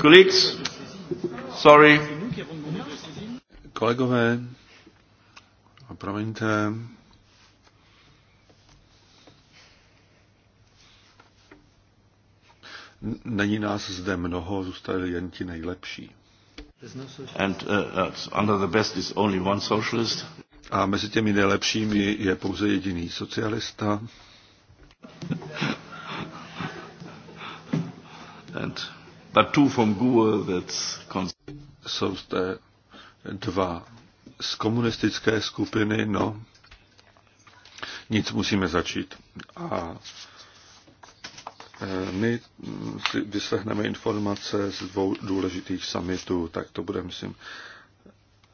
Colleagues, sorry. Kolegové, promiňte. Není nás zde mnoho, zůstali jen ti nejlepší. And uh, under the best is only one socialist. A mezi těmi nejlepšími je pouze jediný socialista. and but two from Google that's... Jsou zde dva z komunistické skupiny, no, nic musíme začít. A e, my si vyslechneme informace z dvou důležitých samitů, tak to bude, myslím,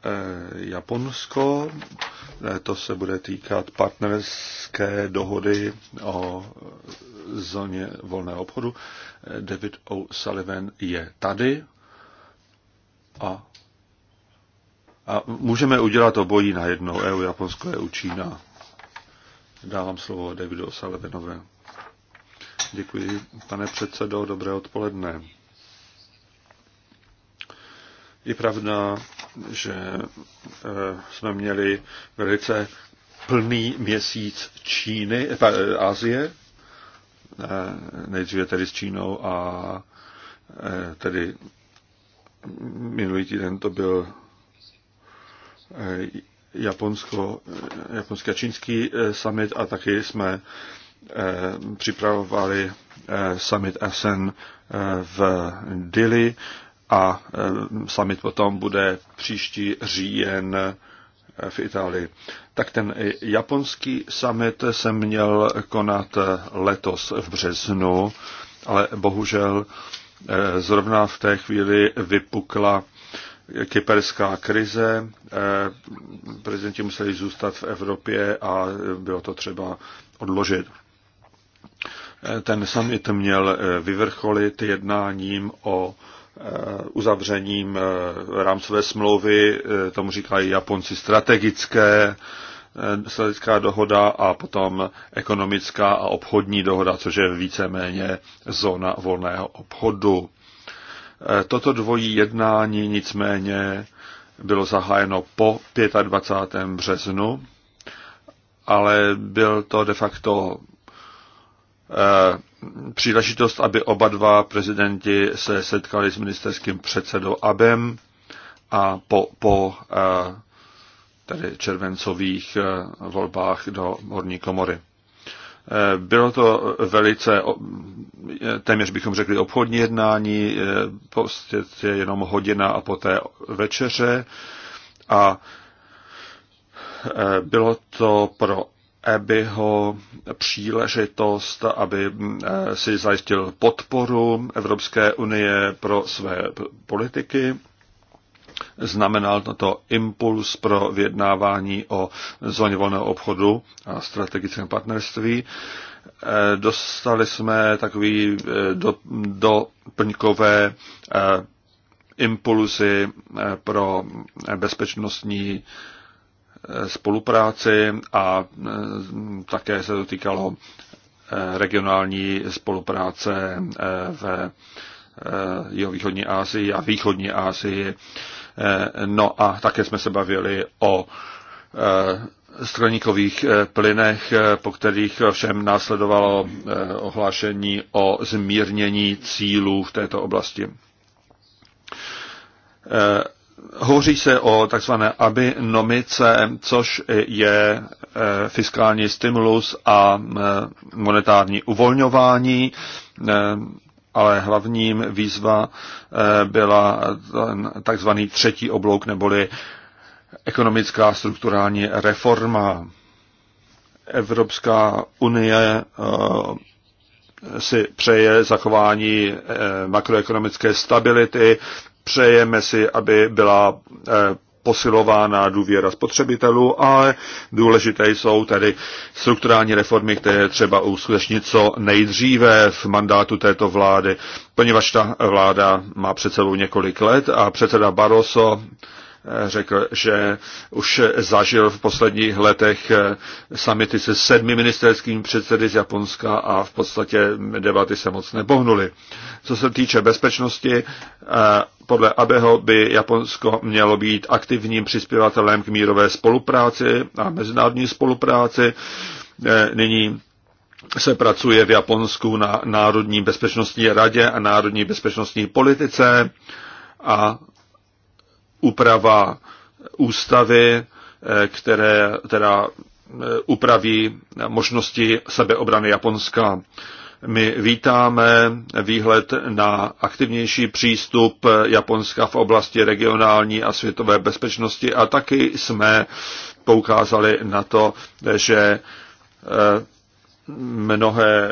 Eh, Japonsko. Eh, to se bude týkat partnerské dohody o eh, zóně volného obchodu. David O'Sullivan je tady a, a můžeme udělat obojí na jednou. E EU Japonsko je u Čína. Dávám slovo Davidu O'Sullivanovi. Děkuji, pane předsedo, dobré odpoledne. Je pravda, že eh, jsme měli velice plný měsíc Číny, eh, eh, Asie, nejdříve tedy s Čínou a tedy minulý týden to byl Japonsko, japonský a čínský summit a taky jsme připravovali summit SN e v Dili a e, summit potom bude příští říjen e, v Itálii. Tak ten japonský summit se měl konat e, letos v březnu, ale bohužel zrovna v té chvíli vypukla kyperská krize. Prezidenti museli zůstat v Evropě a bylo to třeba odložit. Ten summit měl vyvrcholit jednáním o Eh, uzavřením eh, rámcové smlouvy, eh, tomu říkají Japonci strategické, strategická dohoda a potom ekonomická a obchodní dohoda, což je víceméně zóna volného obchodu. Toto dvojí jednání nicméně bylo zahájeno po 25. březnu, ale byl to de facto příležitost, aby oba dva prezidenti se setkali s ministerským předsedou Abem a po, po eh, tedy červencových eh, volbách do horní komory. Eh, bylo to velice, téměř bychom řekli, obchodní jednání, prostě jenom hodina a poté večeře a bylo to pro Ebyho příležitost, aby eh, si zajistil podporu Evropské unie pro své politiky. Znamenal to impuls pro vyjednávání o zóně volného obchodu a strategickém partnerství. Eh, dostali jsme takový eh, doplňkové impulzy pro bezpečnostní spolupráci a e, také se to týkalo e, regionální spolupráce e, v jihovýchodní Asii a východní Asii. No a také jsme se bavili o skleníkových plynech, po kterých všem následovalo ohlášení o zmírnění cílů v této oblasti. Hovoří se o takzvané abinomice, což je eh, fiskální stimulus a eh, monetární uvolňování, eh, ale hlavním výzva byla takzvaný třetí oblouk, neboli ekonomická strukturální reforma. Evropská unie si přeje zachování makroekonomické stability, Přejeme si, aby byla eh, posilována důvěra spotřebitelů, ale důležité jsou tedy strukturální reformy, které třeba uskutečnit co nejdříve v mandátu této vlády, poněvadž ta vláda má před sebou několik let a předseda Barroso řekl, že už zažil v posledních letech eh, samity se sedmi ministerskými předsedy z Japonska a v podstatě debaty se moc nepohnuly. Co se týče bezpečnosti, eh, podle Abeho by Japonsko mělo být aktivním přispěvatelem k mírové spolupráci a mezinárodní spolupráci. Eh, nyní se pracuje v Japonsku na Národní bezpečnostní radě a Národní bezpečnostní politice a úprava ústavy, eh, které teda eh, upraví možnosti sebeobrany Japonska. My vítáme výhled na aktivnější přístup Japonska v oblasti regionální a světové bezpečnosti a taky jsme poukázali na to, že eh, mnohé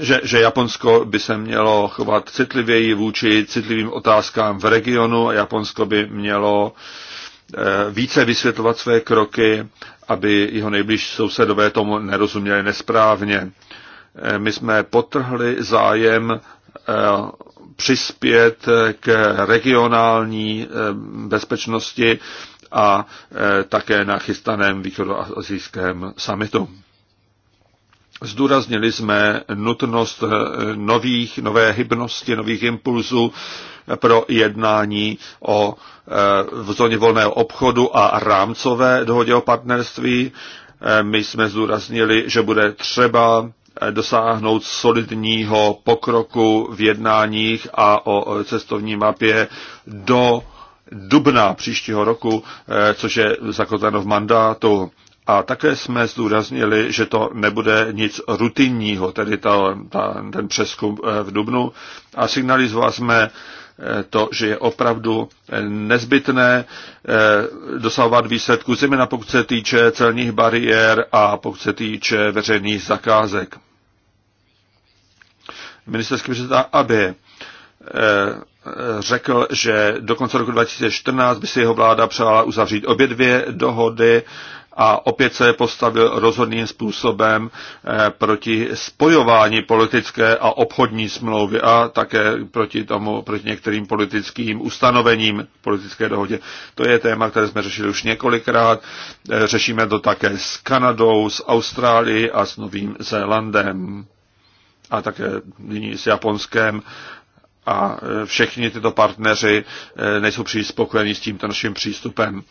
že, že Japonsko by se mělo chovat citlivěji vůči citlivým otázkám v regionu a Japonsko by mělo eh, více vysvětlovat své kroky, aby jeho nejbližší sousedové tomu nerozuměli nesprávně. Eh, my jsme potrhli zájem eh, přispět k regionální bezpečnosti a také na chystaném východoazijském summitu. Zdůraznili jsme nutnost eh, nových, nové hybnosti, nových impulzů pro jednání o eh, v zóně volného obchodu a rámcové dohodě o partnerství. Eh, my jsme zdůraznili, že bude třeba dosáhnout solidního pokroku v jednáních a o cestovní mapě do dubna příštího roku, což je zakotveno v mandátu. A také jsme zdůraznili, že to nebude nic rutinního, tedy ta, ta, ten přeskum eh, v Dubnu. A signalizovali jsme eh, to, že je opravdu eh, nezbytné dosahovat výsledku, zejména pokud se týče celních bariér a pokud se týče veřejných zakázek. Ministerský předseda Abe řekl, že do konce roku 2014 by si jeho vláda přála uzavřít obě dvě dohody a opět se postavil rozhodným způsobem eh, proti spojování politické a obchodní smlouvy a také proti, tomu, proti některým politickým ustanovením politické dohodě. To je téma, které jsme řešili už několikrát. Eh, řešíme to také s Kanadou, s Austrálií a s Novým Zélandem a také nyní s Japonskem a eh, všichni tyto partneři nejsou příliš spokojení s tímto naším přístupem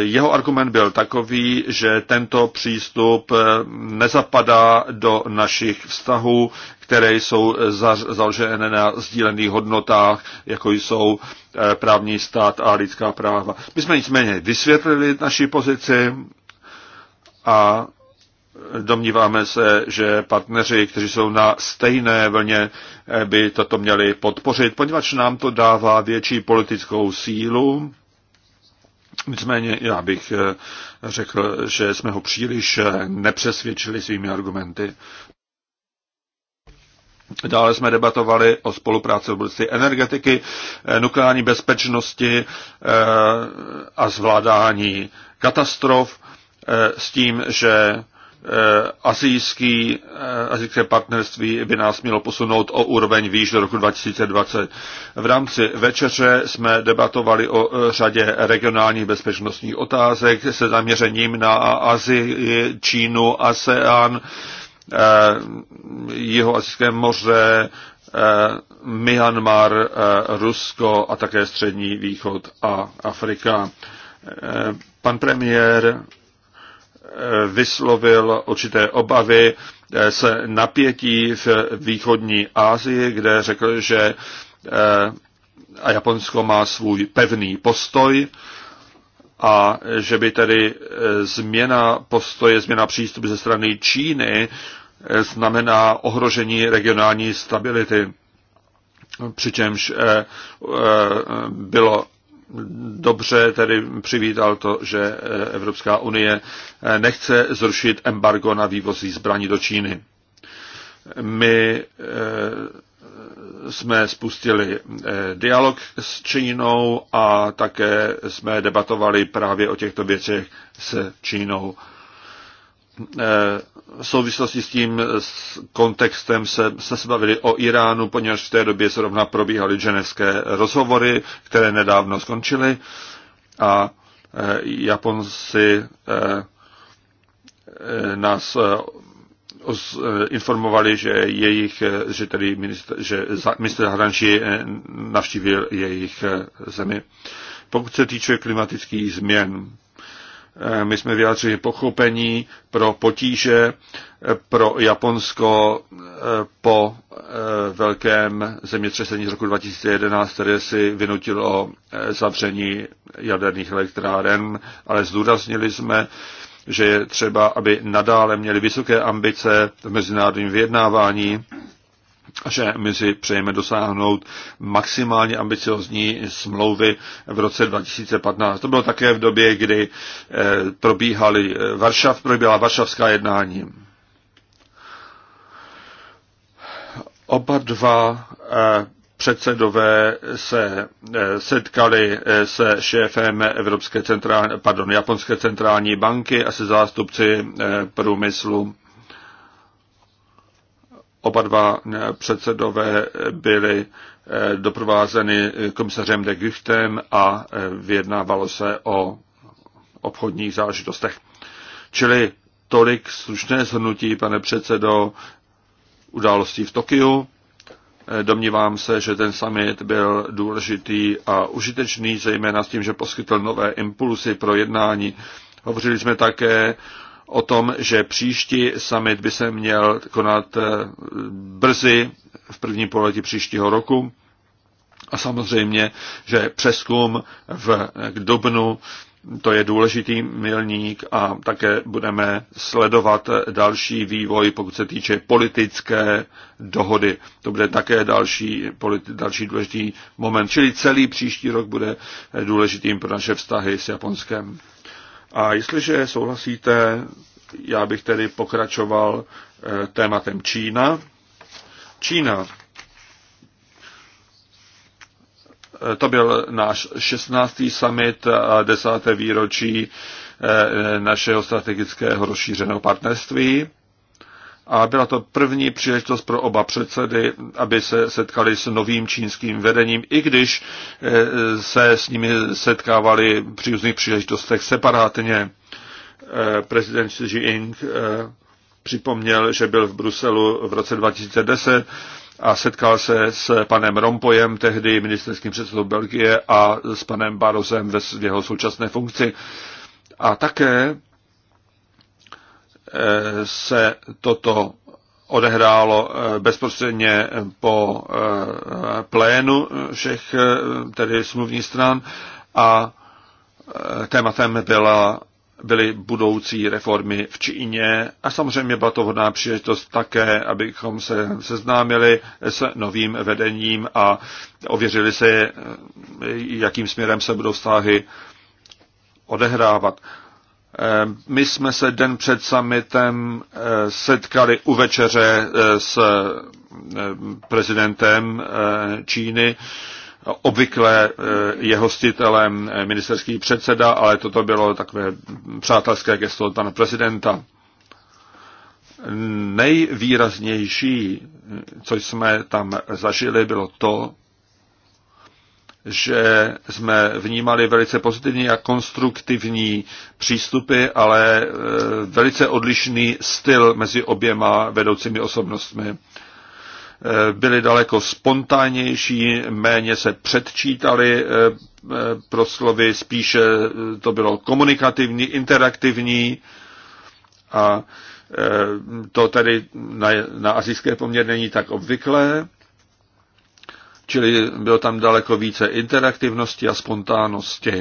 jeho argument byl takový, že tento přístup eh, nezapadá do našich vztahů, které jsou založené na sdílených hodnotách, jako jsou eh, právní stát a lidská práva. My jsme nicméně vysvětlili naši pozici a domníváme se, že partneři, kteří jsou na stejné vlně, eh, by toto měli podpořit, poněvadž nám to dává větší politickou sílu Nicméně já bych eh, řekl, že jsme ho příliš eh, nepřesvědčili svými argumenty. Dále jsme debatovali o spolupráci v oblasti energetiky, eh, nukleární bezpečnosti a zvládání katastrof s tím, že Eh, azijský, eh, azijské partnerství by nás mělo posunout o úroveň výš do roku 2020. V rámci večeře jsme debatovali o eh, řadě regionálních bezpečnostních otázek se zaměřením na Azii, Čínu, ASEAN, asijské moře, Myanmar, Rusko a také Střední východ a Afrika. Pan premiér Eh, vyslovil určité obavy eh, se napětí v východní Asii, kde řekl, že eh, a Japonsko má svůj pevný postoj a že by tedy změna postoje, změna přístupu ze strany Číny znamená ohrožení regionální stability. Přičemž bylo dobře tedy přivítal to, že eh, Evropská unie eh, nechce zrušit embargo na vývozí zbraní do Číny. My eh, jsme spustili dialog s Čínou a také jsme debatovali právě o těchto věcech s Čínou Eh, v souvislosti s tím eh, s kontextem se, se bavili o Iránu, poněvadž v té době zrovna probíhaly ženevské rozhovory, které nedávno skončily a eh, Japonci nás informovali, že jejich, že tedy minister, že minister zahraničí navštívil jejich zemi. Pokud se týče klimatických změn, Eh, my jsme vyjádřili pochopení pro potíže eh, pro Japonsko eh, po velkém zemětřesení z roku 2011, které si vynutilo zavření jaderných elektráren, ale zdůraznili jsme, že je třeba, aby nadále měli vysoké ambice v mezinárodním vyjednávání že my si přejeme dosáhnout maximálně ambiciozní smlouvy v roce 2015. To bylo také v době, kdy eh, probíhaly eh, Varšav, probíhala varšavská jednání. Oba dva eh, předsedové se setkali se šéfem Evropské centrální, pardon, Japonské centrální banky a se zástupci průmyslu Oba dva eh, předsedové byli eh, doprovázeny eh, komisařem de Guchtem a vyjednávalo se o obchodních záležitostech. Čili tolik slušné zhrnutí, pane předsedo, událostí v Tokiu. Domnívám se, že ten summit byl důležitý a užitečný, zejména s tím, že poskytl nové impulsy pro jednání. Hovořili jsme také o tom, že příští summit by se měl konat eh, brzy v první pololetí příštího roku. A samozřejmě, že přeskum v eh, dubnu to je důležitý milník a také budeme sledovat eh, další vývoj, pokud se týče politické dohody. To bude také další, politi- další důležitý moment. Čili celý příští rok bude důležitým pro naše vztahy s Japonskem. A jestliže souhlasíte, já bych tedy pokračoval eh, tématem Čína. Čína. Eh, to byl náš 16. summit a 10. výročí eh, našeho strategického rozšířeného partnerství a byla to první příležitost pro oba předsedy, aby se setkali s novým čínským vedením, i když eh, se s nimi setkávali při různých příležitostech separátně. Eh, prezident Xi Jinping eh, připomněl, že byl v Bruselu v roce 2010 a setkal se s panem Rompojem, tehdy ministerským předsedou Belgie, a s panem Barosem ve jeho současné funkci. A také se toto odehrálo eh, bezprostředně po eh, plénu všech eh, tedy smluvních stran a tématem byla, byly budoucí reformy v Číně a samozřejmě byla to hodná příležitost také, abychom se seznámili s novým vedením a ověřili se, jakým směrem se budou vztahy odehrávat. Eh, my jsme se den před summitem eh, setkali u večeře eh, s prezidentem Číny. Obvykle je hostitelem ministerský předseda, ale toto bylo takové přátelské gesto od pana prezidenta. Nejvýraznější, co jsme tam zažili, bylo to, že jsme vnímali velice pozitivní a konstruktivní přístupy, ale e, velice odlišný styl mezi oběma vedoucími osobnostmi. E, byli daleko spontánnější, méně se předčítali e, proslovy, spíše to bylo komunikativní, interaktivní a to tady na, na asijské poměr není tak obvyklé. Čili bylo tam daleko více interaktivnosti a spontánnosti.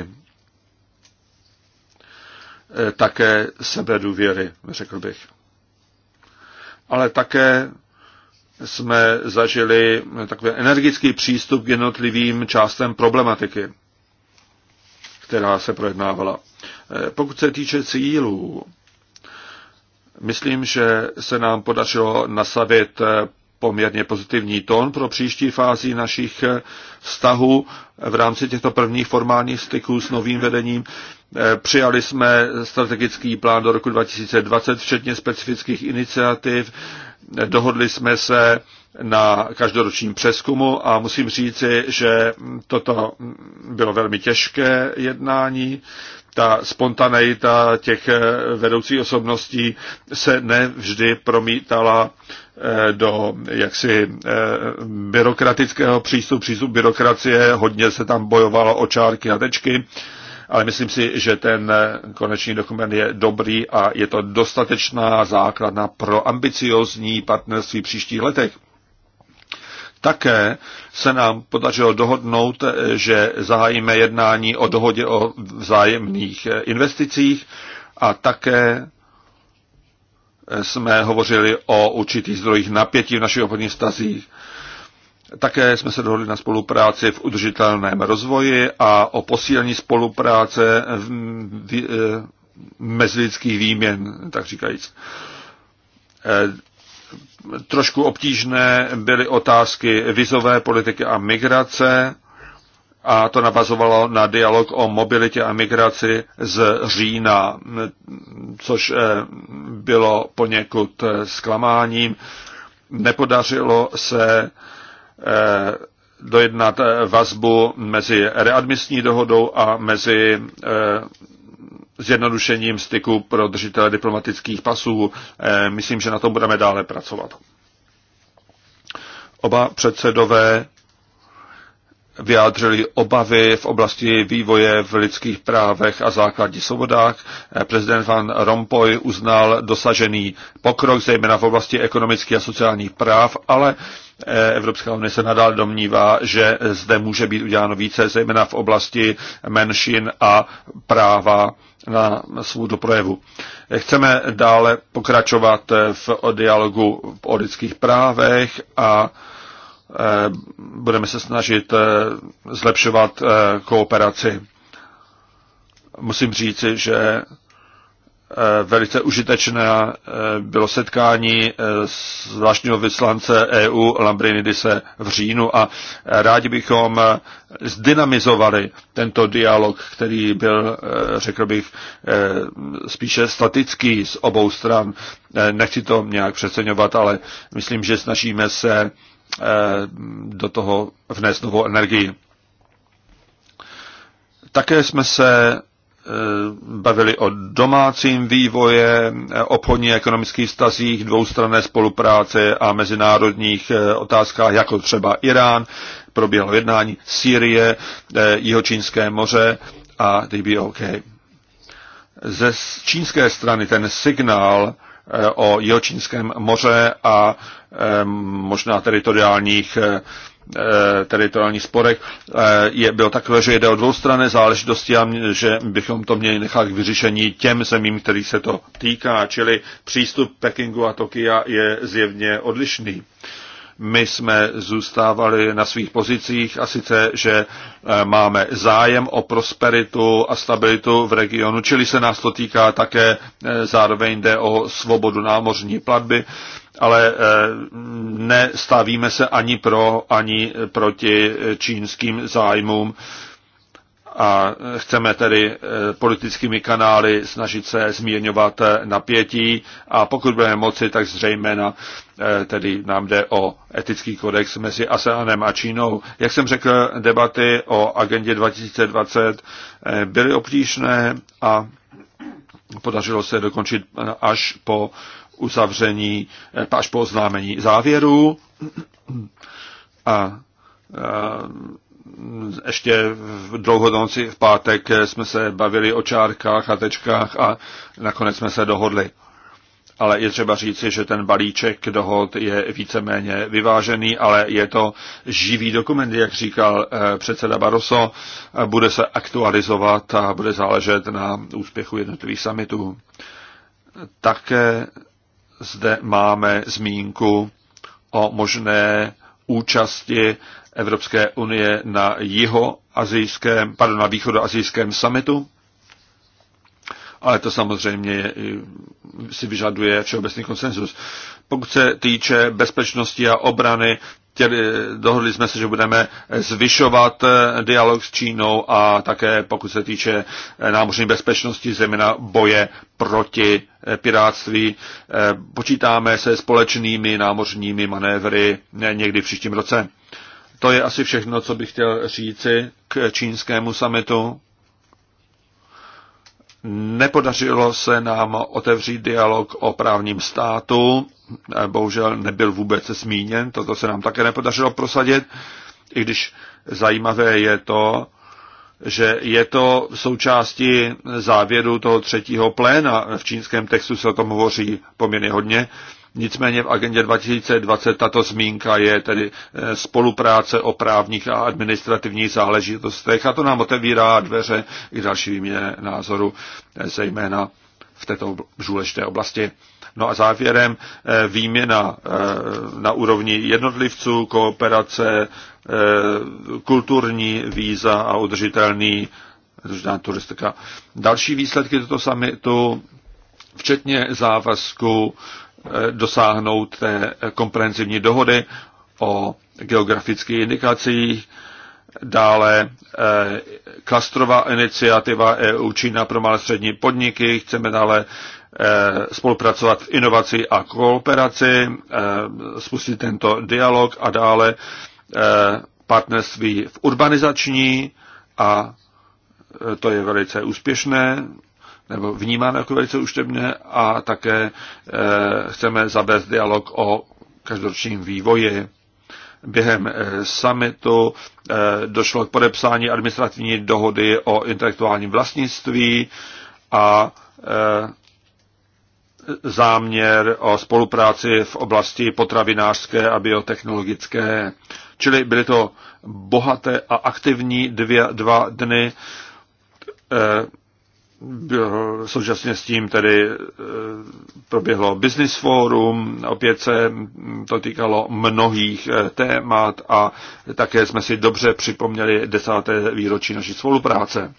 E, také sebedůvěry, řekl bych. Ale také jsme zažili takový energický přístup k jednotlivým částem problematiky, která se projednávala. E, pokud se týče cílů, myslím, že se nám podařilo nasavit poměrně pozitivní tón pro příští fázi našich eh, vztahů v rámci těchto prvních formálních styků s novým vedením. Eh, přijali jsme strategický plán do roku 2020, včetně specifických iniciativ. Dohodli jsme se na každoročním přeskumu a musím říci, že toto bylo velmi těžké jednání. Ta spontaneita těch eh, vedoucích osobností se nevždy promítala Eh, do jaksi eh, byrokratického přístupu, přístup byrokracie, hodně se tam bojovalo o čárky a tečky, ale myslím si, že ten eh, konečný dokument je dobrý a je to dostatečná základna pro ambiciozní partnerství v příštích letech. Také se nám podařilo dohodnout, že zahájíme jednání o dohodě o vzájemných investicích a také jsme hovořili o určitých zdrojích napětí v našich obchodních vztazích. Také jsme se dohodli na spolupráci v udržitelném rozvoji a o posílení spolupráce v, e, mezilidských výměn, tak říkajíc. E, trošku obtížné byly otázky vizové politiky a migrace a to navazovalo na dialog o mobilitě a migraci z října, což eh, bylo poněkud eh, zklamáním. Nepodařilo se eh, dojednat vazbu mezi readmisní dohodou a mezi zjednodušením styku pro držitele diplomatických pasů. Myslím, že na tom budeme dále pracovat. Oba předsedové vyjádřili obavy v oblasti vývoje v lidských právech a základních svobodách. Prezident Van Rompuy uznal dosažený pokrok, zejména v oblasti ekonomických a sociálních práv, ale eh, Evropská unie se nadále domnívá, že zde může být uděláno více, zejména v oblasti menšin a práva na svůj doprojevu. Chceme dále pokračovat v dialogu o lidských právech a Eh, budeme se snažit eh, zlepšovat eh, kooperaci. Musím říci, že velice užitečné bylo setkání zvláštního vyslance EU Lambrinidise v říjnu a rádi bychom zdynamizovali tento dialog, který byl, řekl bych, spíše statický z obou stran. Nechci to nějak přeceňovat, ale myslím, že snažíme se do toho vnést novou energii. Také jsme se e, bavili o domácím vývoje, e, obchodní a ekonomických stazích, dvoustranné spolupráce a mezinárodních e, otázkách, jako třeba Irán, proběhlo jednání Sýrie, Jihočínské moře a DBOK. Ze čínské strany ten signál o Jihočínském moře a možná teritoriálních eh, teritoriální sporech eh, je, byl takové, že jde o dvoustranné záležitosti a že bychom to měli nechat k vyřešení těm zemím, který se to týká, čili přístup Pekingu a Tokia je zjevně odlišný. My jsme zůstávali na svých pozicích a sice, že eh, máme zájem o prosperitu a stabilitu v regionu, čili se nás to týká také, eh, zároveň jde o svobodu námořní platby, ale eh, nestavíme se ani pro, ani proti čínským zájmům a chceme tedy eh, politickými kanály snažit se zmírňovat eh, napětí a pokud budeme moci, tak zřejmě na, eh, tedy nám jde o etický kodex mezi ASEANem a Čínou. Jak jsem řekl, debaty o agendě 2020 byly obtížné a podařilo se dokončit až po uzavření, až po oznámení závěrů. A ještě v noci v pátek jsme se bavili o čárkách a tečkách a nakonec jsme se dohodli. Ale je třeba říci, že ten balíček dohod je víceméně vyvážený, ale je to živý dokument, jak říkal eh, předseda Barroso, bude se aktualizovat a bude záležet na úspěchu jednotlivých summitů. Také zde máme zmínku o možné účasti Evropské unie na jiho azijském, pardon, na východoazijském summitu. Ale to samozřejmě si vyžaduje všeobecný konsenzus. Pokud se týče bezpečnosti a obrany, těli, dohodli jsme se, že budeme zvyšovat eh, dialog s Čínou a také pokud se týče eh, námořní bezpečnosti, zejména boje proti eh, piráctví. Počítáme se společnými námořními manévry někdy v příštím roce. To je asi všechno, co bych chtěl říci k čínskému samitu. Nepodařilo se nám otevřít dialog o právním státu, bohužel nebyl vůbec zmíněn, toto se nám také nepodařilo prosadit, i když zajímavé je to, že je to v součásti závěru toho třetího pléna, v čínském textu se o tom hovoří poměrně hodně, Nicméně v agendě 2020 tato zmínka je tedy eh, spolupráce o právních a administrativních záležitostech a to nám otevírá dveře i další výměně názoru, eh, zejména v této důležité oblasti. No a závěrem eh, výměna na úrovni jednotlivců, kooperace, kulturní víza a udržitelný turistika. Další výsledky toto samitu, včetně závazku Eh, dosáhnout té komprehensivní dohody o geografických indikacích, dále eh, klastrová iniciativa EU Čína pro malé střední podniky, chceme dále eh, spolupracovat v inovaci a kooperaci, spustit tento dialog a dále partnerství v urbanizační a to je velice úspěšné nebo vnímáme jako velice úštěbně a také eh, chceme zavést dialog o každoročním vývoji. Během eh, summitu eh, došlo k podepsání administrativní dohody o intelektuálním vlastnictví a záměr o spolupráci v oblasti potravinářské a biotechnologické. Čili byly to bohaté a aktivní dvě, dva dny současně s tím tedy eh, proběhlo Business Forum, opět se to týkalo mnohých eh, témat a také jsme si dobře připomněli desáté výročí naší spolupráce.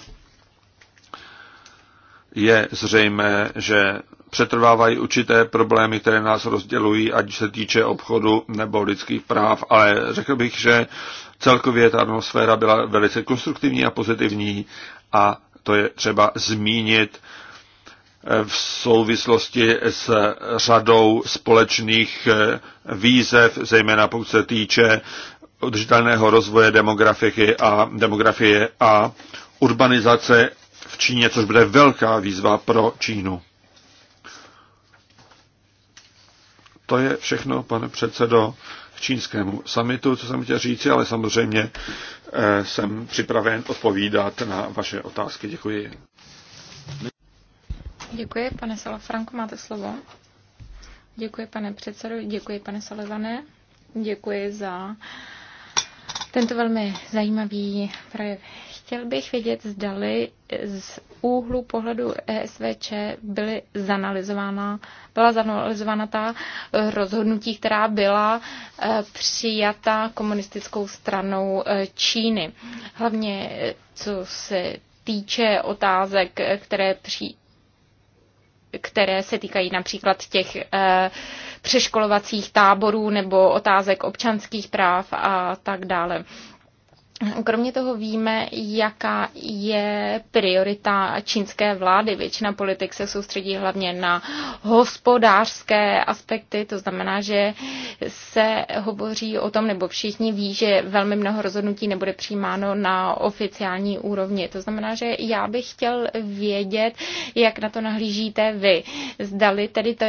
Je zřejmé, že přetrvávají určité problémy, které nás rozdělují, ať se týče obchodu nebo lidských práv, ale řekl bych, že celkově ta atmosféra byla velice konstruktivní a pozitivní a to je třeba zmínit v souvislosti s řadou společných výzev, zejména pokud se týče udržitelného rozvoje demografiky a demografie a urbanizace v Číně, což bude velká výzva pro Čínu. To je všechno, pane předsedo čínskému samitu, co jsem chtěl říci, ale samozřejmě eh, jsem připraven odpovídat na vaše otázky. Děkuji. Děkuji, pane Salafranko, máte slovo. Děkuji, pane předsedo, děkuji, pane Salivane, děkuji za tento velmi zajímavý projev. Chtěl bych vědět, zdali z úhlu pohledu ESVČ byly zanalizována, byla zanalizována ta rozhodnutí, která byla eh, přijata komunistickou stranou eh, Číny. Hlavně eh, co se týče otázek, které při, které se týkají například těch eh, přeškolovacích táborů nebo otázek občanských práv a tak dále. Kromě toho víme, jaká je priorita čínské vlády. Většina politik se soustředí hlavně na hospodářské aspekty, to znamená, že se hovoří o tom, nebo všichni ví, že velmi mnoho rozhodnutí nebude přijímáno na oficiální úrovni. To znamená, že já bych chtěl vědět, jak na to nahlížíte vy. Zdali tedy to,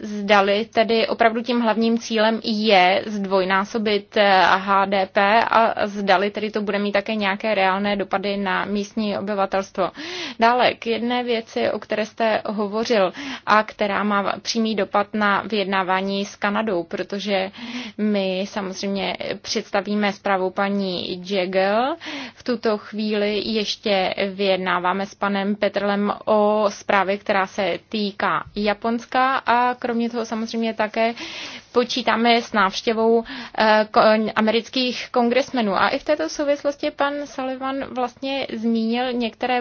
zdali tedy opravdu tím hlavním cílem je zdvojnásobit HDP eh, a zdali tedy to bude mít také nějaké reálné dopady na místní obyvatelstvo. Dále k jedné věci, o které jste hovořil a která má přímý dopad na vyjednávání s Kanadou, protože my samozřejmě představíme zprávu paní Jagel. V tuto chvíli ještě vyjednáváme s panem Petrlem o zprávě, která se týká Japonska a Kromě toho samozřejmě také počítáme s návštěvou eh, amerických kongresmenů. A i v této souvislosti pan Sullivan vlastně zmínil některé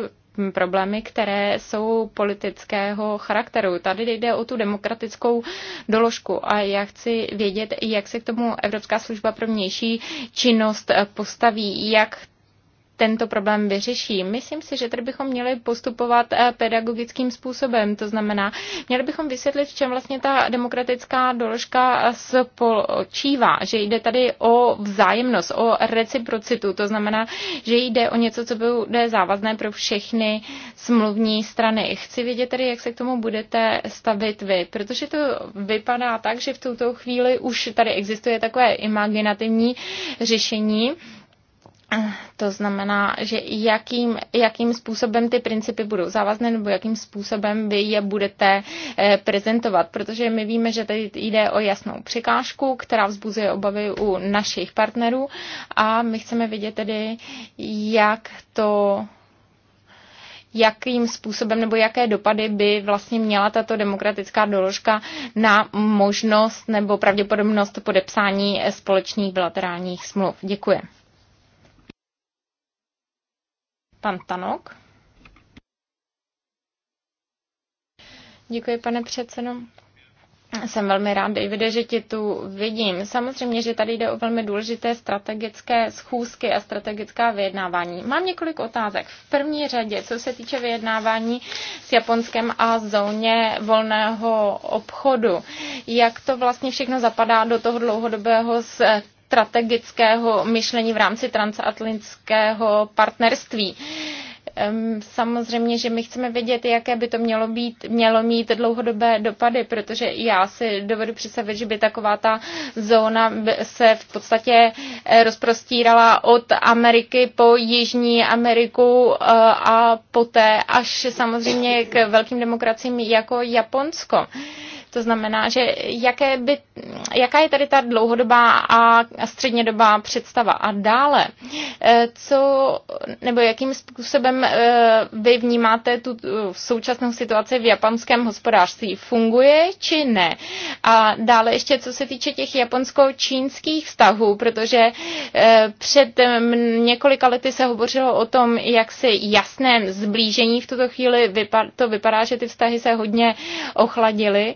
problémy, které jsou politického charakteru. Tady jde o tu demokratickou doložku a já chci vědět, jak se k tomu Evropská služba pro vnější činnost postaví, jak tento problém vyřeší. Myslím si, že tady bychom měli postupovat eh, pedagogickým způsobem, to znamená, měli bychom vysvětlit, v čem vlastně ta demokratická doložka spočívá, že jde tady o vzájemnost, o reciprocitu, to znamená, že jde o něco, co bude závazné pro všechny smluvní strany. Chci vědět tedy, jak se k tomu budete stavit vy, protože to vypadá tak, že v tuto chvíli už tady existuje takové imaginativní řešení, to znamená, že jakým, jakým způsobem ty principy budou závazné nebo jakým způsobem vy je budete eh, prezentovat, protože my víme, že tady jde o jasnou překážku, která vzbuzuje obavy u našich partnerů a my chceme vidět tedy, jak to jakým způsobem nebo jaké dopady by vlastně měla tato demokratická doložka na možnost nebo pravděpodobnost podepsání společných bilaterálních smluv. Děkuji. Pan Tanok. Děkuji, pane předsedo. Jsem velmi rád, Davide, že tě tu vidím. Samozřejmě, že tady jde o velmi důležité strategické schůzky a strategická vyjednávání. Mám několik otázek. V první řadě, co se týče vyjednávání s Japonskem a zóně volného obchodu. Jak to vlastně všechno zapadá do toho dlouhodobého strategického myšlení v rámci transatlantského partnerství. Samozřejmě, že my chceme vědět, jaké by to mělo, být, mělo mít dlouhodobé dopady, protože já si dovedu představit, že by taková ta zóna se v podstatě eh, rozprostírala od Ameriky po Jižní Ameriku eh, a poté až samozřejmě k velkým demokraciím jako Japonsko. To znamená, že jaké by, jaká je tady ta dlouhodobá a střednědobá představa? A dále, eh, co, nebo jakým způsobem eh, vy vnímáte tu současnou situaci v japonském hospodářství? Funguje či ne? A dále ještě, co se týče těch japonsko-čínských vztahů, protože eh, před několika lety se hovořilo o tom, jak si jasném zblížení v tuto chvíli vypadá, to vypadá, že ty vztahy se hodně ochladily.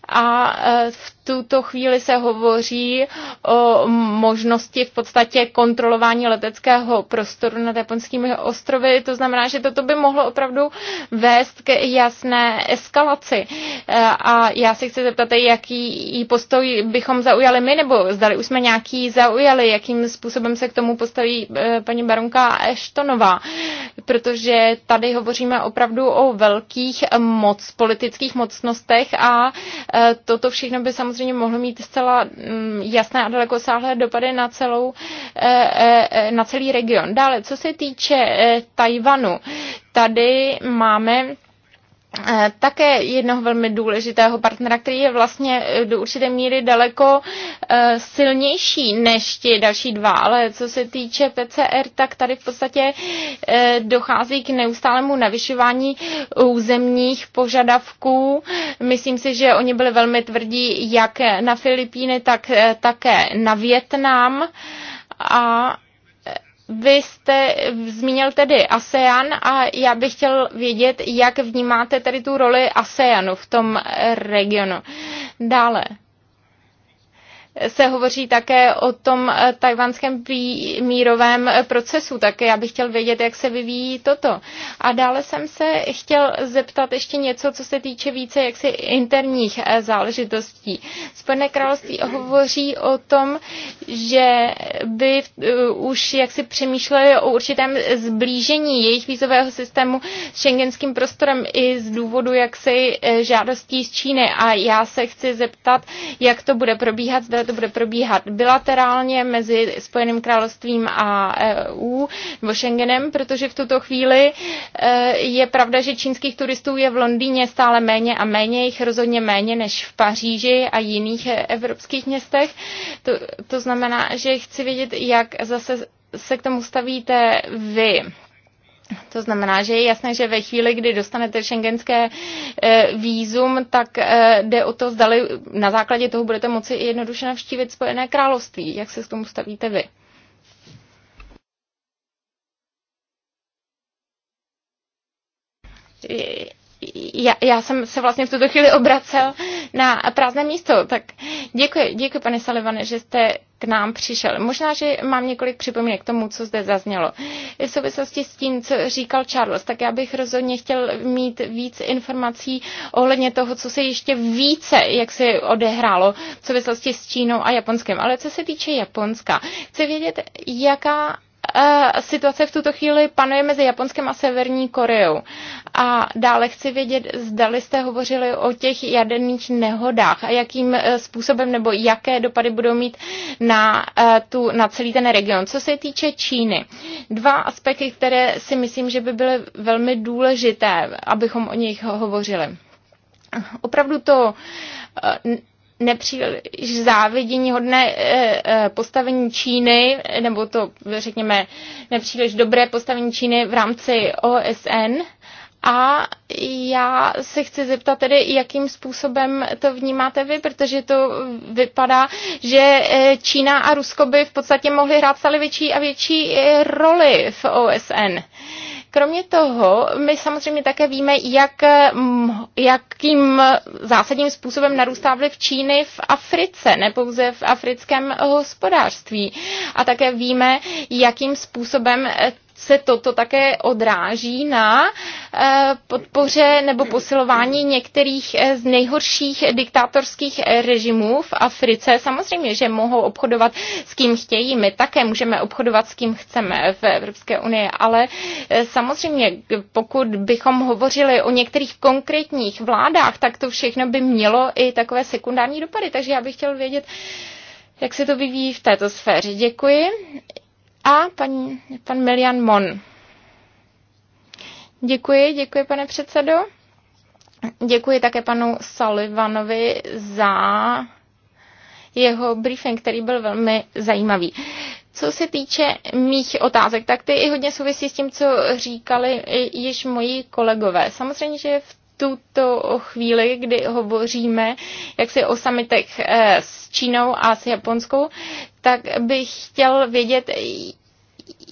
a e, v tuto chvíli se hovoří o možnosti v podstatě kontrolování leteckého prostoru nad japonskými ostrovy. To znamená, že toto by mohlo opravdu vést k jasné eskalaci. E, a já si chci zeptat, jaký postoj bychom zaujali my, nebo zdali už jsme nějaký zaujali, jakým způsobem se k tomu postaví e, paní baronka Eštonová. Protože tady hovoříme opravdu o velkých moc, politických mocnostech a Eh, toto všechno by samozřejmě mohlo mít zcela mm, jasné a dalekosáhlé dopady na, celou, eh, eh, na celý region. Dále, co se týče Tajvanu, tady máme Eh, také jednoho velmi důležitého partnera, který je vlastně eh, do určité míry daleko eh, silnější než ti další dva, ale co se týče PCR, tak tady v podstatě dochází k neustálému navyšování územních požadavků. Myslím si, že oni byli velmi tvrdí jak na Filipíny, tak také na Větnam. A vy jste zmínil tedy ASEAN a já bych chtěl vědět, jak vnímáte tedy tu roli ASEANu v tom regionu. Dále, se hovoří také o tom eh, tajvanském mírovém procesu, tak já bych chtěl vědět, jak se vyvíjí toto. A dále jsem se chtěl zeptat ještě něco, co se týče více jaksi interních eh, záležitostí. Spojené království hovoří o tom, že by eh, už jaksi přemýšleli o určitém zblížení jejich vízového systému s šengenským prostorem i z důvodu jaksi žádostí z Číny. A já se chci zeptat, jak to bude probíhat, zda to bude probíhat bilaterálně mezi Spojeným královstvím a EU nebo Schengenem, protože v tuto chvíli e, je pravda, že čínských turistů je v Londýně stále méně a méně, jich rozhodně méně než v Paříži a jiných e, evropských městech. To, to znamená, že chci vědět, jak zase se k tomu stavíte vy. To znamená, že je jasné, že ve chvíli, kdy dostanete šengenské eh, výzum, tak eh, jde o to, zdali na základě toho budete moci jednoduše navštívit Spojené království. Jak se s tomu stavíte vy? já, já jsem se vlastně v tuto chvíli obracel na prázdné místo. Tak děkuji, děkuji pane Salivane, že jste k nám přišel. Možná, že mám několik připomínek k tomu, co zde zaznělo. V souvislosti s tím, co říkal Charles, tak já bych rozhodně chtěl mít víc informací ohledně toho, co se ještě více, jak se odehrálo v souvislosti s Čínou a Japonskem. Ale co se týče Japonska, chci vědět, jaká Eh, situace v tuto chvíli panuje mezi Japonskem a Severní Koreou. A dále chci vědět, zdali jste hovořili o těch jaderných nehodách a jakým eh, způsobem nebo jaké dopady budou mít na, eh, tu, na celý ten region. Co se týče Číny, dva aspekty, které si myslím, že by byly velmi důležité, abychom o nich hovořili. Opravdu to nepříliš závidění hodné eh, eh, postavení Číny, nebo to řekněme nepříliš dobré postavení Číny v rámci OSN. A já se chci zeptat tedy, jakým způsobem to vnímáte vy, protože to vypadá, že eh, Čína a Rusko by v podstatě mohly hrát stále větší a větší roli v OSN. Kromě toho, my samozřejmě také víme, jak, mm, jakým zásadním způsobem narůstá vliv Číny v Africe, ne pouze v africkém hospodářství. A také víme, jakým způsobem se toto také odráží na eh, podpoře nebo posilování některých eh, z nejhorších diktátorských eh, režimů v Africe. Samozřejmě, že mohou obchodovat s kým chtějí. My také můžeme obchodovat s kým chceme v Evropské unii, ale samozřejmě, pokud bychom hovořili o některých konkrétních vládách, tak to všechno by mělo i takové sekundární dopady. Takže já bych chtěl vědět, jak se to vyvíjí v této sféře. Děkuji. A paní, pan Milian Mon. Děkuji, děkuji, pane předsedo. Děkuji také panu Sullivanovi za jeho briefing, který byl velmi zajímavý. Co se týče mých otázek, tak ty i hodně souvisí s tím, co říkali již moji kolegové. Samozřejmě, že v tuto chvíli, kdy hovoříme jaksi o samitech eh, s Čínou a s Japonskou, tak bych chtěl vědět,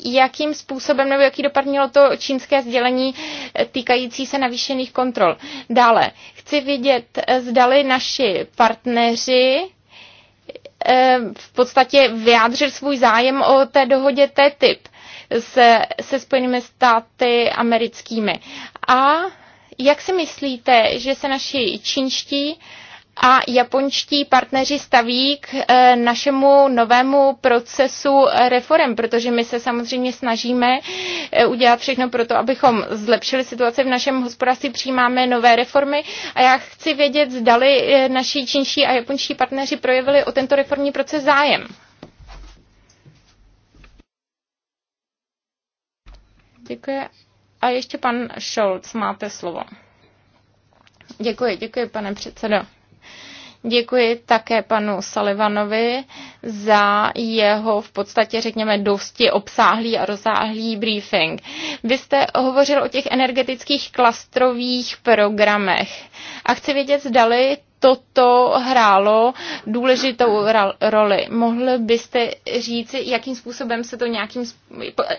jakým způsobem nebo jaký dopad mělo to čínské sdělení eh, týkající se navýšených kontrol. Dále, chci vědět, eh, zdali naši partneři v podstatě vyjádřil svůj zájem o té dohodě TTIP se, se Spojenými státy americkými. A jak si myslíte, že se naši čínští a japonští partneři staví k eh, našemu novému procesu reform, protože my se samozřejmě snažíme eh, udělat všechno pro to, abychom zlepšili situaci v našem hospodářství, přijímáme nové reformy a já chci vědět, zdali eh, naši čínští a japonští partneři projevili o tento reformní proces zájem. Děkuji. A ještě pan Scholz, máte slovo. Děkuji, děkuji, pane předsedo. Děkuji také panu Salivanovi za jeho v podstatě, řekněme, dosti obsáhlý a rozsáhlý briefing. Vy jste hovořil o těch energetických klastrových programech a chci vědět, zdali toto hrálo důležitou roli. Mohl byste říci, jakým způsobem se to nějakým,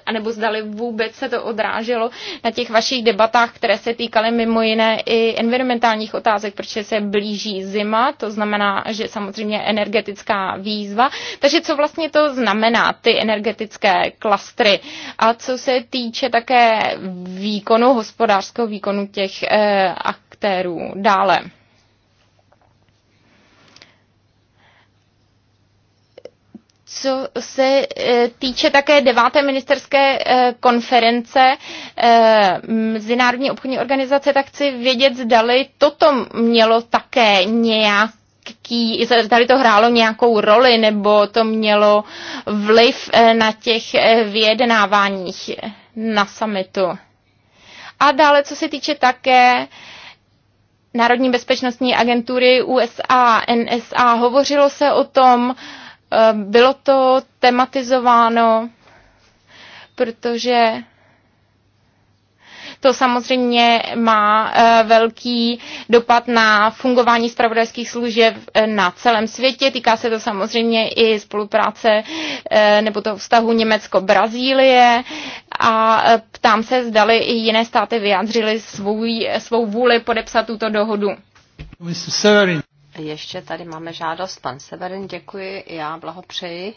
anebo zdali vůbec se to odráželo na těch vašich debatách, které se týkaly mimo jiné i environmentálních otázek, protože se blíží zima, to znamená, že samozřejmě energetická výzva. Takže co vlastně to znamená, ty energetické klastry? A co se týče také výkonu, hospodářského výkonu těch eh, aktérů dále? co se eh, týče také deváté ministerské eh, konference eh, Mezinárodní obchodní organizace, tak chci vědět, zdali toto mělo také nějak jaký, tady to hrálo nějakou roli, nebo to mělo vliv na těch vyjednáváních na summitu. A dále, co se týče také Národní bezpečnostní agentury USA, NSA, hovořilo se o tom, Eh, bylo to tematizováno, protože to samozřejmě má eh, velký dopad na fungování spravodajských služeb eh, na celém světě. Týká se to samozřejmě i spolupráce nebo toho vztahu Německo-Brazílie a ptám se, zdali i jiné státy vyjádřili svou, svou vůli podepsat tuto dohodu. Mr. Severin. Ještě tady máme žádost. Pan Severin, děkuji. Já blahopřeji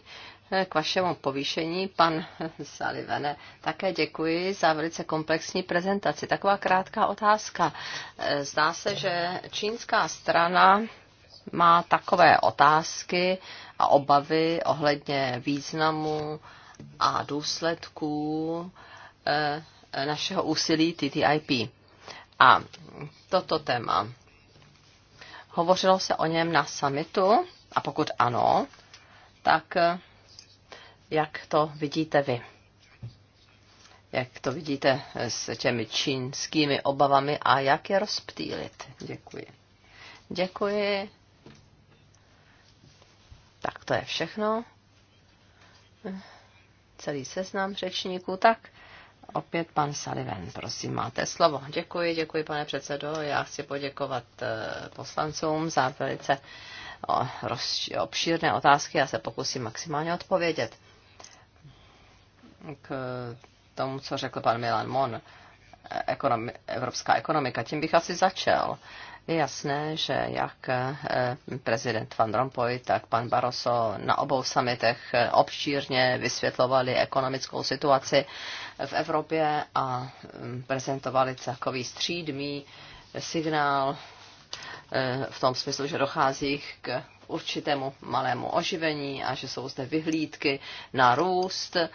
eh, k vašemu povýšení. Pan Salivene, také děkuji za velice komplexní prezentaci. Taková krátká otázka. Eh, zdá se, že čínská strana má takové otázky a obavy ohledně významu a důsledků eh, našeho úsilí TTIP. A toto téma Hovořilo se o něm na summitu a pokud ano, tak eh, jak to vidíte vy? Jak to vidíte eh, s těmi čínskými obavami a jak je rozptýlit? Děkuji. Děkuji. Tak to je všechno. Eh, Celý seznam řečníků. Tak opět pan Saliven, prosím, máte slovo. Děkuji, děkuji, pane předsedo. Já chci poděkovat eh, poslancům za velice obšírné otázky. Já se pokusím maximálně odpovědět k tomu, co řekl pan Milan Mon. Ekonomi- evropská ekonomika. Tím bych asi začal. Je jasné, že jak eh, prezident Van Rompuy, tak pan Barroso na obou samitech eh, obšírně vysvětlovali ekonomickou situaci v Evropě a mm, prezentovali takový střídmý signál v tom smyslu, že dochází k určitému malému oživení a že jsou zde vyhlídky na růst. E,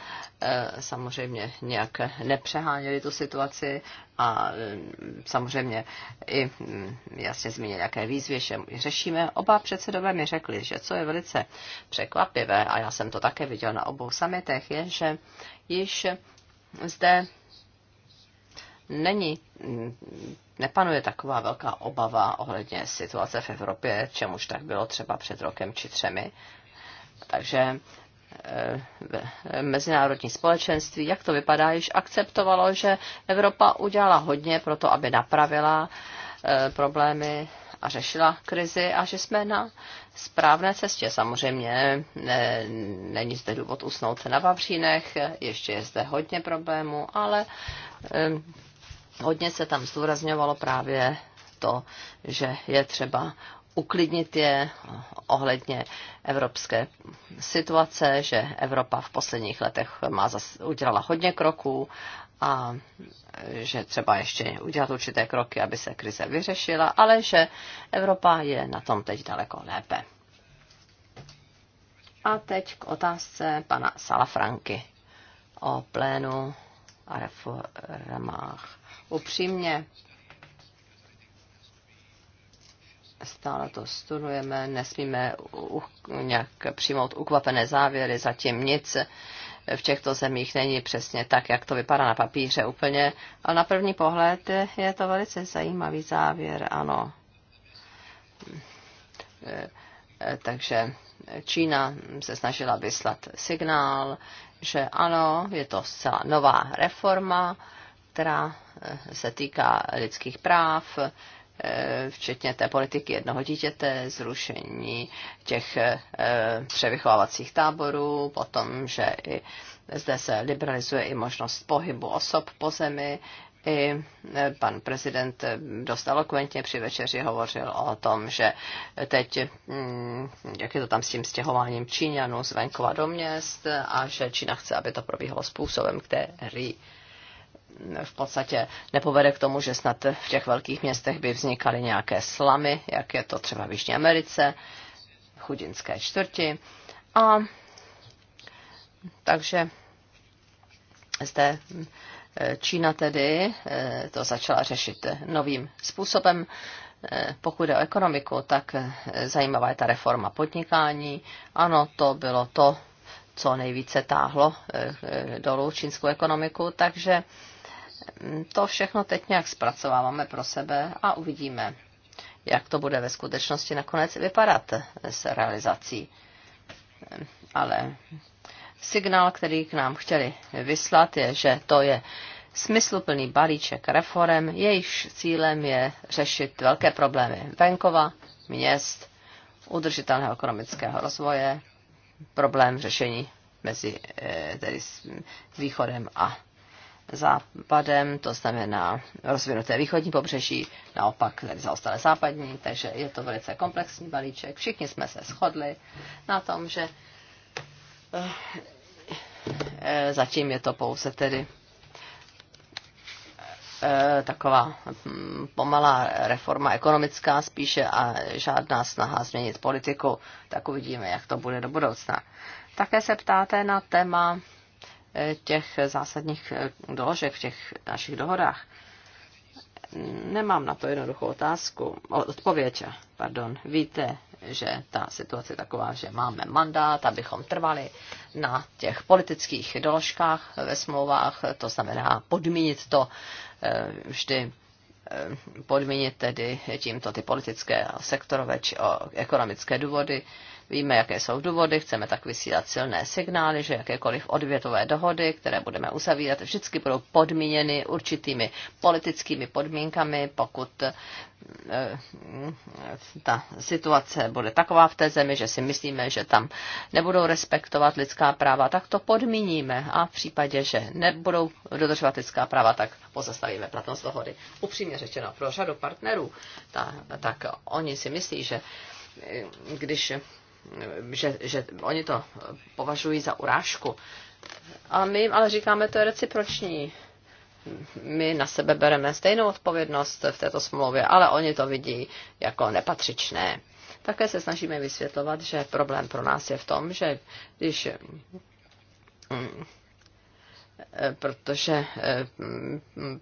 samozřejmě nějak nepřeháněli tu situaci a e, samozřejmě i mm, jasně zmínili, jaké výzvy že řešíme. Oba předsedové mi řekli, že co je velice překvapivé, a já jsem to také viděl na obou samitech, je, že již zde není, nepanuje taková velká obava ohledně situace v Evropě, čemuž tak bylo třeba před rokem či třemi. Takže eh, mezinárodní společenství, jak to vypadá, již akceptovalo, že Evropa udělala hodně pro to, aby napravila eh, problémy a řešila krizi a že jsme na správné cestě. Samozřejmě ne, není zde důvod usnout na Vavřínech, ještě je zde hodně problémů, ale eh, hodně se tam zdůrazňovalo právě to, že je třeba uklidnit je ohledně evropské situace, že Evropa v posledních letech má zas, udělala hodně kroků a že třeba ještě udělat určité kroky, aby se krize vyřešila, ale že Evropa je na tom teď daleko lépe. A teď k otázce pana Salafranky o plénu a reformách upřímně. Stále to studujeme, nesmíme u, nějak přijmout ukvapené závěry, zatím nic v těchto zemích není přesně tak, jak to vypadá na papíře úplně, ale na první pohled je to velice zajímavý závěr, ano. E, e, takže Čína se snažila vyslat signál, že ano, je to zcela nová reforma, která eh, se týká lidských práv, eh, včetně té politiky jednoho dítěte, zrušení těch eh, převychovávacích táborů, potom, že i zde se liberalizuje i možnost pohybu osob po zemi, i pan prezident dost elokventně při večeři hovořil o tom, že teď, mm, jak je to tam s tím stěhováním Číňanů z venkova do měst a že Čína chce, aby to probíhalo způsobem, který v podstatě nepovede k tomu, že snad v těch velkých městech by vznikaly nějaké slamy, jak je to třeba v Jižní Americe, chudinské čtvrti. A takže zde eh, Čína tedy eh, to začala řešit novým způsobem. Eh, pokud jde o ekonomiku, tak zajímavá je ta reforma podnikání. Ano, to bylo to, co nejvíce táhlo dolů čínskou ekonomiku, takže Mm, to všechno teď nějak zpracováváme pro sebe a uvidíme, jak to bude ve skutečnosti nakonec vypadat s realizací. Mm, ale signál, který k nám chtěli vyslat, je, že to je smysluplný balíček reform, jejichž cílem je řešit velké problémy venkova, měst, udržitelného ekonomického rozvoje, problém řešení mezi eh, tedy s východem a západem, to znamená rozvinuté východní pobřeží, naopak tady zaostalé západní, takže je to velice komplexní balíček. Všichni jsme se shodli na tom, že eh, zatím je to pouze tedy eh, taková hm, pomalá reforma ekonomická spíše a žádná snaha změnit politiku, tak uvidíme, jak to bude do budoucna. Také se ptáte na téma těch zásadních doložek v těch našich dohodách? Nemám na to jednoduchou otázku, odpověď, pardon. Víte, že ta situace je taková, že máme mandát, abychom trvali na těch politických doložkách ve smlouvách, to znamená podmínit to eh, vždy eh, podmínit tedy tímto ty politické, sektorové či ekonomické důvody Víme, jaké jsou důvody, chceme tak vysílat silné signály, že jakékoliv odvětové dohody, které budeme uzavírat, vždycky budou podmíněny určitými politickými podmínkami, pokud eh, eh, ta situace bude taková v té zemi, že si myslíme, že tam nebudou respektovat lidská práva, tak to podmíníme a v případě, že nebudou dodržovat lidská práva, tak pozastavíme platnost dohody. Upřímně řečeno, pro řadu partnerů, ta, tak oni si myslí, že eh, když že, že oni to považují za urážku. A my jim ale říkáme, to je reciproční. My na sebe bereme stejnou odpovědnost v této smlouvě, ale oni to vidí jako nepatřičné. Také se snažíme vysvětlovat, že problém pro nás je v tom, že když Eh, protože eh,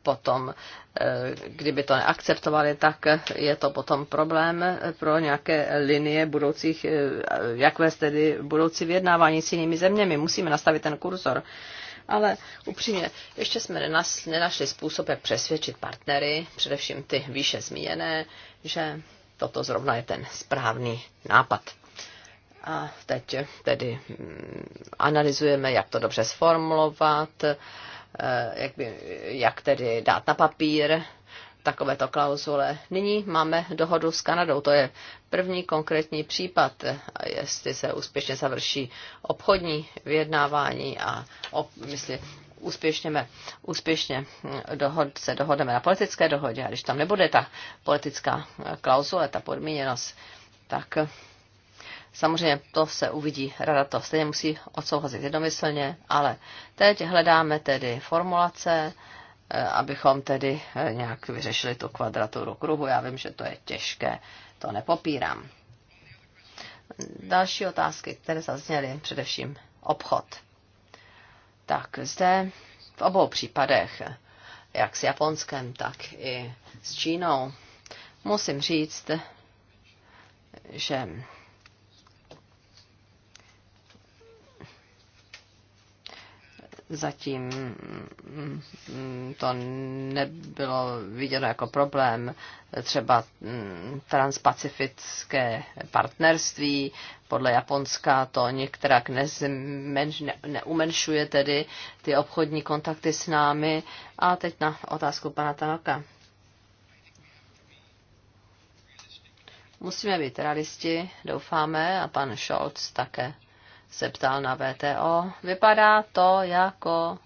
potom, eh, kdyby to neakceptovali, tak je to potom problém pro nějaké linie budoucích, jak vést tedy budoucí vyjednávání s jinými zeměmi. Musíme nastavit ten kurzor. Ale upřímně, ještě jsme nenašli způsob, jak přesvědčit partnery, především ty výše zmíněné, že toto zrovna je ten správný nápad. A teď tedy mm, analyzujeme, jak to dobře sformulovat, eh, jak, by, jak tedy dát na papír takovéto klauzule. Nyní máme dohodu s Kanadou. To je první konkrétní případ, jestli se úspěšně završí obchodní vyjednávání a ob, myslím, úspěšně, úspěšně dohod, se dohodneme na politické dohodě. A když tam nebude ta politická klauzule, ta podmíněnost, tak Samozřejmě to se uvidí, rada to stejně musí odsouhlasit jednomyslně, ale teď hledáme tedy formulace, eh, abychom tedy eh, nějak vyřešili tu kvadraturu kruhu. Já vím, že to je těžké, to nepopírám. Další otázky, které zazněly, především obchod. Tak zde v obou případech, jak s Japonskem, tak i s Čínou, musím říct, že zatím to nebylo viděno jako problém. Třeba transpacifické partnerství podle Japonska to některak nezmenš, ne, neumenšuje tedy ty obchodní kontakty s námi. A teď na otázku pana Tanoka. Musíme být realisti, doufáme, a pan Scholz také se ptal na VTO. Vypadá to jako,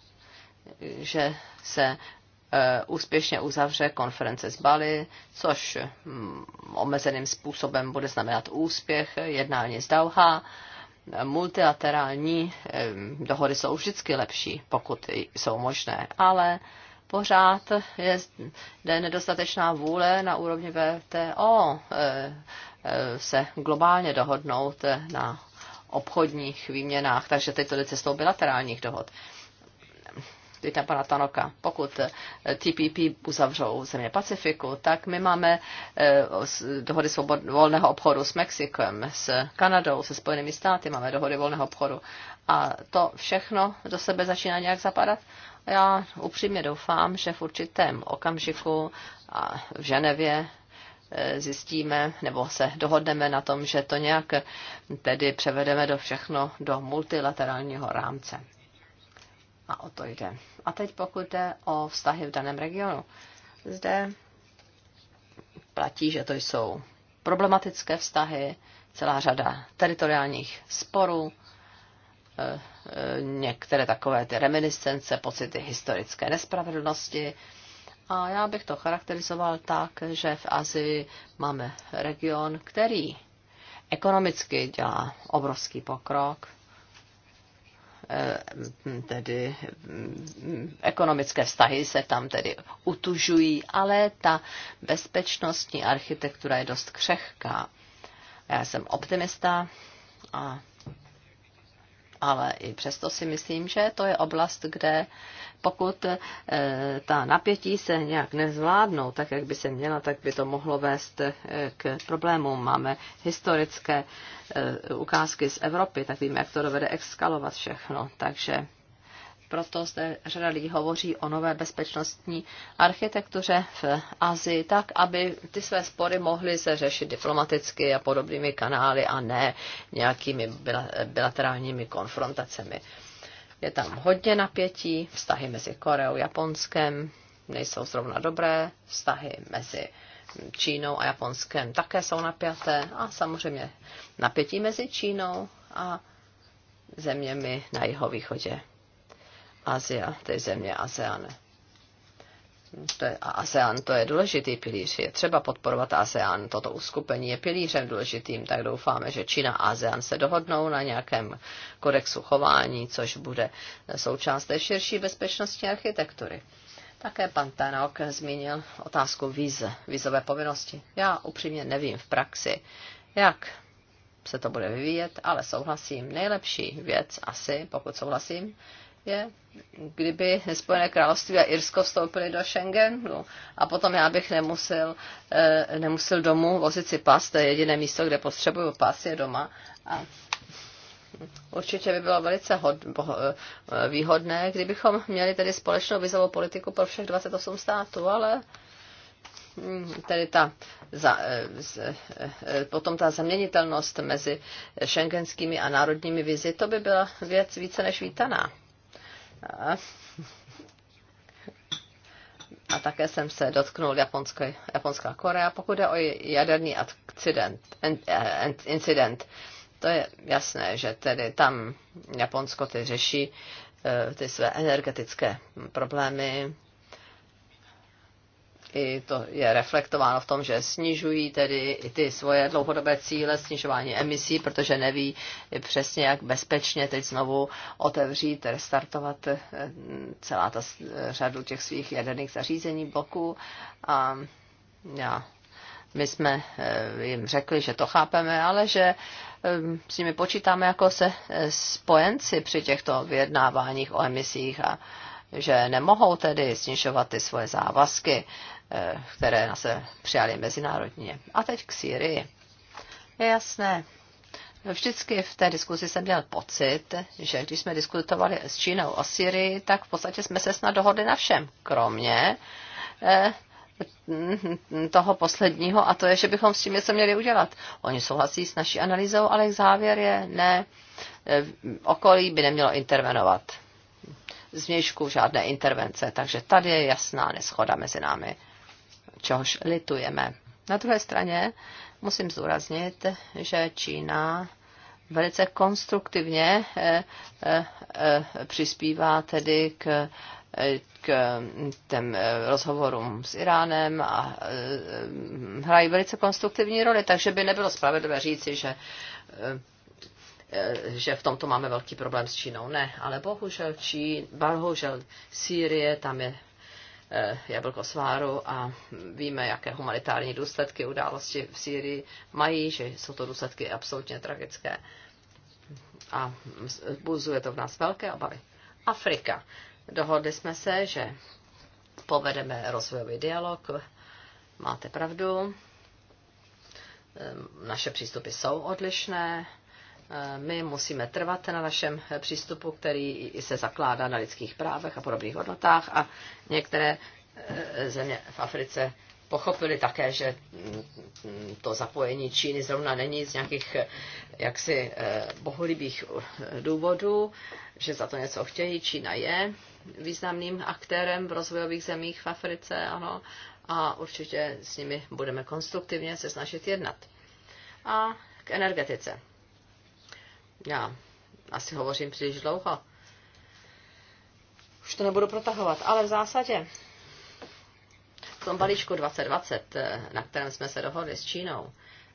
že se e, úspěšně uzavře konference z Bali, což mm, omezeným způsobem bude znamenat úspěch jednání z Dauha. Multilaterální e, dohody jsou vždycky lepší, pokud jsou možné, ale pořád je zde nedostatečná vůle na úrovni VTO e, se globálně dohodnout na obchodních výměnách, takže teď to jde cestou bilaterálních dohod. Teď tam pana Tanoka. Pokud eh, TPP uzavřou země Pacifiku, tak my máme eh, dohody svobod, volného obchodu s Mexikem, s Kanadou, se Spojenými státy, máme dohody volného obchodu. A to všechno do sebe začíná nějak zapadat. Já upřímně doufám, že v určitém okamžiku a v Ženevě zjistíme nebo se dohodneme na tom, že to nějak tedy převedeme do všechno do multilaterálního rámce. A o to jde. A teď pokud jde o vztahy v daném regionu. Zde platí, že to jsou problematické vztahy, celá řada teritoriálních sporů, eh, eh, některé takové ty reminiscence, pocity historické nespravedlnosti, a já bych to charakterizoval tak, že v Azii máme region, který ekonomicky dělá obrovský pokrok, eh, tedy mm, ekonomické vztahy se tam tedy utužují, ale ta bezpečnostní architektura je dost křehká. Já jsem optimista, a, ale i přesto si myslím, že to je oblast, kde pokud eh, ta napětí se nějak nezvládnou, tak jak by se měla, tak by to mohlo vést eh, k problémům. Máme historické eh, ukázky z Evropy, tak víme, jak to dovede exkalovat všechno. Takže proto zde řada lidí hovoří o nové bezpečnostní architektuře v Azii, tak aby ty své spory mohly se řešit diplomaticky a podobnými kanály a ne nějakými bilaterálními konfrontacemi. Je tam hodně napětí, vztahy mezi Koreou a Japonskem nejsou zrovna dobré, vztahy mezi Čínou a Japonskem také jsou napjaté a samozřejmě napětí mezi Čínou a zeměmi na jihovýchodě Asia, tedy země ASEAN to je ASEAN, to je důležitý pilíř. Je třeba podporovat ASEAN. Toto uskupení je pilířem důležitým, tak doufáme, že Čína a ASEAN se dohodnou na nějakém kodexu chování, což bude součást té širší bezpečnostní architektury. Také pan Tanok zmínil otázku víze, vízové povinnosti. Já upřímně nevím v praxi, jak se to bude vyvíjet, ale souhlasím. Nejlepší věc asi, pokud souhlasím, je, kdyby Spojené království a Irsko vstoupili do Schengenu a potom já bych nemusel, eh, nemusel domů vozit si pas, to je jediné místo, kde potřebuju pas, je doma. A určitě by bylo velice hod, eh, výhodné, kdybychom měli tedy společnou vizovou politiku pro všech 28 států, ale hm, tedy ta, za, eh, z, potom ta zaměnitelnost mezi šengenskými a národními vizi, to by byla věc více než vítaná. A, také jsem se dotknul Japonské, Japonská Korea, pokud je o jaderný accident, eh, incident. To je jasné, že tedy tam Japonsko ty řeší eh, ty své energetické problémy, i to je reflektováno v tom, že snižují tedy i ty svoje dlouhodobé cíle snižování emisí, protože neví přesně, jak bezpečně teď znovu otevřít, restartovat eh, celá ta řadu těch svých jaderných zařízení bloků. A já, my jsme eh, jim řekli, že to chápeme, ale že eh, s nimi počítáme jako se spojenci při těchto vyjednáváních o emisích a že nemohou tedy snižovat ty svoje závazky, eh, které na se přijali mezinárodně. A teď k Syrii. Je jasné, Vždycky v té diskuzi jsem měl pocit, že když jsme diskutovali s Čínou o Syrii, tak v podstatě jsme se snad dohodli na všem, kromě eh, toho posledního, a to je, že bychom s tím něco měli udělat. Oni souhlasí s naší analýzou, ale závěr je, ne, eh, okolí by nemělo intervenovat změšku, žádné intervence. Takže tady je jasná neschoda mezi námi, čehož litujeme. Na druhé straně musím zdůraznit, že Čína velice konstruktivně eh, eh, eh, přispívá tedy k k hm, těm rozhovorům s Iránem a hm, hrají velice konstruktivní roli, takže by nebylo spravedlivé říci, že Eh, že v tomto máme velký problém s Čínou. Ne, ale bohužel, Čín, bohužel Sýrie, tam je eh, jablko sváru a víme, jaké humanitární důsledky události v Sýrii mají, že jsou to důsledky absolutně tragické. A buzuje to v nás velké obavy. Afrika. Dohodli jsme se, že povedeme rozvojový dialog. Máte pravdu. Ehm, naše přístupy jsou odlišné my musíme trvat na našem přístupu, který se zakládá na lidských právech a podobných hodnotách a některé eh, země v Africe pochopili také, že mm, to zapojení Číny zrovna není z nějakých eh, jaksi eh, bohulibých důvodů, že za to něco chtějí. Čína je významným aktérem v rozvojových zemích v Africe, ano, a určitě s nimi budeme konstruktivně se snažit jednat. A k energetice. Já asi hovořím příliš dlouho. Už to nebudu protahovat, ale v zásadě v tom balíčku 2020, eh, na kterém jsme se dohodli s Čínou,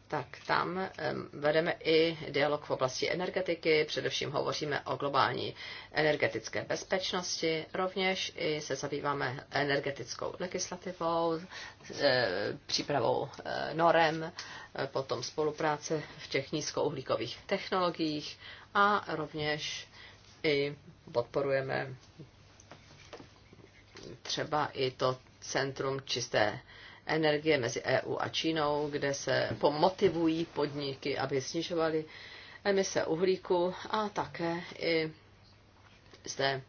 tak tam vedeme i dialog v oblasti energetiky, především hovoříme o globální energetické bezpečnosti, rovněž i se zabýváme energetickou legislativou, e, přípravou e, norem, e, potom spolupráce v těch nízkouhlíkových technologiích a rovněž i podporujeme třeba i to Centrum čisté energie mezi EU a Čínou, kde se pomotivují podniky, aby snižovaly emise uhlíku a také i zde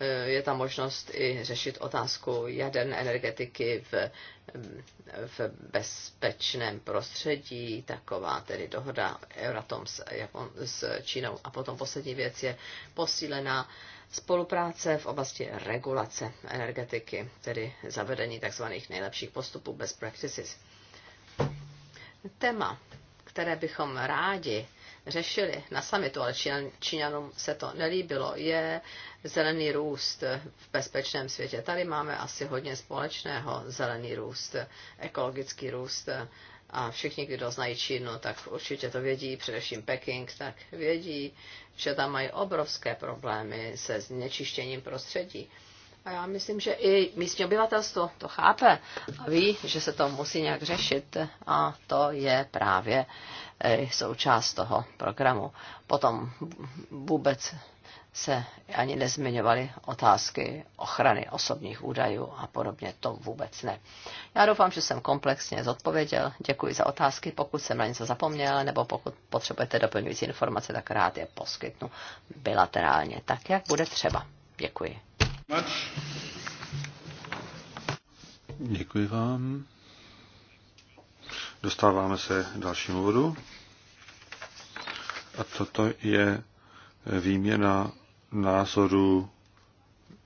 e, je tam možnost i řešit otázku jaderné energetiky v, v bezpečném prostředí, taková tedy dohoda Euratom s, Japon, s Čínou. A potom poslední věc je posílená spolupráce v oblasti regulace energetiky, tedy zavedení tzv. nejlepších postupů best practices. Téma, které bychom rádi řešili na samitu, ale Číňanům se to nelíbilo, je zelený růst v bezpečném světě. Tady máme asi hodně společného zelený růst, ekologický růst a všichni, kdo znají Čínu, tak určitě to vědí, především Peking, tak vědí, že tam mají obrovské problémy se znečištěním prostředí. A já myslím, že i místní obyvatelstvo to chápe a ví, že se to musí nějak řešit a to je právě eh, součást toho programu. Potom vůbec se ani nezmiňovaly otázky ochrany osobních údajů a podobně, to vůbec ne. Já doufám, že jsem komplexně zodpověděl. Děkuji za otázky. Pokud jsem na něco zapomněl, nebo pokud potřebujete doplňující informace, tak rád je poskytnu bilaterálně, tak jak bude třeba. Děkuji. Děkuji vám. Dostáváme se k dalšímu bodu. A toto je výměna názoru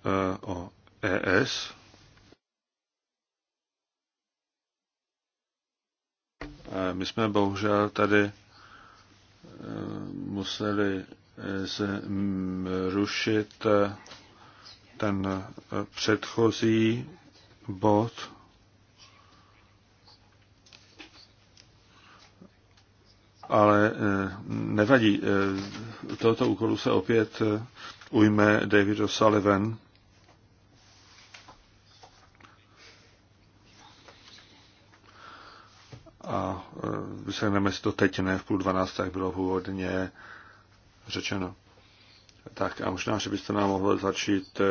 eh, o ES. Eh, my jsme bohužel tady eh, museli zrušit mm, ten předchozí bod, ale nevadí. Tohoto úkolu se opět ujme David O'Sullivan. A e, vysvětlíme si to teď, ne v půl dvanáct, tak bylo původně řečeno. Tak a možná, že byste nám mohli začít e,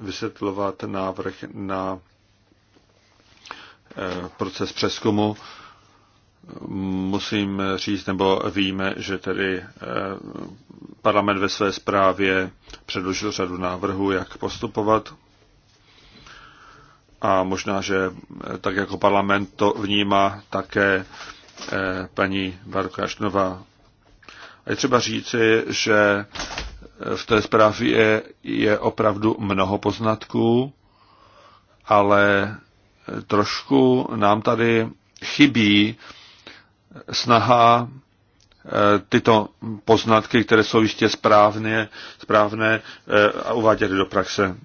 vysvětlovat návrh na e, proces přeskumu musím říct, nebo víme, že tedy eh, parlament ve své zprávě předložil řadu návrhů, jak postupovat. A možná, že eh, tak jako parlament to vnímá také eh, paní Barkašnová. A je třeba říci, že v té zprávě je, je opravdu mnoho poznatků, ale trošku nám tady chybí eh, snaha eh, tyto poznatky, které jsou jistě správně, správné, eh, a uvádět do praxe.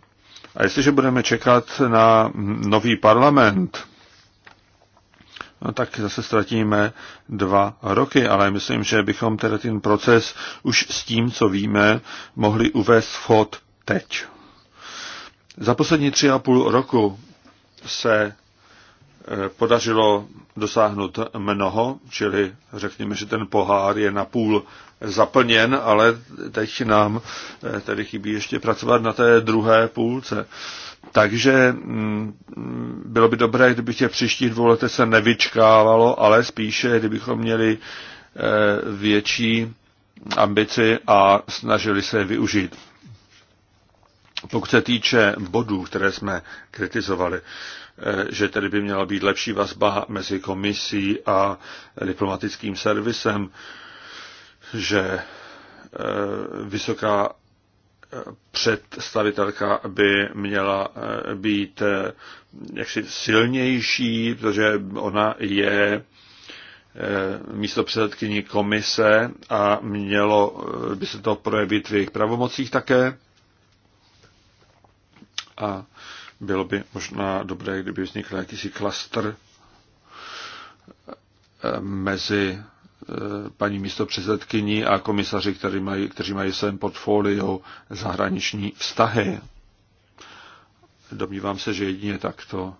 A jestliže budeme čekat na nový parlament, no tak zase ztratíme dva roky, ale myslím, že bychom tedy ten proces už s tím, co víme, mohli uvést vchod teď. Za poslední tři a půl roku se podařilo dosáhnout mnoho, čili řekněme, že ten pohár je napůl zaplněn, ale teď nám eh, tady chybí ještě pracovat na té druhé půlce. Takže mm, bylo by dobré, kdyby těch příštích dvou letech se nevyčkávalo, ale spíše, kdybychom měli eh, větší ambici a snažili se je využít. Pokud se týče bodů, které jsme kritizovali, Eh, že tedy by měla být lepší vazba mezi komisí a diplomatickým servisem, že eh, vysoká eh, představitelka by měla být jaksi silnější, protože ona je místo předsedkyní komise a mělo by se to projevit v jejich pravomocích také. A bylo by možná dobré, kdyby vznikl jakýsi klastr eh, mezi eh, paní místopředsedkyní a komisaři, kteří mají, kteří mají svém portfolio zahraniční vztahy. Domnívám se, že jedině takto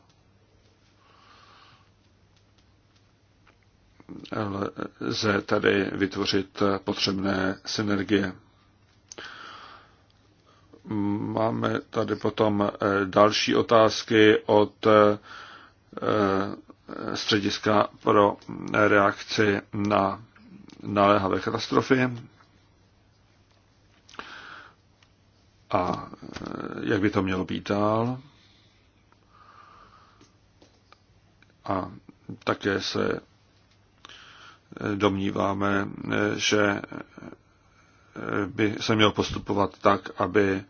lze tady vytvořit potřebné synergie. Máme tady potom eh, další otázky od eh, eh, střediska pro reakci na naléhavé katastrofy. A jak by to mělo být dál? A také se domníváme, že by se měl postupovat tak, aby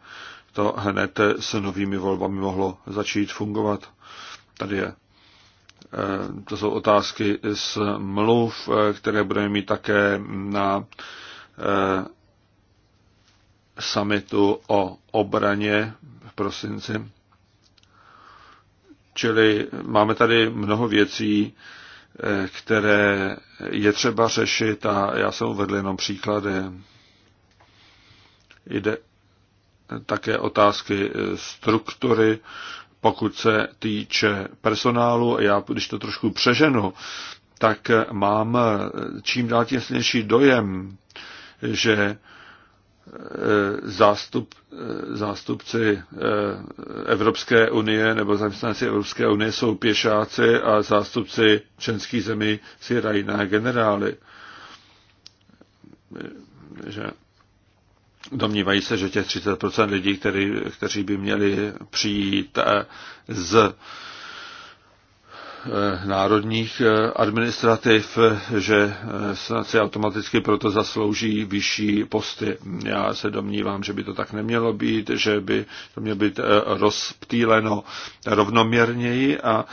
to hned s novými volbami mohlo začít fungovat. Tady je. Eh, to jsou otázky z mluv, eh, které budeme mít také na eh, summitu o obraně v prosinci. Čili máme tady mnoho věcí, které je třeba řešit a já jsem uvedl jenom příklady. Jde také otázky struktury, pokud se týče personálu, já když to trošku přeženu, tak mám čím dál tím silnější dojem, že eh, zástup, eh, zástupci eh, Evropské unie nebo zaměstnanci Evropské unie jsou pěšáci a zástupci členských zemí si hrají na generály. Že Domnívají se, že těch 30% lidí, který, kteří by měli přijít eh, z eh, národních eh, administrativ, že si automaticky proto zaslouží vyšší posty. Já se domnívám, že by to tak nemělo být, že by to mělo být rozptýleno rovnoměrněji a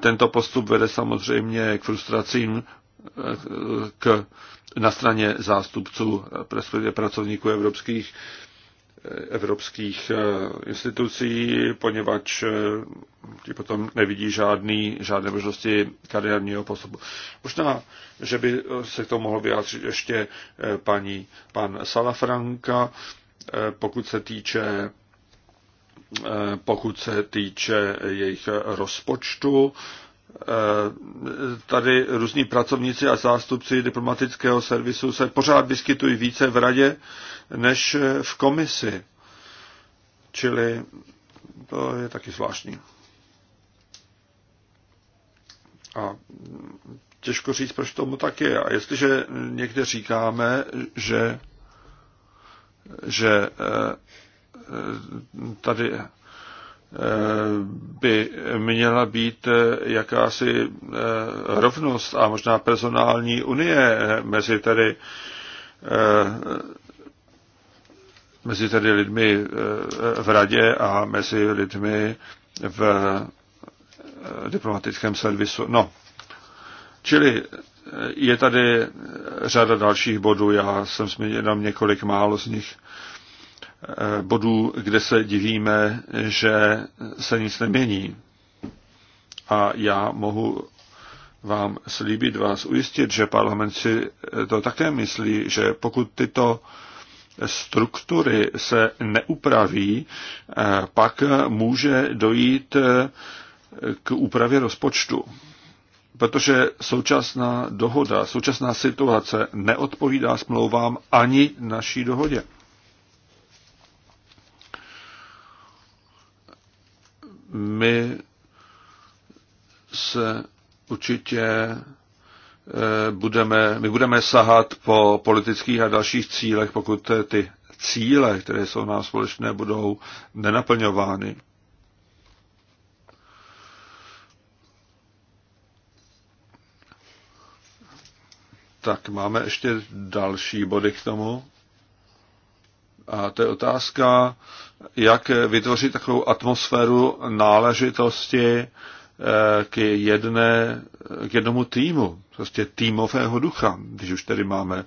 tento postup vede samozřejmě k frustracím, k na straně zástupců eh, pracovníků evropských eh, evropských eh, institucí, poněvadž ti potom nevidí žádný, žádné možnosti kariérního postupu. Možná, že by se k tomu mohl vyjádřit ještě paní, pan Salafranka, pokud se týče pokud se týče jejich rozpočtu Eh, tady různí pracovníci a zástupci diplomatického servisu se pořád vyskytují více v radě než v komisi. Čili to je taky zvláštní. A těžko říct, proč tomu tak je. A jestliže někde říkáme, že, že eh, eh, tady Eh, by měla být eh, jakási eh, rovnost a možná personální unie mezi tedy mezi tedy lidmi v radě a mezi lidmi v diplomatickém servisu. No, čili je tady řada dalších bodů, já jsem zmínil jenom několik málo z nich. Eh, bodů, kde se divíme, že se nic nemění. A já mohu vám slíbit, vás ujistit, že parlament si eh, to také myslí, že pokud tyto struktury se neupraví, eh, pak může dojít k úpravě rozpočtu. Protože současná dohoda, současná situace neodpovídá smlouvám ani naší dohodě. my se určitě e, budeme, my budeme sahat po politických a dalších cílech, pokud ty cíle, které jsou nám společné, budou nenaplňovány. Tak máme ještě další body k tomu. A to je otázka jak vytvořit takovou atmosféru náležitosti eh, k, jedné, k jednomu týmu, prostě týmového ducha, když už tedy máme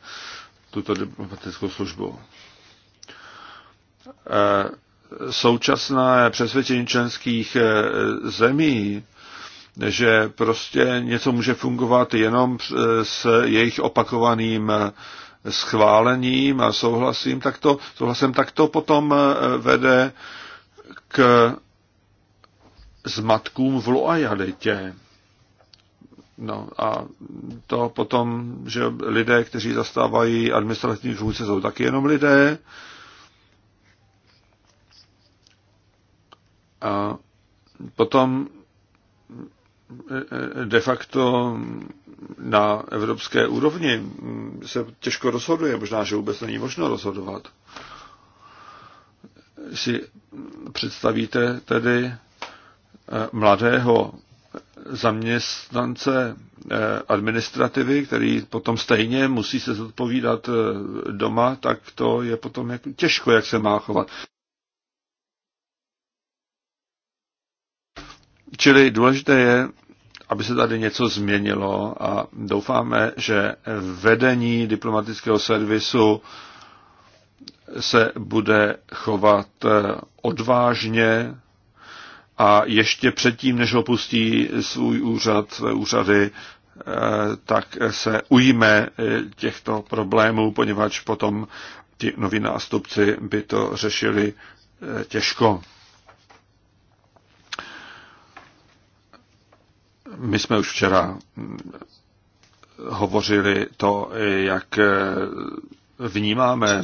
tuto diplomatickou službu. Eh, Současné přesvědčení členských eh, zemí, že prostě něco může fungovat jenom s jejich opakovaným schválením a souhlasím, tak to, souhlasem, tak to potom eh, vede k zmatkům v loajalitě. No a to potom, že lidé, kteří zastávají administrativní funkce, jsou taky jenom lidé. A potom de facto na evropské úrovni se těžko rozhoduje, možná, že vůbec není možno rozhodovat. Si představíte tedy eh, mladého zaměstnance eh, administrativy, který potom stejně musí se zodpovídat eh, doma, tak to je potom těžko, jak se má chovat. Čili důležité je, aby se tady něco změnilo a doufáme, že vedení diplomatického servisu se bude chovat eh, odvážně a ještě předtím, než opustí svůj úřad, své úřady, eh, tak se ujme eh, těchto problémů, poněvadž potom ti noví nástupci by to řešili těžko. My jsme už včera hovořili to, jak vnímáme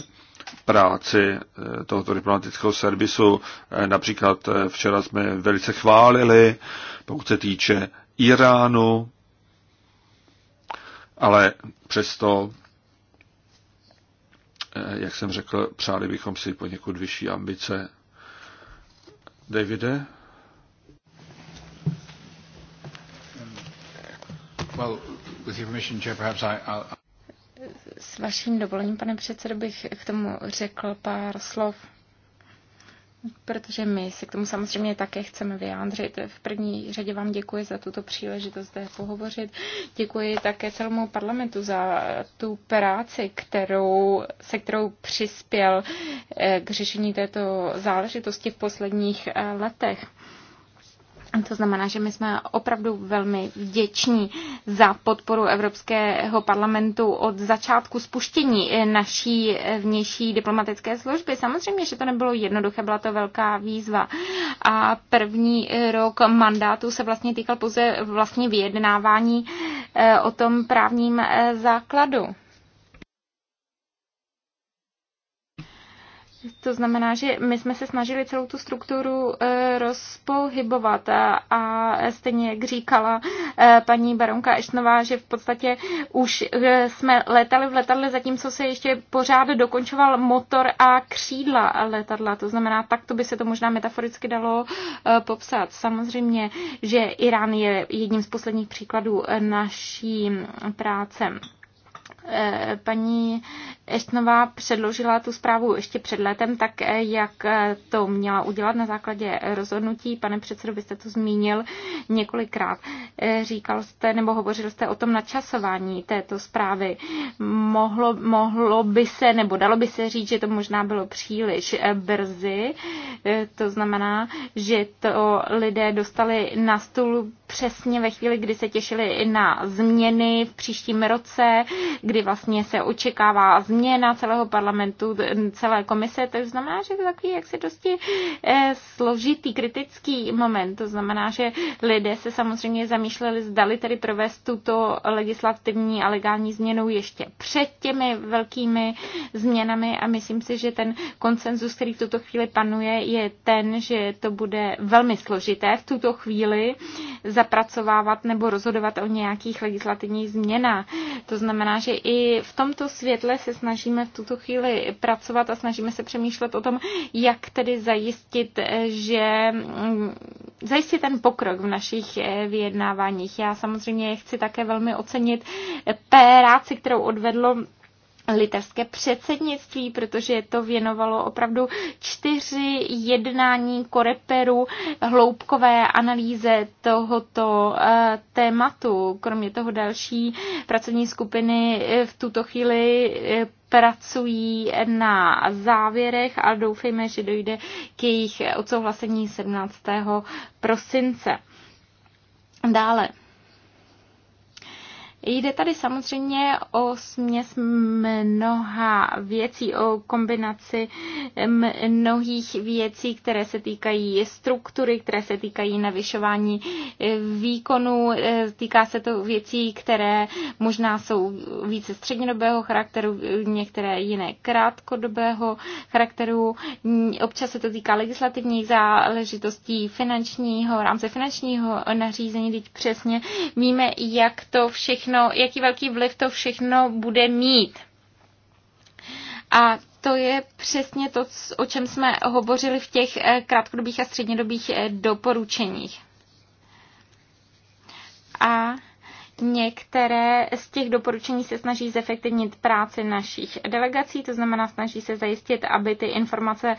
práci tohoto diplomatického servisu. Například včera jsme velice chválili, pokud se týče Iránu, ale přesto, jak jsem řekl, přáli bychom si poněkud vyšší ambice. Davide? S vaším dovolením, pane předsedo, bych k tomu řekl pár slov, protože my se k tomu samozřejmě také chceme vyjádřit. V první řadě vám děkuji za tuto příležitost zde pohovořit. Děkuji také celému parlamentu za tu práci, kterou, se kterou přispěl eh, k řešení této záležitosti v posledních eh, letech. To znamená, že my jsme opravdu velmi vděční za podporu Evropského parlamentu od začátku spuštění naší vnější diplomatické služby. Samozřejmě, že to nebylo jednoduché, byla to velká výzva. A první rok mandátu se vlastně týkal pouze vlastně vyjednávání eh, o tom právním eh, základu. To znamená, že my jsme se snažili celou tu strukturu eh, rozpohybovat a stejně jak říkala eh, paní baronka Eštnová, že v podstatě už eh, jsme letali v letadle, zatímco se ještě pořád dokončoval motor a křídla letadla. To znamená, tak to by se to možná metaforicky dalo popsat. Samozřejmě, že Irán je jedním z posledních příkladů naší práce. Eh, paní Estnová předložila tu zprávu ještě před letem, tak eh, jak eh, to měla udělat na základě rozhodnutí. Pane předsedo, byste to zmínil několikrát. Říkal jste nebo hovořil jste o tom načasování této zprávy. Mohlo, mohlo by se nebo dalo by se říct, že to možná bylo příliš brzy. To znamená, že to lidé dostali na stůl přesně ve chvíli, kdy se těšili na změny v příštím roce, kdy kdy vlastně se očekává změna celého parlamentu, celé komise, to znamená, že to je takový jaksi dosti eh, složitý, kritický moment. To znamená, že lidé se samozřejmě zamýšleli, zdali tedy provést tuto legislativní a legální změnu ještě před těmi velkými změnami a myslím si, že ten konsenzus, který v tuto chvíli panuje, je ten, že to bude velmi složité v tuto chvíli zapracovávat nebo rozhodovat o nějakých legislativních změnách. To znamená, že i v tomto světle se snažíme v tuto chvíli pracovat a snažíme se přemýšlet o tom, jak tedy zajistit, že mm, zajistit ten pokrok v našich eh, vyjednáváních. Já samozřejmě chci také velmi ocenit eh, práci, kterou odvedlo litevské předsednictví, protože je to věnovalo opravdu čtyři jednání koreperu hloubkové analýze tohoto eh, tématu. Kromě toho další pracovní skupiny eh, v tuto chvíli eh, pracují na závěrech a doufejme, že dojde k jejich odsouhlasení 17. prosince. Dále Jde tady samozřejmě o směs mnoha věcí, o kombinaci mnohých věcí, které se týkají struktury, které se týkají navyšování eh, výkonu. Eh, týká se to věcí, které možná jsou více střednědobého charakteru, některé jiné krátkodobého charakteru. Občas se to týká legislativních záležitostí, finančního, rámce finančního nařízení, teď přesně víme, jak to všechno všechno, jaký velký vliv to všechno bude mít. A to je přesně to, o čem jsme hovořili v těch eh, krátkodobých a střednědobých eh, doporučeních. A Některé z těch doporučení se snaží zefektivnit práci našich delegací, to znamená snaží se zajistit, aby ty informace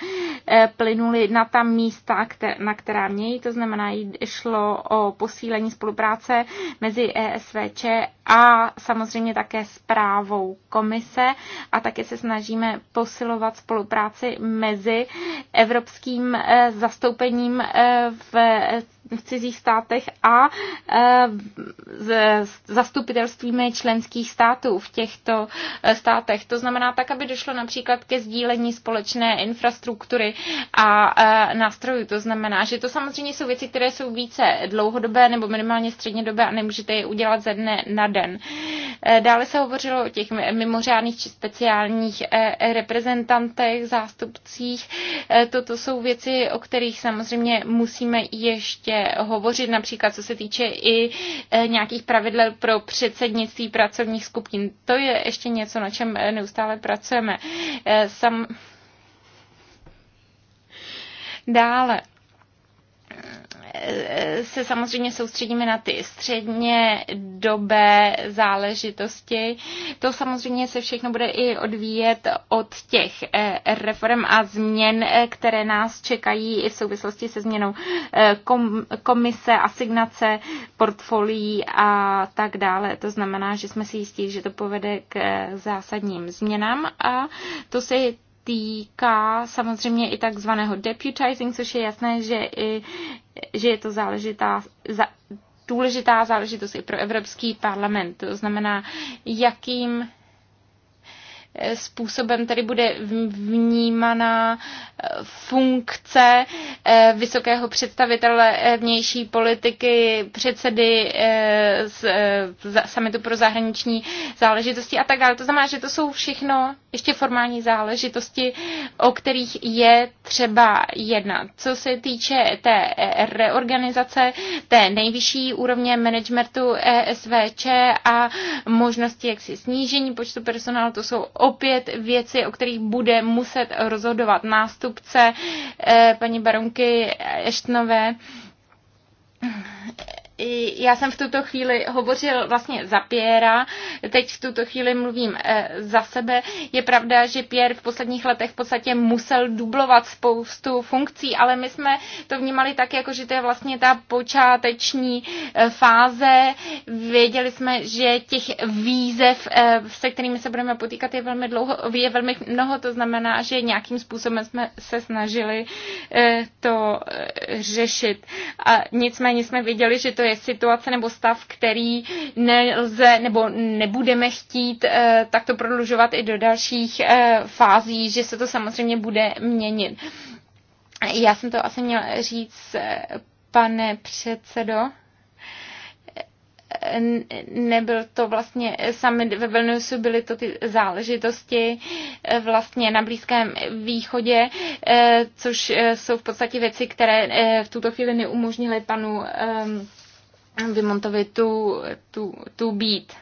eh, plynuly na ta místa, na která mějí, to znamená šlo o posílení spolupráce mezi ESVČ a samozřejmě také zprávou komise a také se snažíme posilovat spolupráci mezi evropským eh, zastoupením eh, v v cizích státech a e, s zastupitelstvími členských států v těchto e, státech. To znamená tak, aby došlo například ke sdílení společné infrastruktury a e, nástrojů. To znamená, že to samozřejmě jsou věci, které jsou více dlouhodobé nebo minimálně středně dobé a nemůžete je udělat ze dne na den. Dále se hovořilo o těch mimořádných či speciálních reprezentantech, zástupcích. Toto jsou věci, o kterých samozřejmě musíme ještě hovořit, například co se týče i e, nějakých pravidel pro předsednictví pracovních skupin. To je ještě něco, na čem neustále pracujeme. E, sam... Dále se samozřejmě soustředíme na ty středně dobé záležitosti. To samozřejmě se všechno bude i odvíjet od těch eh, reform a změn, eh, které nás čekají i v souvislosti se změnou eh, komise, asignace, portfolií a tak dále. To znamená, že jsme si jistí, že to povede k zásadním změnám a to si týká samozřejmě i takzvaného deputizing, což je jasné, že, i, že je to záležitá, za, důležitá záležitost i pro Evropský parlament. To znamená, jakým způsobem tady bude vnímaná eh, funkce eh, vysokého představitele eh, vnější politiky, předsedy z samitu pro zahraniční záležitosti a tak dále. To znamená, že to jsou všechno ještě formální záležitosti, o kterých je třeba jednat. Co se týče té reorganizace, té nejvyšší úrovně managementu ESVČ a možnosti jaksi snížení počtu personálu, to jsou opět věci, o kterých bude muset rozhodovat nástupce eh, paní baronky Eštnové já jsem v tuto chvíli hovořil vlastně za Piera, teď v tuto chvíli mluvím eh, za sebe. Je pravda, že Pierre v posledních letech v podstatě musel dublovat spoustu funkcí, ale my jsme to vnímali tak, jako že to je vlastně ta počáteční eh, fáze. Věděli jsme, že těch výzev, eh, se kterými se budeme potýkat, je velmi dlouho, je velmi mnoho, to znamená, že nějakým způsobem jsme se snažili to řešit. A nicméně jsme věděli, že to je je situace nebo stav, který nelze nebo nebudeme chtít eh, takto prodlužovat i do dalších eh, fází, že se to samozřejmě bude měnit. Já jsem to asi měla říct, eh, pane předsedo nebyl to vlastně sami ve Vilniusu, byly to ty záležitosti vlastně na Blízkém východě, což jsou v podstatě věci, které v tuto chvíli neumožnily panu ehm, vymontovali tu, tu, tu být.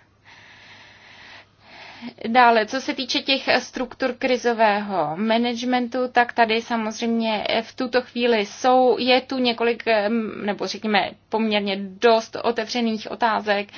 Dále, co se týče těch struktur krizového managementu, tak tady samozřejmě v tuto chvíli jsou, je tu několik, nebo řekněme poměrně dost otevřených otázek,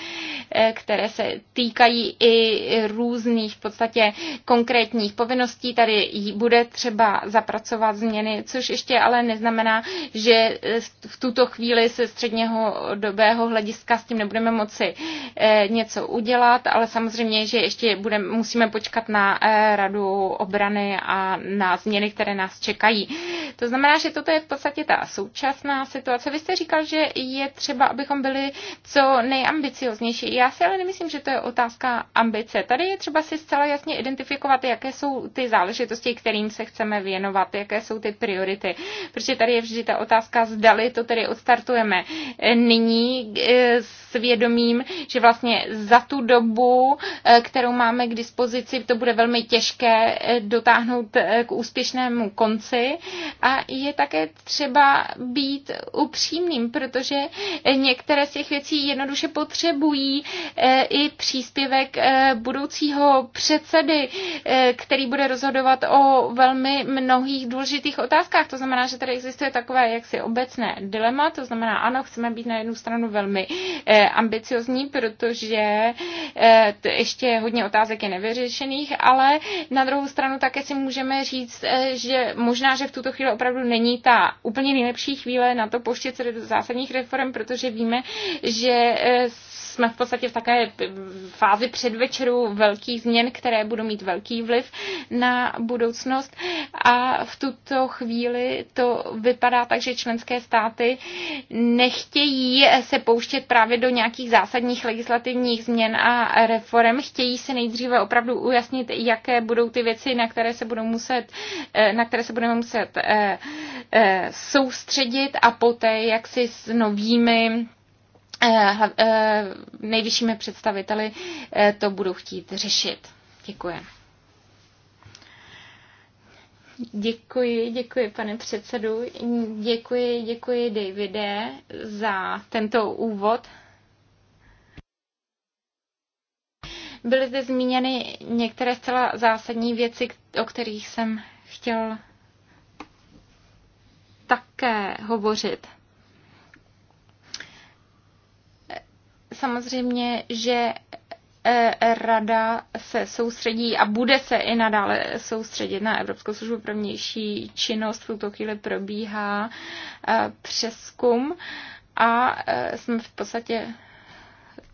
eh, které se týkají i různých v podstatě konkrétních povinností. Tady bude třeba zapracovat změny, což ještě ale neznamená, že eh, v tuto chvíli se středního dobého hlediska s tím nebudeme moci eh, něco udělat, ale samozřejmě, že ještě bude bude, musíme počkat na eh, radu obrany a na změny, které nás čekají. To znamená, že toto je v podstatě ta současná situace. Vy jste říkal, že je třeba, abychom byli co nejambicioznější. Já si ale nemyslím, že to je otázka ambice. Tady je třeba si zcela jasně identifikovat, jaké jsou ty záležitosti, kterým se chceme věnovat, jaké jsou ty priority. Protože tady je vždy ta otázka, zdali to tedy odstartujeme eh, nyní eh, s vědomím, že vlastně za tu dobu, kterou máme máme k dispozici, to bude velmi těžké eh, dotáhnout eh, k úspěšnému konci. A je také třeba být upřímným, protože eh, některé z těch věcí jednoduše potřebují i příspěvek budoucího předsedy, který bude rozhodovat o velmi mnohých důležitých otázkách. To znamená, že tady existuje takové jaksi obecné dilema, to znamená, ano, chceme být na jednu stranu velmi ambiciozní, protože ještě je hodně otázek, otázek je nevyřešených, ale na druhou stranu také si můžeme říct, eh, že možná, že v tuto chvíli opravdu není ta úplně nejlepší chvíle na to poštět se do zásadních reform, protože víme, že eh, jsme v podstatě v takové eh, fázi předvečeru velkých změn, které budou mít velký vliv na budoucnost. A v tuto chvíli to vypadá tak, že členské státy nechtějí se pouštět právě do nějakých zásadních legislativních změn a reform, chtějí se nejdřív nejdříve opravdu ujasnit, jaké budou ty věci, na které se, budou muset, eh, na které se budeme muset eh, eh, soustředit a poté, jak si s novými nejvyššími představiteli to budou chtít řešit. Děkuji. Děkuji, děkuji, pane předsedu. Děkuji, děkuji, Davide, za tento úvod. Byly zde zmíněny některé zcela zásadní věci, o kterých jsem chtěl také hovořit. Samozřejmě, že e, rada se soustředí a bude se i nadále soustředit na Evropskou službu pro vnější činnost. V tuto chvíli probíhá e, přeskum a e, jsme v podstatě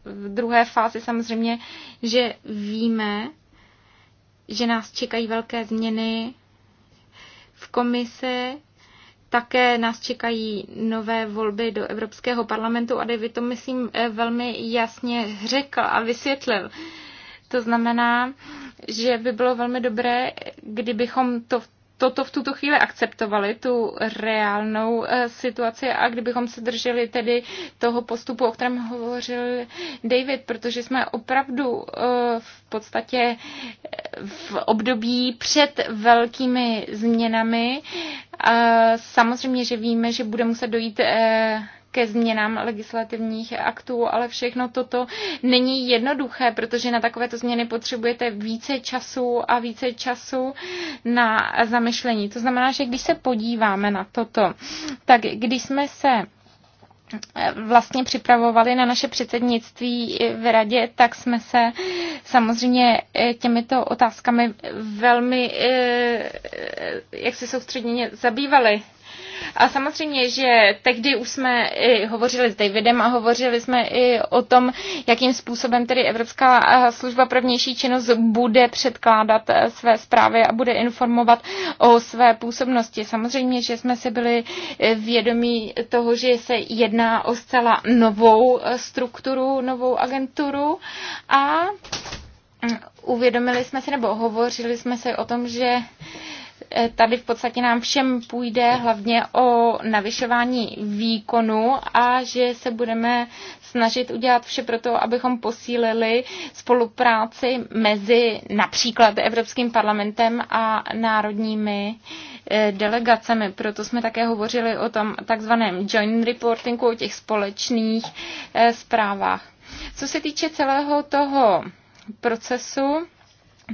v druhé fázi samozřejmě, že víme, že nás čekají velké změny v komise, také nás čekají nové volby do Evropského parlamentu a David to, myslím, eh, velmi jasně řekl a vysvětlil. To znamená, že by bylo velmi dobré, kdybychom to v toto v tuto chvíli akceptovali, tu reálnou eh, situaci a kdybychom se drželi tedy toho postupu, o kterém hovořil David, protože jsme opravdu eh, v podstatě eh, v období před velkými změnami. Samozřejmě, že víme, že bude muset dojít ke změnám legislativních aktů, ale všechno toto není jednoduché, protože na takovéto změny potřebujete více času a více času na zamyšlení. To znamená, že když se podíváme na toto, tak když jsme se eh, vlastně připravovali na naše předsednictví v radě, tak jsme se samozřejmě eh, těmito otázkami velmi eh, jak se soustředně zabývali. A samozřejmě, že tehdy už jsme i hovořili s Davidem a hovořili jsme i o tom, jakým způsobem tedy Evropská eh, služba pro vnější činnost bude předkládat eh, své zprávy a bude informovat o své působnosti. Samozřejmě, že jsme si byli eh, vědomí toho, že se jedná o zcela novou strukturu, novou agenturu a mm, uvědomili jsme si nebo hovořili jsme si o tom, že Eh, tady v podstatě nám všem půjde hlavně o navyšování výkonu a že se budeme snažit udělat vše pro to, abychom posílili spolupráci mezi například Evropským parlamentem a národními eh, delegacemi. Proto jsme také hovořili o tom takzvaném joint reportingu, o těch společných eh, zprávách. Co se týče celého toho procesu,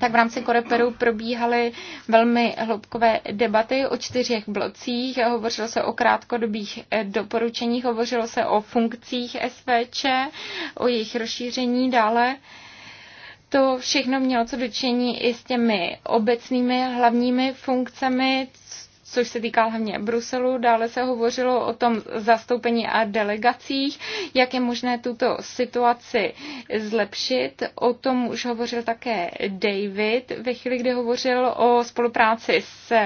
tak v rámci Koreperu probíhaly velmi hloubkové debaty o čtyřech blocích. Hovořilo se o krátkodobých eh, doporučeních, hovořilo se o funkcích SVČ, o jejich rozšíření dále. To všechno mělo co dočení i s těmi obecnými hlavními funkcemi, což se týká hlavně Bruselu. Dále se hovořilo o tom zastoupení a delegacích, jak je možné tuto situaci zlepšit. O tom už hovořil také David ve chvíli, kdy hovořil o spolupráci s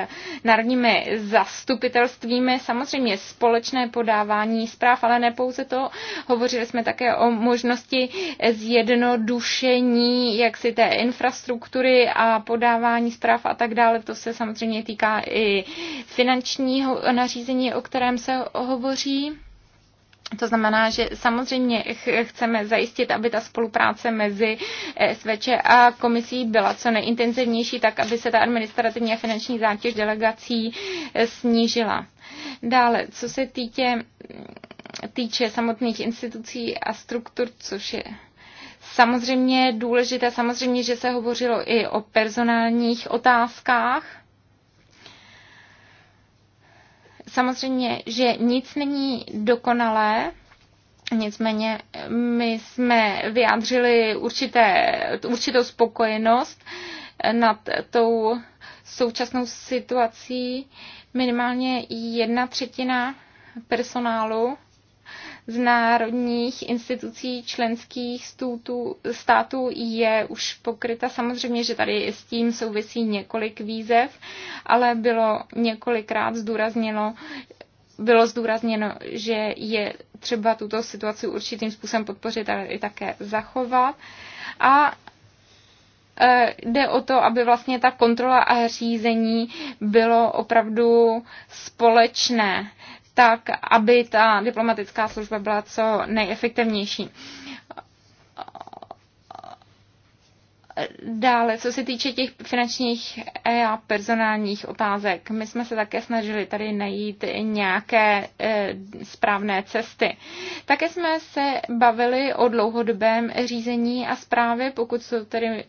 národními zastupitelstvími. Samozřejmě společné podávání zpráv, ale ne pouze to. Hovořili jsme také o možnosti zjednodušení jaksi té infrastruktury a podávání zpráv a tak dále. To se samozřejmě týká i finančního nařízení, o kterém se hovoří. To znamená, že samozřejmě chceme zajistit, aby ta spolupráce mezi SVČ a komisí byla co nejintenzivnější, tak aby se ta administrativní a finanční zátěž delegací eh, snížila. Dále, co se týče, týče samotných institucí a struktur, což je samozřejmě důležité, samozřejmě, že se hovořilo i o personálních otázkách, samozřejmě, že nic není dokonalé, Nicméně eh, my jsme vyjádřili určité, určitou spokojenost eh, nad tou současnou situací. Minimálně jedna třetina personálu z národních institucí členských stůtů, států je už pokryta. Samozřejmě, že tady s tím souvisí několik výzev, ale bylo několikrát zdůrazněno, bylo zdůrazněno, že je třeba tuto situaci určitým způsobem podpořit a i také zachovat. A e, jde o to, aby vlastně ta kontrola a řízení bylo opravdu společné tak aby ta diplomatická služba byla co nejefektivnější. Dále, co se týče těch finančních a personálních otázek, my jsme se také snažili tady najít nějaké e, správné cesty. Také jsme se bavili o dlouhodobém řízení a zprávě, pokud jsou tedy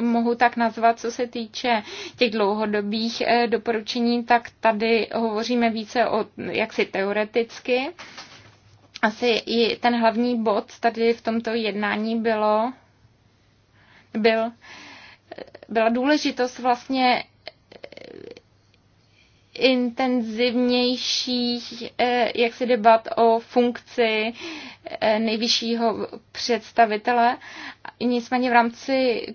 mohu tak nazvat, co se týče těch dlouhodobých eh, doporučení, tak tady hovoříme více o jaksi teoreticky. Asi i ten hlavní bod tady v tomto jednání bylo, byl, eh, byla důležitost vlastně eh, intenzivnějších jak se debat o funkci nejvyššího představitele. Nicméně v rámci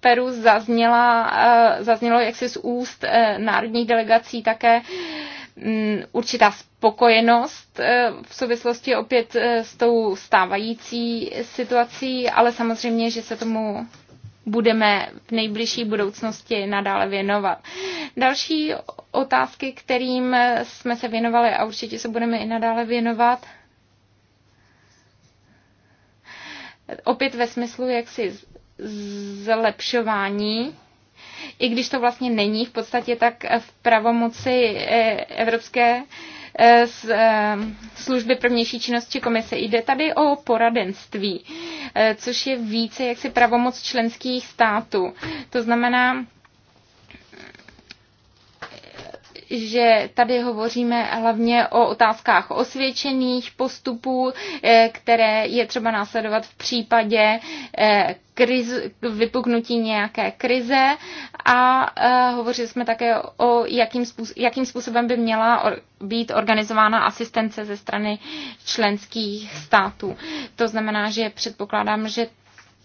Peru zazněla, eh, zaznělo jaksi z úst eh, národních delegací také mm, určitá spokojenost eh, v souvislosti opět s tou stávající situací, ale samozřejmě, že se tomu budeme v nejbližší budoucnosti nadále věnovat. Další otázky, kterým jsme se věnovali a určitě se budeme i nadále věnovat, opět ve smyslu jak si zlepšování, i když to vlastně není v podstatě tak v pravomoci eh, Evropské eh, eh, služby pro vnější činnosti komise. Jde tady o poradenství, což je více jaksi pravomoc členských států. To znamená, že tady hovoříme hlavně o otázkách osvědčených postupů, eh, které je třeba následovat v případě eh, kriz, vypuknutí nějaké krize a eh, hovořili jsme také o jakým, způsob, jakým způsobem by měla být organizována asistence ze strany členských států. To znamená, že předpokládám, že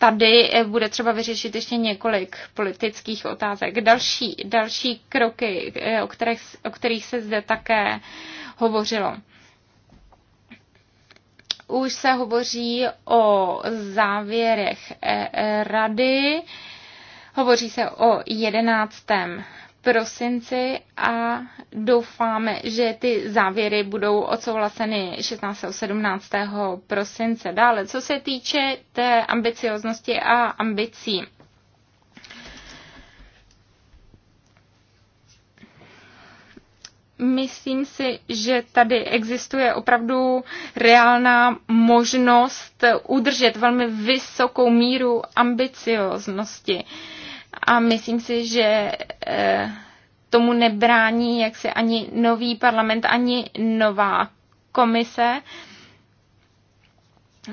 tady eh, bude třeba vyřešit ještě několik politických otázek. Další, další kroky, eh, o kterých, o kterých se zde také hovořilo už se hovoří o závěrech eh, rady, hovoří se o jedenáctém prosinci a doufáme, že ty závěry budou odsouhlaseny 16. a 17. prosince. Dále, co se týče té ambicioznosti a ambicí. Myslím si, že tady existuje opravdu reálná možnost udržet velmi vysokou míru ambicioznosti. Uh, a myslím si, že eh, tomu nebrání jak se ani nový parlament, ani nová komise.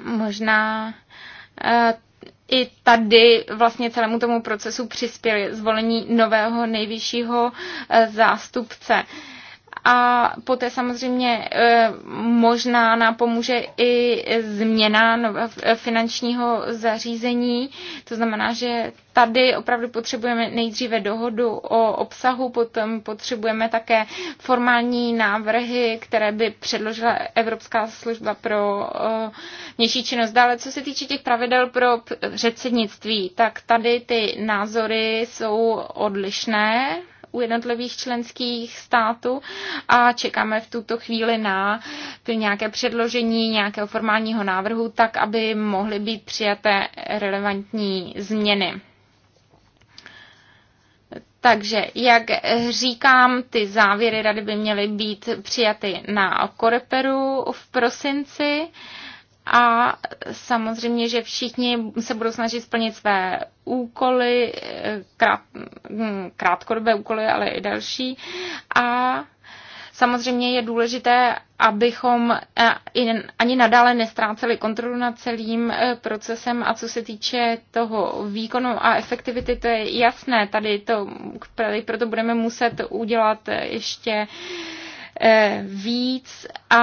Možná eh, i tady vlastně celému tomu procesu přispěli zvolení nového nejvyššího eh, zástupce a poté samozřejmě e, možná nám pomůže i změna e, finančního zařízení. To znamená, že tady opravdu potřebujeme nejdříve dohodu o obsahu, potom potřebujeme také formální návrhy, které by předložila Evropská služba pro e, vnější činnost. Dále, co se týče těch pravidel pro předsednictví, tak tady ty názory jsou odlišné u jednotlivých členských států a čekáme v tuto chvíli na nějaké předložení nějakého formálního návrhu, tak aby mohly být přijaté relevantní změny. Takže, jak říkám, ty závěry rady by měly být přijaty na Koreperu v prosinci a samozřejmě, že všichni se budou snažit splnit své úkoly, krát, hm, krátkodobé úkoly, ale i další. A samozřejmě je důležité, abychom eh, ani nadále nestráceli kontrolu nad celým eh, procesem a co se týče toho výkonu a efektivity, to je jasné. Tady, to, proto budeme muset udělat eh, ještě Eh, víc a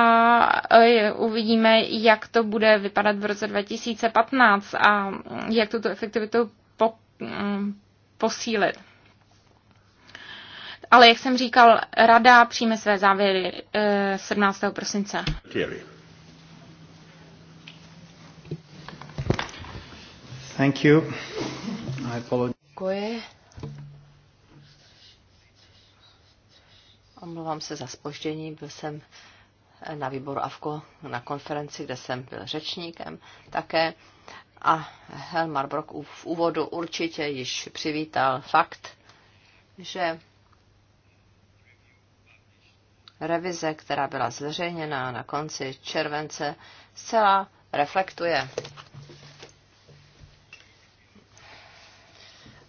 eh, uvidíme, jak to bude vypadat v roce 2015 a jak tuto efektivitu po, mm, posílit. Ale jak jsem říkal, rada přijme své závěry 17. Eh, prosince. Thank you. I apologize. Omlouvám se za spoždění, byl jsem na výboru AVKO na konferenci, kde jsem byl řečníkem také. A Helmar Brock v úvodu určitě již přivítal fakt, že revize, která byla zveřejněna na konci července, zcela reflektuje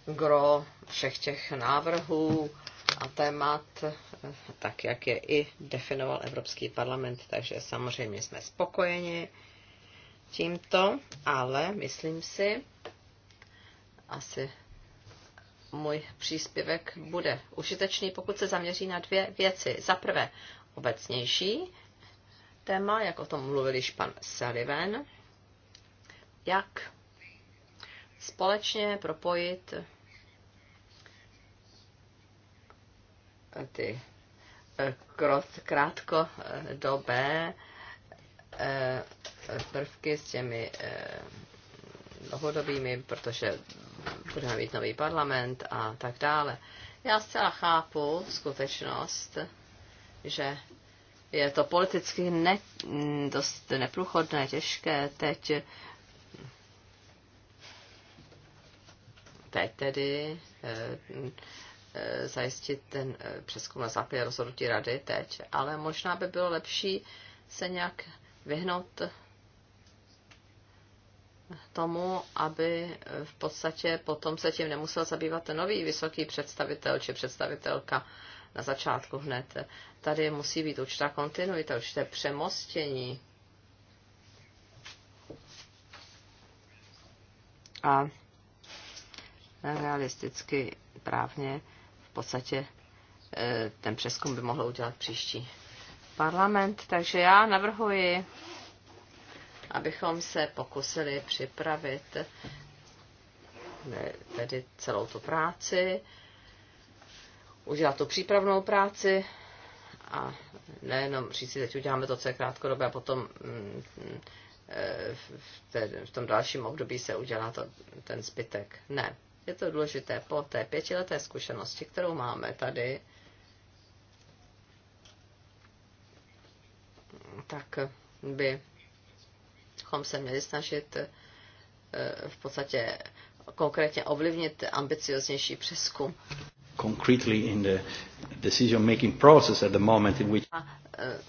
gro všech těch návrhů, a témat, eh, tak jak je i definoval Evropský parlament, takže samozřejmě jsme spokojeni tímto, ale myslím si, asi můj příspěvek bude užitečný, pokud se zaměří na dvě věci. Za prvé obecnější téma, jak o tom mluvil již pan Sullivan, jak společně propojit ty eh, krátko eh, dobé eh, prvky s těmi dlouhodobými, protože budeme mít nový parlament a tak dále. Já zcela chápu skutečnost, že je to politicky ne, dost neprůchodné, těžké teď. Teď tedy Eh, zajistit ten eh, přeskum na základě rozhodnutí rady teď, ale možná by bylo lepší se nějak vyhnout tomu, aby eh, v podstatě potom se tím nemusel zabývat ten nový vysoký představitel či představitelka na začátku hned. Tady musí být určitá kontinuita, určité přemostění. A realisticky právně podstatě eh, ten přeskum by mohl udělat příští parlament. Takže já navrhuji, abychom se pokusili připravit tedy celou tu práci, udělat tu přípravnou práci a nejenom říct si, teď uděláme to, co je krátkodobé a potom mm, mm, eh, v, tom dalším období se udělá to, ten zbytek. Ne, je to důležité po té pětileté zkušenosti, kterou máme tady, tak bychom se měli snažit eh, v podstatě konkrétně ovlivnit ambicioznější přeskum. Concretely in the decision making process at the moment in which... A, eh,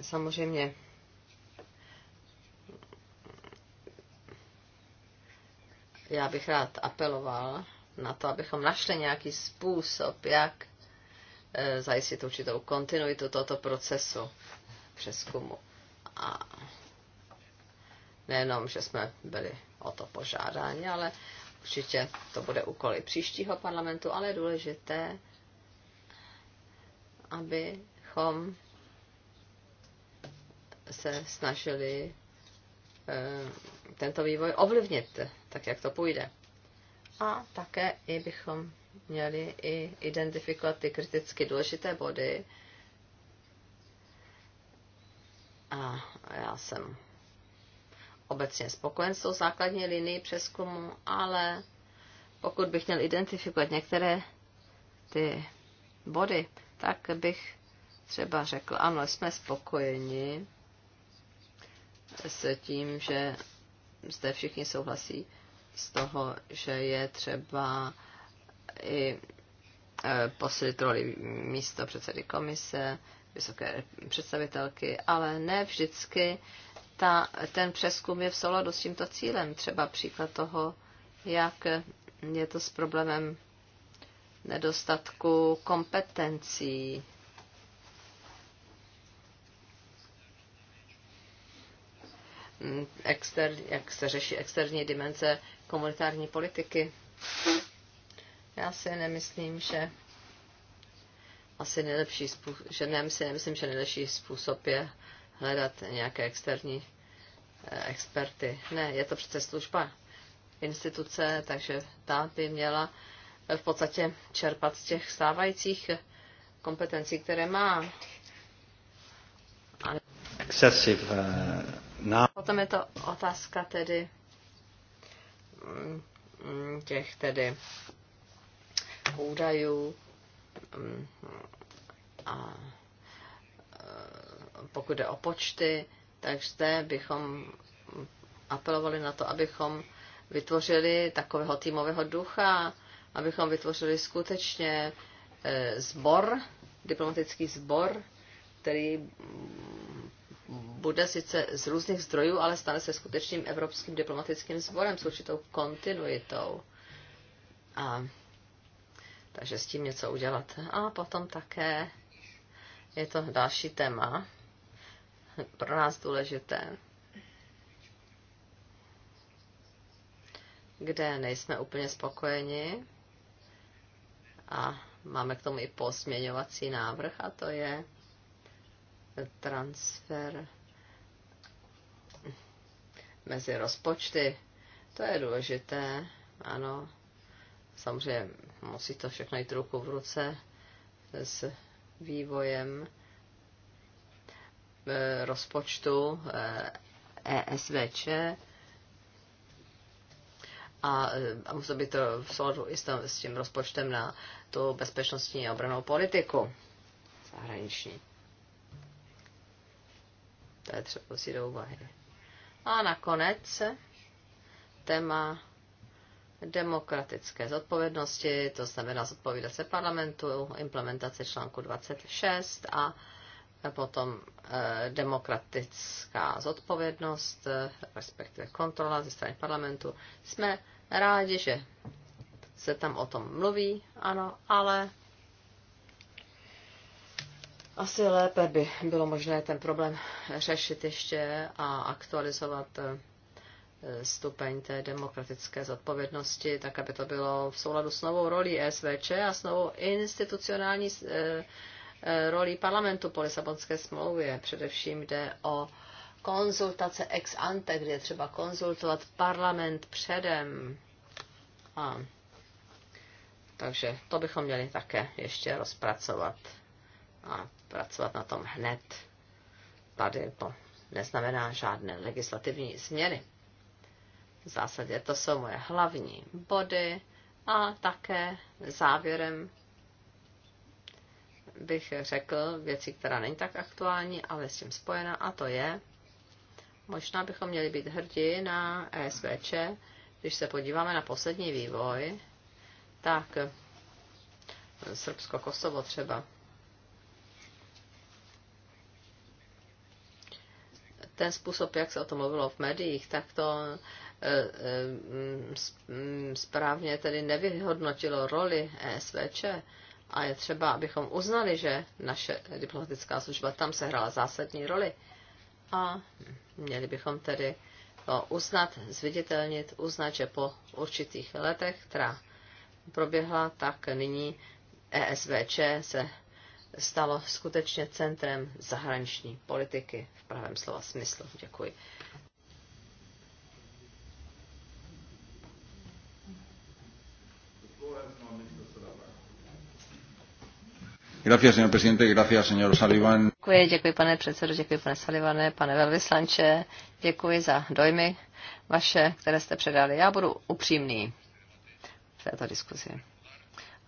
samozřejmě já bych rád apeloval na to, abychom našli nějaký způsob, jak e, zajistit určitou kontinuitu tohoto procesu přeskumu. A nejenom, že jsme byli o to požádáni, ale určitě to bude úkol i příštího parlamentu, ale je důležité, abychom se snažili e, tento vývoj ovlivnit tak jak to půjde. A také i bychom měli i identifikovat ty kriticky důležité body. A já jsem obecně spokojen s tou základní linií přeskumu, ale pokud bych měl identifikovat některé ty body, tak bych třeba řekl, ano, jsme spokojeni s tím, že zde všichni souhlasí z toho, že je třeba i e, posilit roli místo předsedy komise, vysoké představitelky, ale ne vždycky ta, ten přeskum je v souladu s tímto cílem. Třeba příklad toho, jak je to s problémem nedostatku kompetencí. Exter, jak se řeší externí dimenze komunitární politiky. Já si nemyslím, že asi nejlepší způsob, že si nemyslím, že nejlepší způsob je hledat nějaké externí eh, experty. Ne, je to přece služba instituce, takže ta by měla v podstatě čerpat z těch stávajících kompetencí, které má. A Excessive, uh, Potom je to otázka tedy Mm, těch tedy údajů mm, a e, pokud jde o počty, tak zde bychom apelovali na to, abychom vytvořili takového týmového ducha, abychom vytvořili skutečně zbor, e, diplomatický zbor, který bude sice z různých zdrojů, ale stane se skutečným evropským diplomatickým sborem s určitou kontinuitou. A, takže s tím něco udělat. A potom také je to další téma, pro nás důležité, kde nejsme úplně spokojeni a máme k tomu i pozměňovací návrh a to je transfer mezi rozpočty. To je důležité, ano. Samozřejmě musí to všechno jít ruku v ruce s vývojem eh, rozpočtu ESVČ eh, e a, eh, a musí být to v souladu i s tím rozpočtem na tu bezpečnostní a obranou politiku zahraniční. To je třeba si do úvahy. A nakonec téma demokratické zodpovědnosti, to znamená zodpovídat se parlamentu, implementace článku 26 a potom eh, demokratická zodpovědnost, eh, respektive kontrola ze strany parlamentu. Jsme rádi, že se tam o tom mluví, ano, ale asi lépe by bylo možné ten problém řešit ještě a aktualizovat eh, stupeň té demokratické zodpovědnosti, tak aby to bylo v souladu s novou rolí SVČ a s novou institucionální eh, eh, rolí parlamentu po Lisabonské smlouvě. Především jde o konzultace ex ante, kde je třeba konzultovat parlament předem. A, takže to bychom měli také ještě rozpracovat a pracovat na tom hned. Tady to neznamená žádné legislativní změny. V zásadě to jsou moje hlavní body a také závěrem bych řekl věci, která není tak aktuální, ale s tím spojena, a to je, možná bychom měli být hrdí na ESVČ, když se podíváme na poslední vývoj, tak Srbsko-Kosovo třeba, ten způsob, jak se o tom mluvilo v médiích, tak to eh, eh, mm, správně tedy nevyhodnotilo roli ESVČ. A je třeba, abychom uznali, že naše diplomatická služba tam sehrála zásadní roli. A měli bychom tedy to uznat, zviditelnit, uznat, že po určitých letech, která proběhla, tak nyní ESVČ se stalo skutečně centrem zahraniční politiky v pravém slova smyslu. Děkuji. Děkuji, děkuji, pane předsedo, děkuji, pane Salivane. pane velvyslanče. Děkuji za dojmy vaše, které jste předali. Já budu upřímný v této diskuzi.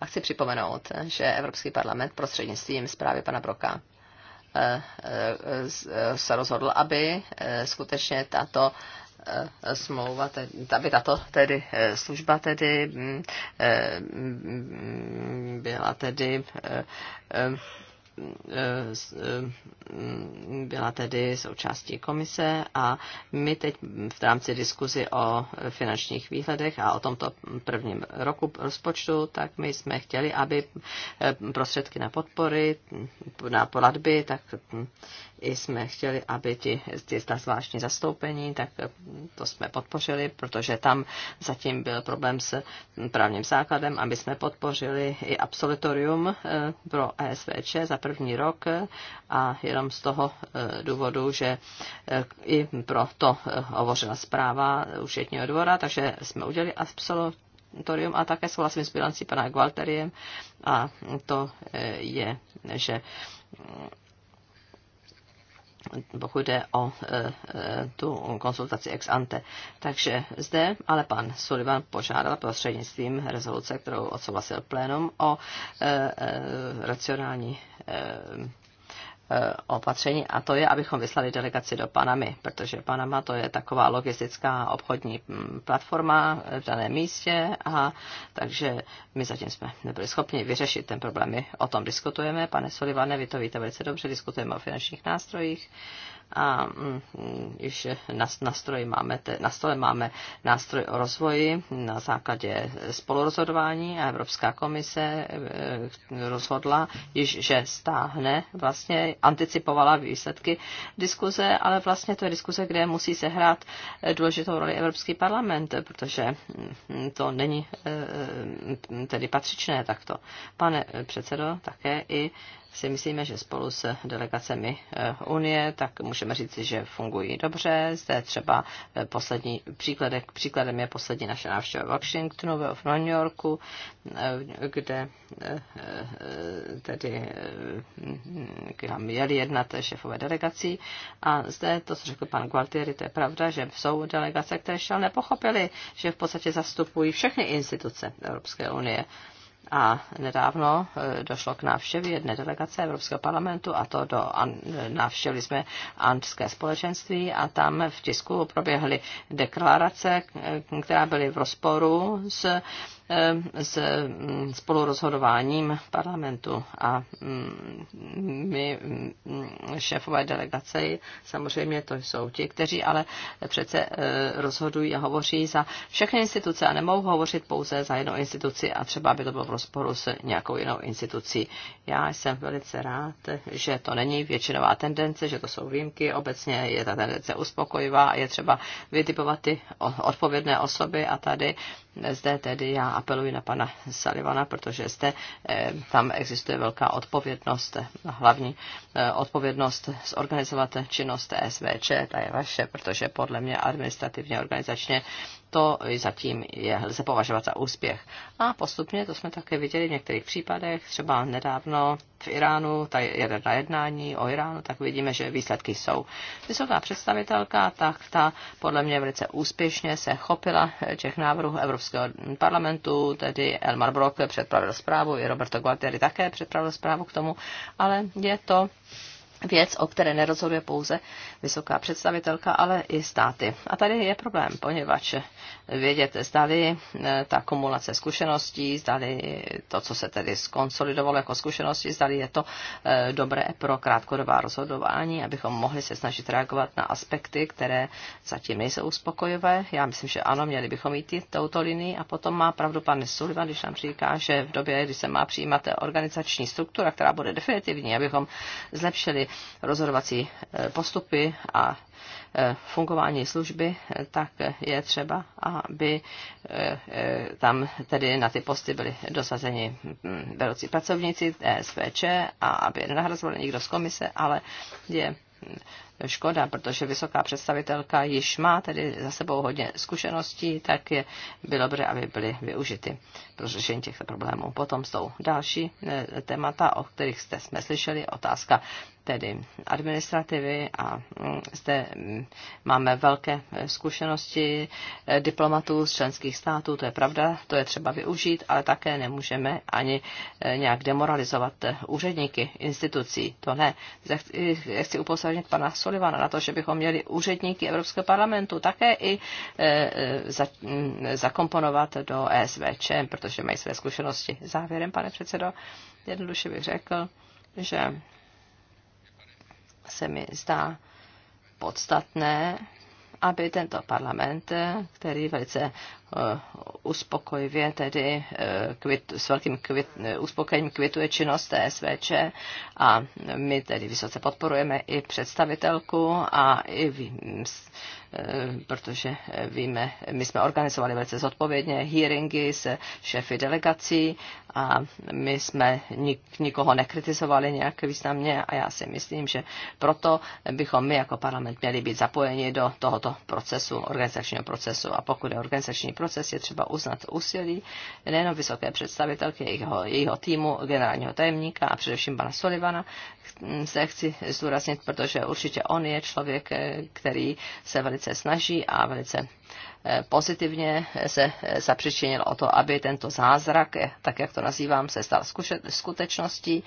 A chci připomenout, že Evropský parlament prostřednictvím zprávy pana Broka eh, eh, eh, se rozhodl, aby skutečně tato smlouva, aby tato tedy služba tedy mm, mm, byla tedy Eh, eh, byla tedy součástí komise a my teď v rámci diskuzi o finančních výhledech a o tomto prvním roku rozpočtu, tak my jsme chtěli, aby eh, prostředky na podpory, na platby, tak i jsme chtěli, aby ti, ti ta zvláštní zastoupení, tak to jsme podpořili, protože tam zatím byl problém s právním základem, aby jsme podpořili i absolutorium pro ESVČ za první rok a jenom z toho eh, důvodu, že eh, i pro to eh, hovořila zpráva účetního dvora, takže jsme udělali absolutorium a také souhlasím s bilancí pana Gualteriem a to je, že pokud jde o e, e, tu konsultaci ex ante. Takže zde ale pan Sullivan požádal prostřednictvím rezoluce, kterou odsouhlasil plénum, o e, racionální Eh, opatření a to je, abychom vyslali delegaci do Panamy, protože Panama to je taková logistická obchodní mm, platforma v daném místě a takže my zatím jsme nebyli schopni vyřešit ten problém. My o tom diskutujeme, pane Solivane, vy to víte velice dobře, diskutujeme o finančních nástrojích a mm, již na, máme te, na stole máme nástroj o rozvoji na základě spolurozhodování a Evropská komise e, rozhodla již, že stáhne, vlastně anticipovala výsledky diskuze, ale vlastně to je diskuze, kde musí sehrát důležitou roli Evropský parlament, protože mm, to není e, e, tedy patřičné takto. Pane předsedo, také i si myslíme, že spolu s delegacemi eh, Unie, tak můžeme říci, že fungují dobře. Zde třeba eh, poslední příkladek, příkladem je poslední naše návštěva v Washingtonu, v New Yorku, eh, kde tedy kam jeli jeli jednat šefové delegací. A zde to, co řekl pan Gualtieri, to je pravda, že jsou delegace, které šel nepochopili, že v podstatě zastupují všechny instituce Evropské unie. A nedávno e, došlo k návštěvě jedné delegace Evropského parlamentu a to do, návštěvili jsme Antské společenství a tam v tisku proběhly deklarace, e, která byly v rozporu s Eh, s mm, spolurozhodováním parlamentu. A mm, my, mm, šéfové delegace, samozřejmě to jsou ti, kteří ale přece eh, rozhodují a hovoří za všechny instituce a nemohou hovořit pouze za jednu instituci a třeba by to bylo v rozporu s nějakou jinou institucí. Já jsem velice rád, že to není většinová tendence, že to jsou výjimky. Obecně je ta tendence uspokojivá a je třeba vytipovat ty odpovědné osoby a tady zde tedy já apeluji na pana Salivana, protože zde eh, tam existuje velká odpovědnost, hlavní eh, odpovědnost zorganizovat činnost SVČ, ta je vaše, protože podle mě administrativně organizačně to zatím je, lze považovat za úspěch. A postupně, to jsme také viděli v některých případech, třeba nedávno v Iránu, ta na jednání o Iránu, tak vidíme, že výsledky jsou. Vysoká představitelka, tak ta podle mě velice úspěšně se chopila těch návrhů Evropského parlamentu, tedy Elmar Brok předpravil zprávu, i Roberto Gualtieri také předpravil zprávu k tomu, ale je to věc, o které nerozhoduje pouze vysoká představitelka, ale i státy. A tady je problém, poněvadž vědět, zdali eh, ta kumulace zkušeností, zdali to, co se tedy skonsolidovalo jako zkušenosti, zdali je to eh, dobré pro krátkodobá rozhodování, abychom mohli se snažit reagovat na aspekty, které zatím nejsou uspokojivé. Já myslím, že ano, měli bychom jít touto linii a potom má pravdu pan Sullivan, když nám říká, že v době, kdy se má přijímat organizační struktura, která bude definitivní, abychom zlepšili rozhodovací eh, postupy a eh, fungování služby, eh, tak je třeba, aby tam tedy na ty posty byli dosazeni hm, vedoucí pracovníci SVČ a aby nenahrazoval nikdo z komise, ale je hm, škoda, protože vysoká představitelka již má tedy za sebou hodně zkušeností, tak je, bylo dobré, aby byly využity pro řešení těchto problémů. Potom jsou další témata, o kterých jste jsme slyšeli, otázka tedy administrativy a mm, zde mm, máme velké eh, zkušenosti eh, diplomatů z členských států, to je pravda, to je třeba využít, ale také nemůžeme ani eh, nějak demoralizovat úředníky institucí, to ne. Já chci, upozornit pana Sullivana na to, že bychom měli úředníky Evropského parlamentu také i za, mm, zakomponovat do ESVČ, protože mají své zkušenosti. Závěrem, pane předsedo, jednoduše bych řekl, že se mi zdá podstatné, aby tento parlament, který velice Eh, uspokojivě tedy eh, kvit, s velkým kvit, eh, uspokojením kvituje činnost TSVČ a my tedy vysoce podporujeme i představitelku a i vím, mm, protože víme, my jsme organizovali velice zodpovědně hearingy se šéfy delegací a my jsme nik, nikoho nekritizovali nějak významně a já si myslím, že proto bychom my jako parlament měli být zapojeni do tohoto procesu, organizačního procesu a pokud je organizační proces je třeba uznat úsilí nejenom vysoké představitelky jejího, jejího týmu, generálního tajemníka a především pana Sullivana, hm, se chci zdůraznit, protože určitě on je člověk, eh, který se velice snaží a velice pozitivně se zapřičinil o to, aby tento zázrak, tak jak to nazývám, se stal skutečností,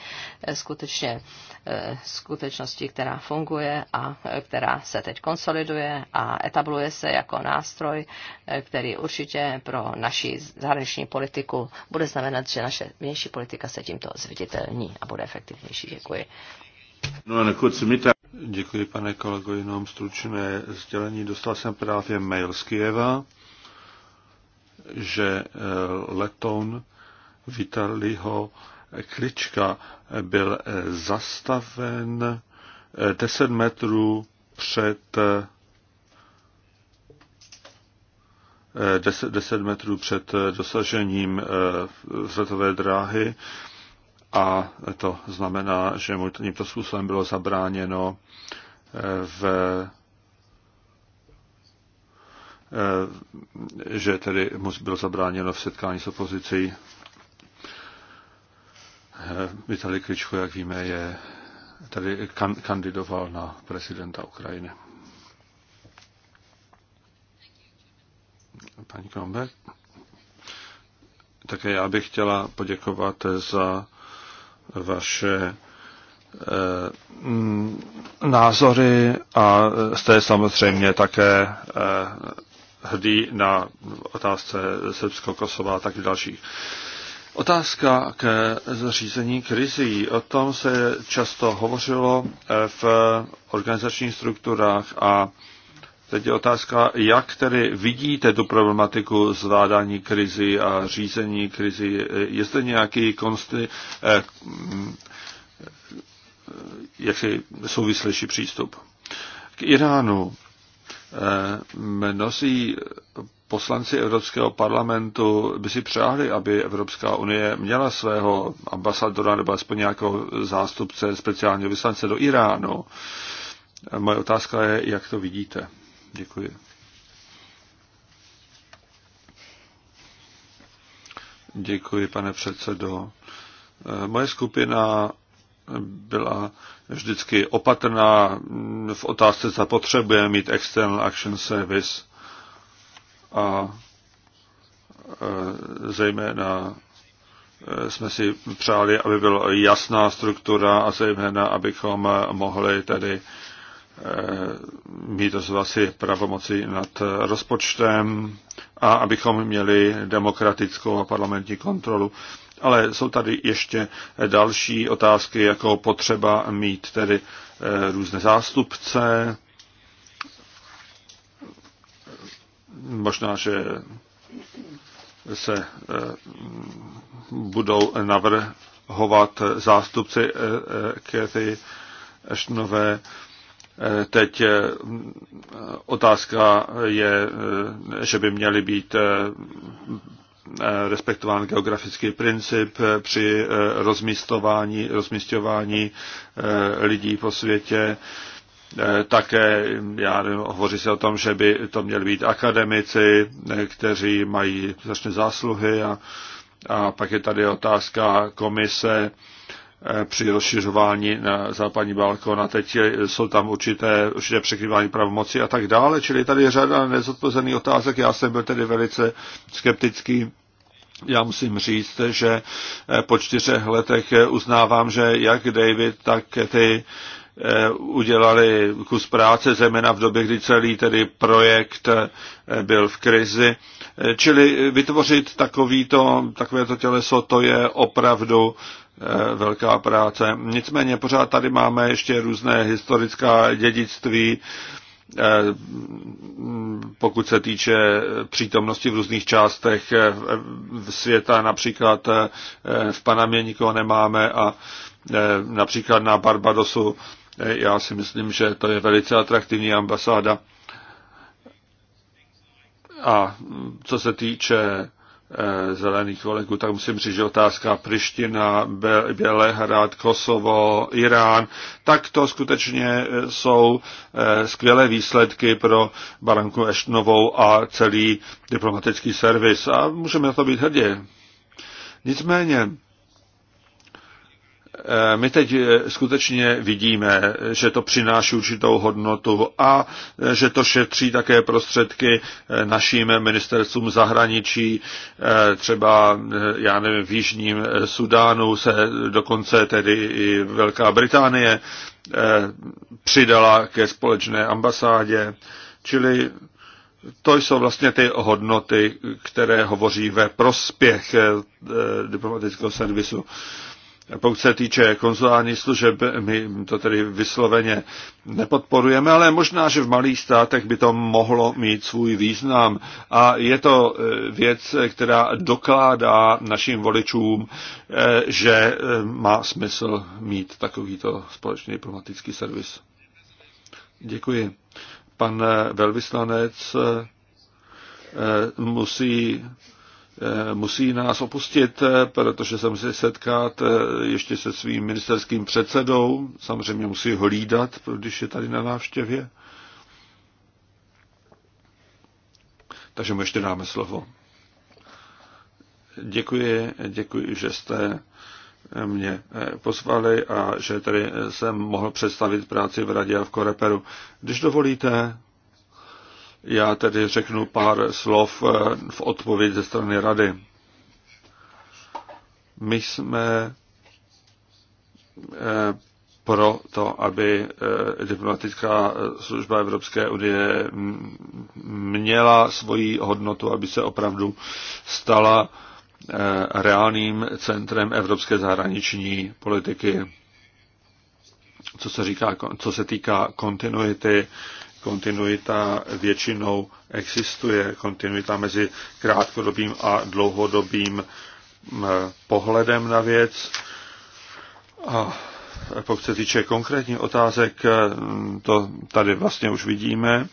skutečně eh, skutečností, která funguje a která se teď konsoliduje a etabluje se jako nástroj, eh, který určitě pro naši zahraniční politiku bude znamenat, že naše vnější politika se tímto zviditelní a bude efektivnější. Děkuji. No, Děkuji, pane kolego, jenom stručné sdělení. Dostal jsem právě mail z Kijeva, že eh, letoun Vitaliho Klička byl eh, zastaven 10 eh, metrů před 10, 10 metrů před dosažením vzletové dráhy a to znamená, že mu tímto způsobem bylo zabráněno eh, v eh, že tedy mu bylo zabráněno v setkání s opozicí. Eh, Vitali Kličko, jak víme, je tady kan, kandidoval na prezidenta Ukrajiny. Paní Kromberg. Také já bych chtěla poděkovat za vaše eh, mm, názory a jste samozřejmě také eh, hrdý na otázce Srbsko-Kosova a tak dalších. Otázka k zřízení krizí. O tom se často hovořilo eh, v organizačních strukturách a Teď je otázka, jak tedy vidíte tu problematiku zvládání krizi a řízení krizi. Je zde nějaký konsty, eh, eh, jaksi souvislejší přístup. K Iránu eh, mnozí poslanci Evropského parlamentu by si přáli, aby Evropská unie měla svého ambasadora nebo aspoň nějakého zástupce speciálního vyslance do Iránu. Moje otázka je, jak to vidíte. Děkuji. Děkuji, pane předsedo. Eh, moje skupina byla vždycky opatrná v otázce, zda potřebujeme mít External Action Service a eh, zejména eh, jsme si přáli, aby byla jasná struktura a zejména, abychom mohli tedy Eh, mít asi pravomoci nad rozpočtem a abychom měli demokratickou a parlamentní kontrolu. Ale jsou tady ještě další otázky, jako potřeba mít tedy eh, různé zástupce, možná, že se eh, budou navrhovat zástupci Kathy Ashtonové, Teď eh, otázka je, eh, že by měly být eh, respektován geografický princip při rozmístování, rozmístování lidí po světě. Také, já nevím, hovoří se o tom, že by to měli být akademici, kteří mají značné zásluhy a, a pak je tady otázka komise, Eh, při rozšiřování na západní balkon a teď jsou tam určité, určité překrývání pravomoci a tak dále. Čili tady je řada nezodpovězených otázek. Já jsem byl tedy velice skeptický. Já musím říct, že eh, po čtyřech letech eh, uznávám, že jak David, tak ty udělali kus práce, zejména v době, kdy celý tedy projekt byl v krizi Eh, čili vytvořit takovýto, takovéto těleso, to je opravdu eh, velká práce. Nicméně pořád tady máme ještě různé historická dědictví, eh, pokud se týče přítomnosti v různých částech světa, například v Panamě nikoho nemáme a například na Barbadosu, já si myslím, že to je velice atraktivní ambasáda a co se týče eh, zelených kolegů, tak musím říct, že otázka Priština, Bělehrad, Kosovo, Irán, tak to skutečně eh, jsou eh, skvělé výsledky pro Baranku Eštnovou a celý diplomatický servis a můžeme na to být hrdě. Nicméně Eh, my teď eh, skutečně vidíme, že to přináší určitou hodnotu a eh, že to šetří také prostředky naším ministerstvům zahraničí. Třeba, já nevím, v Jižním Sudánu se dokonce tedy i Velká Británie přidala ke společné ambasádě. Čili to jsou vlastně ty hodnoty, které hovoří ve prospěch diplomatického servisu. Pokud se týče konzulární služeb, my to tedy vysloveně nepodporujeme, ale možná, že v malých státech by to mohlo mít svůj význam. A je to eh, věc, která dokládá našim voličům, eh, že eh, má smysl mít takovýto společný diplomatický servis. Děkuji. Pan velvyslanec musí Eh, musí nás opustit, eh, protože jsem se setkat eh, ještě se svým ministerským předsedou. Samozřejmě musí ho lídat, když je tady na návštěvě. Takže mu ještě dáme slovo. Děkuji, děkuji, že jste mě pozvali a že tady jsem mohl představit práci v radě a v Koreperu. Když dovolíte, já tedy řeknu pár slov eh, v odpověď ze strany rady. My jsme eh, pro to, aby eh, diplomatická služba Evropské unie měla svoji hodnotu, aby se opravdu stala reálným centrem evropské zahraniční politiky, co se, říká, co se týká kontinuity kontinuita většinou existuje, kontinuita mezi krátkodobým a dlouhodobým eh, pohledem na věc. A pokud se týče konkrétní otázek, eh, to tady vlastně už vidíme.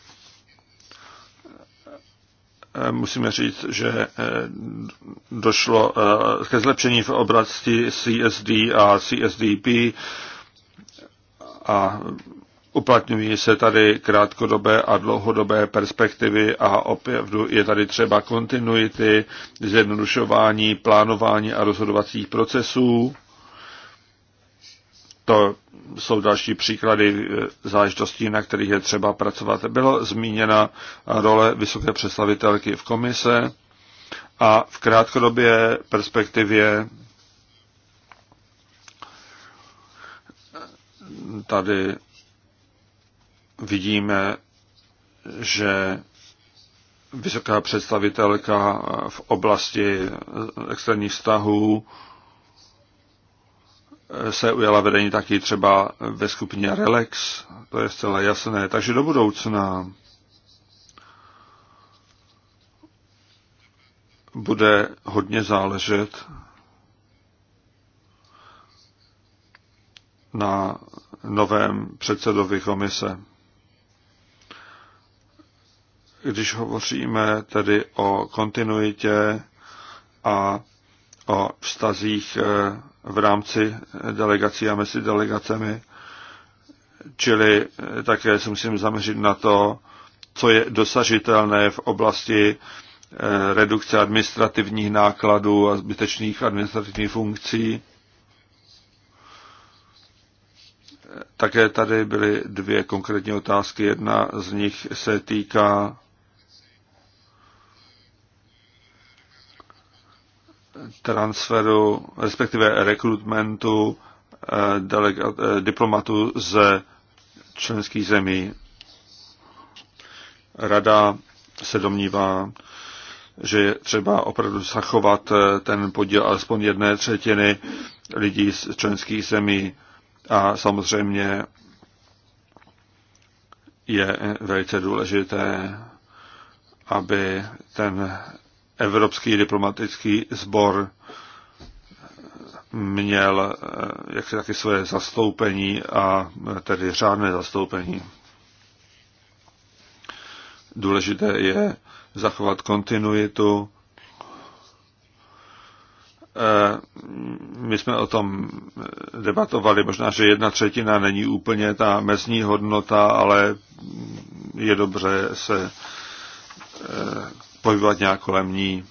Eh, musíme říct, že došlo ke zlepšení v oblasti CSD a CSDP a uplatňují se tady krátkodobé a dlouhodobé perspektivy a opravdu je tady třeba kontinuity, zjednodušování, plánování a rozhodovacích procesů. To jsou další příklady eh, záležitostí, na kterých je třeba pracovat. Byla zmíněna role vysoké představitelky v komise a v krátkodobě perspektivě tady vidíme, že vysoká představitelka v oblasti externích vztahů se ujala vedení taky třeba ve skupině Relax, to je zcela jasné. Takže do budoucna bude hodně záležet na novém předsedovi komise když hovoříme tedy o kontinuitě a o vztazích eh, v rámci delegací a mezi delegacemi, čili eh, také se musím zaměřit na to, co je dosažitelné v oblasti eh, redukce administrativních nákladů a zbytečných administrativních funkcí. Také tady byly dvě konkrétní otázky. Jedna z nich se týká transferu, respektive rekrutmentu eh, delegat, eh, diplomatů ze členských zemí. Rada se domnívá, že je třeba opravdu zachovat eh, ten podíl alespoň jedné třetiny lidí z členských zemí a samozřejmě je velice důležité, aby ten Evropský diplomatický sbor měl eh, jaksi taky své zastoupení a eh, tedy řádné zastoupení. Důležité je zachovat kontinuitu. Eh, my jsme o tom debatovali, možná, že jedna třetina není úplně ta mezní hodnota, ale je dobře se pohybovat nějak kolem ní.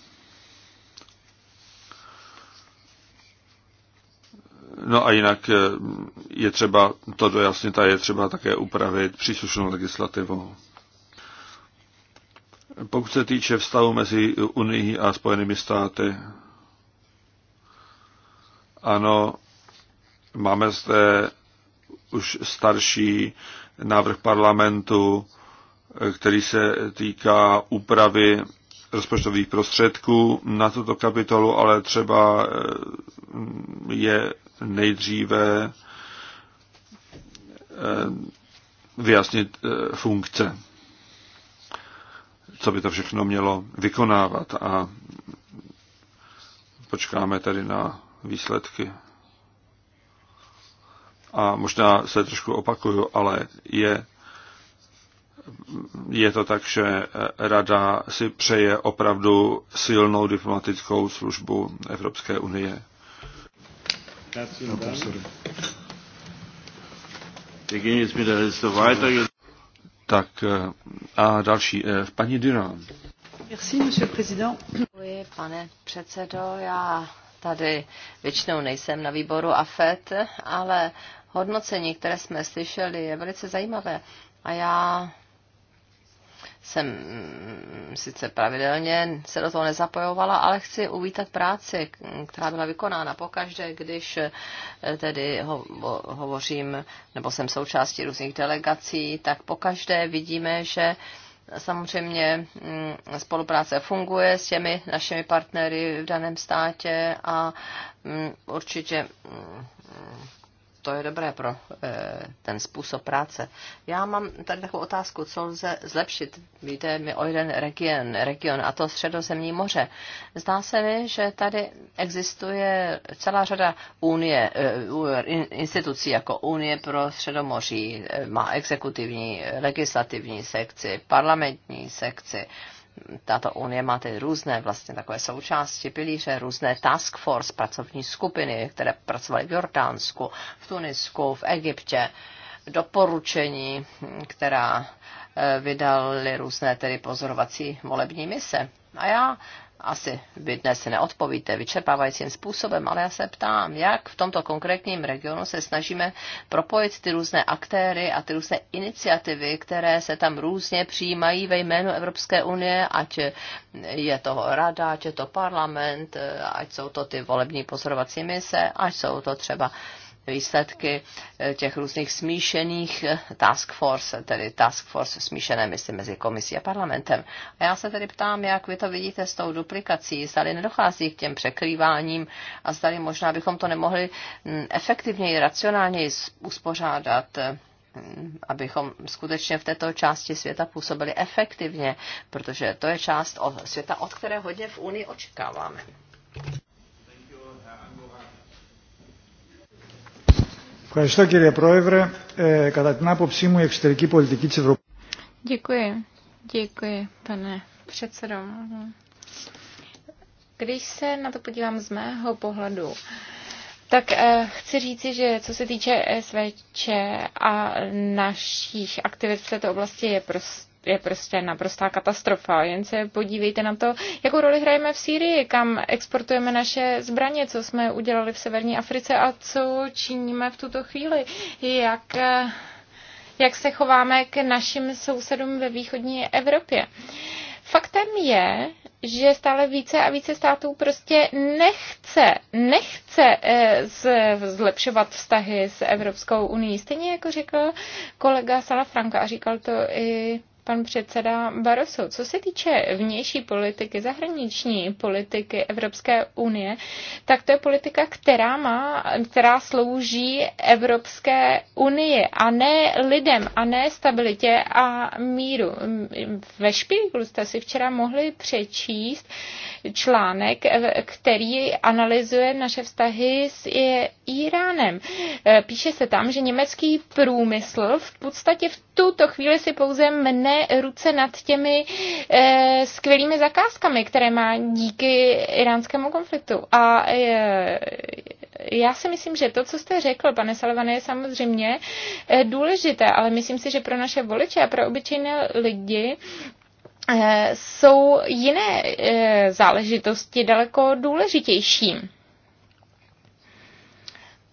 No a jinak eh, je třeba to dojasnit a je třeba také upravit příslušnou legislativu. Pokud se týče vztahu mezi Unii a Spojenými státy, ano, máme zde už starší návrh parlamentu který se týká úpravy rozpočtových prostředků na tuto kapitolu, ale třeba eh, je nejdříve eh, vyjasnit eh, funkce, co by to všechno mělo vykonávat a počkáme tady na výsledky. A možná se trošku opakuju, ale je je to tak, že Rada si přeje opravdu silnou diplomatickou službu Evropské unie. Tak eh, a další, eh, paní Duran. Merci, monsieur président. Děkuji, pane předsedo. Já tady většinou nejsem na výboru AFET, ale hodnocení, které jsme slyšeli, je velice zajímavé. A já jsem mm, sice pravidelně se do toho nezapojovala, ale chci uvítat práci, která byla vykonána pokaždé, když eh, tedy ho, ho, hovořím nebo jsem součástí různých delegací, tak pokaždé vidíme, že samozřejmě mm, spolupráce funguje s těmi našimi partnery v daném státě a mm, určitě to je dobré pro eh, ten způsob práce. Já mám tady takovou otázku, co lze zlepšit. Víte mi o jeden region, region a to středozemní moře. Zdá se mi, že tady existuje celá řada unie, eh, institucí jako Unie pro středomoří, eh, má exekutivní, legislativní sekci, parlamentní sekci tato unie má tedy různé vlastně takové součásti pilíře, různé task force, pracovní skupiny, které pracovaly v Jordánsku, v Tunisku, v Egyptě, doporučení, která eh, vydali různé tedy pozorovací volební mise. A já asi vy dnes neodpovíte vyčerpávajícím způsobem, ale já se ptám, jak v tomto konkrétním regionu se snažíme propojit ty různé aktéry a ty různé iniciativy, které se tam různě přijímají ve jménu Evropské unie, ať je to rada, ať je to parlament, ať jsou to ty volební pozorovací mise, ať jsou to třeba uh, výsledky eh, těch různých smíšených eh, task force, tedy task force smíšené, myslím, mezi komisí a parlamentem. A já se tedy ptám, jak vy to vidíte s tou duplikací, zdali nedochází k těm překrýváním a zdali možná bychom to nemohli mm, efektivněji, racionálněji uspořádat eh, mm, abychom skutečně v této části světa působili efektivně, protože to je část světa, od které hodně v Unii očekáváme. Ευχαριστώ κύριε Πρόεδρε. Ε, κατά την άποψή μου η εξωτερική πολιτική της Ευρωπαϊκής... Děkuji. Děkuji, pane předsedo. Když se na to podívám z mého pohledu, tak eh, chci říci, že co se týče SVČ a našich aktivit v této oblasti je prostě je prostě naprostá katastrofa. Jen se podívejte na to, jakou roli hrajeme v Sýrii, kam exportujeme naše zbraně, co jsme udělali v Severní Africe a co činíme v tuto chvíli. Jak jak se chováme k našim sousedům ve východní Evropě. Faktem je, že stále více a více států prostě nechce, nechce eh, zlepšovat vztahy s Evropskou unii. Stejně jako řekl kolega Salafranka a říkal to i pan předseda Barroso. Co se týče vnější politiky, zahraniční politiky Evropské unie, tak to je politika, která, má, která slouží Evropské unii a ne lidem a ne stabilitě a míru. Ve Špíglu jste si včera mohli přečíst článek, který analyzuje naše vztahy s Iránem. Píše se tam, že německý průmysl v podstatě v tuto chvíli si pouze mne ruce nad těmi e, skvělými zakázkami, které má díky iránskému konfliktu. A e, já si myslím, že to, co jste řekl, pane Salvane, je samozřejmě e, důležité, ale myslím si, že pro naše voliče a pro obyčejné lidi jsou jiné záležitosti daleko důležitější.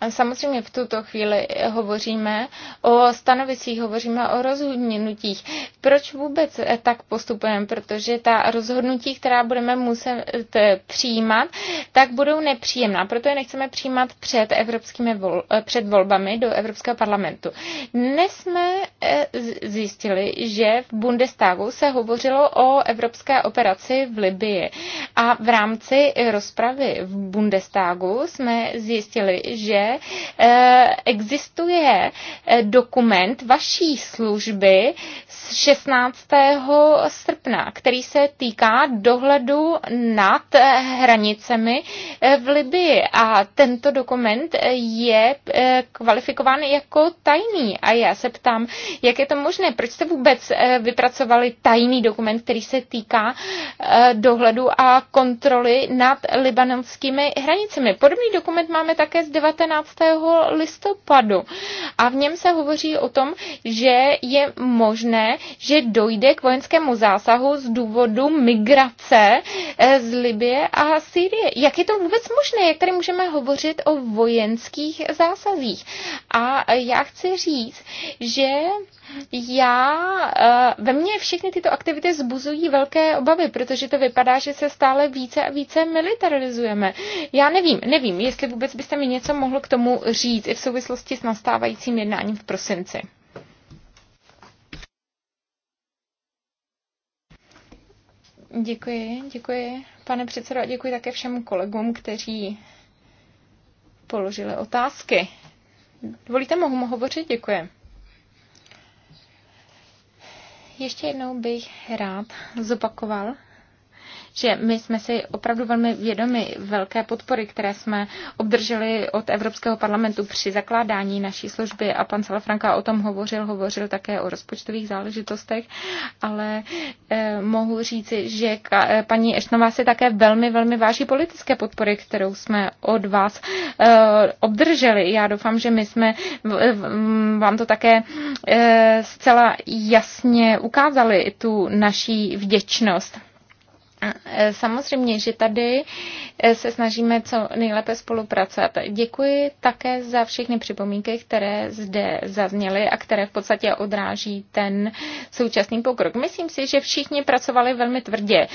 Samozřejmě v tuto chvíli hovoříme o stanovicích, hovoříme o rozhodnutích. Proč vůbec tak postupujeme? Protože ta rozhodnutí, která budeme muset přijímat, tak budou nepříjemná. Proto je nechceme přijímat před, evropskými vol, před volbami do Evropského parlamentu. Dnes jsme eh, zjistili, že v Bundestagu se hovořilo o evropské operaci v Libii. A v rámci rozpravy v Bundestagu jsme zjistili, že Eh, existuje eh, dokument vaší služby z 16. srpna, který se týká dohledu nad eh, hranicemi v Libii. A tento dokument je kvalifikován jako tajný. A já se ptám, jak je to možné? Proč jste vůbec vypracovali tajný dokument, který se týká dohledu a kontroly nad libanonskými hranicemi? Podobný dokument máme také z 19. 15. listopadu. A v něm se hovoří o tom, že je možné, že dojde k vojenskému zásahu z důvodu migrace eh, z Libie a Sýrie. Jak je to vůbec možné? Jak tady můžeme hovořit o vojenských zásazích? A eh, já chci říct, že já, eh, ve mně všechny tyto aktivity zbuzují velké obavy, protože to vypadá, že se stále více a více militarizujeme. Já nevím, nevím, jestli vůbec byste mi něco mohl k tomu říct i v souvislosti s nastávajícím jednáním v prosinci? Děkuji, děkuji, pane předsedo, a děkuji také všem kolegům, kteří položili otázky. Dovolíte, mohu mu hovořit? Děkuji. Ještě jednou bych rád zopakoval že my jsme si opravdu velmi vědomi velké podpory, které jsme obdrželi od Evropského parlamentu při zakládání naší služby a pan Salafranka o tom hovořil, hovořil také o rozpočtových záležitostech, ale eh, mohu říci, že ka, eh, paní Ešnová si také velmi, velmi váží politické podpory, kterou jsme od vás eh, obdrželi. Já doufám, že my jsme eh, vám to také eh, zcela jasně ukázali, tu naší vděčnost. E, samozřejmě, že tady e, se snažíme co nejlépe spolupracovat. Děkuji také za všechny připomínky, které zde zazněly a které v podstatě odráží ten současný pokrok. Myslím si, že všichni pracovali velmi tvrdě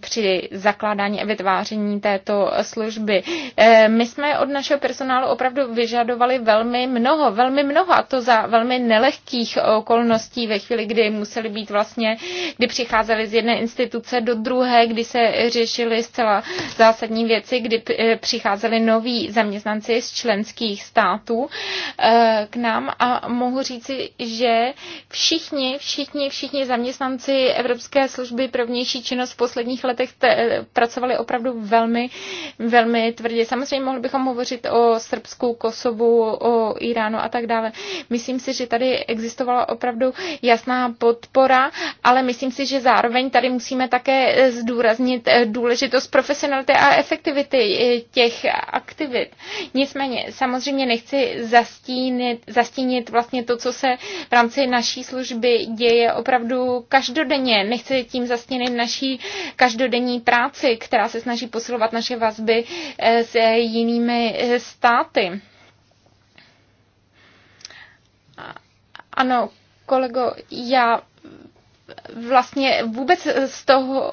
při zakládání a vytváření této služby. E, my jsme od našeho personálu opravdu vyžadovali velmi mnoho, velmi mnoho a to za velmi nelehkých okolností ve chvíli, kdy museli být vlastně, kdy přicházeli z jedné instituce do druhé druhé, kdy se řešily zcela zásadní věci, kdy eh, přicházeli noví zaměstnanci z členských států eh, k nám a mohu říci, že všichni, všichni, všichni zaměstnanci Evropské služby pro vnější činnost v posledních letech te, pracovali opravdu velmi, velmi tvrdě. Samozřejmě mohli bychom hovořit o Srbsku, Kosovu, o Iránu a tak dále. Myslím si, že tady existovala opravdu jasná podpora, ale myslím si, že zároveň tady musíme také zdůraznit eh, důležitost profesionality a efektivity eh, těch aktivit. Nicméně samozřejmě nechci zastínit, zastínit vlastně to, co se v rámci naší služby děje opravdu každodenně. Nechci tím zastínit naší každodenní práci, která se snaží posilovat naše vazby eh, s jinými státy. Ano, kolego, já vlastně vůbec z toho,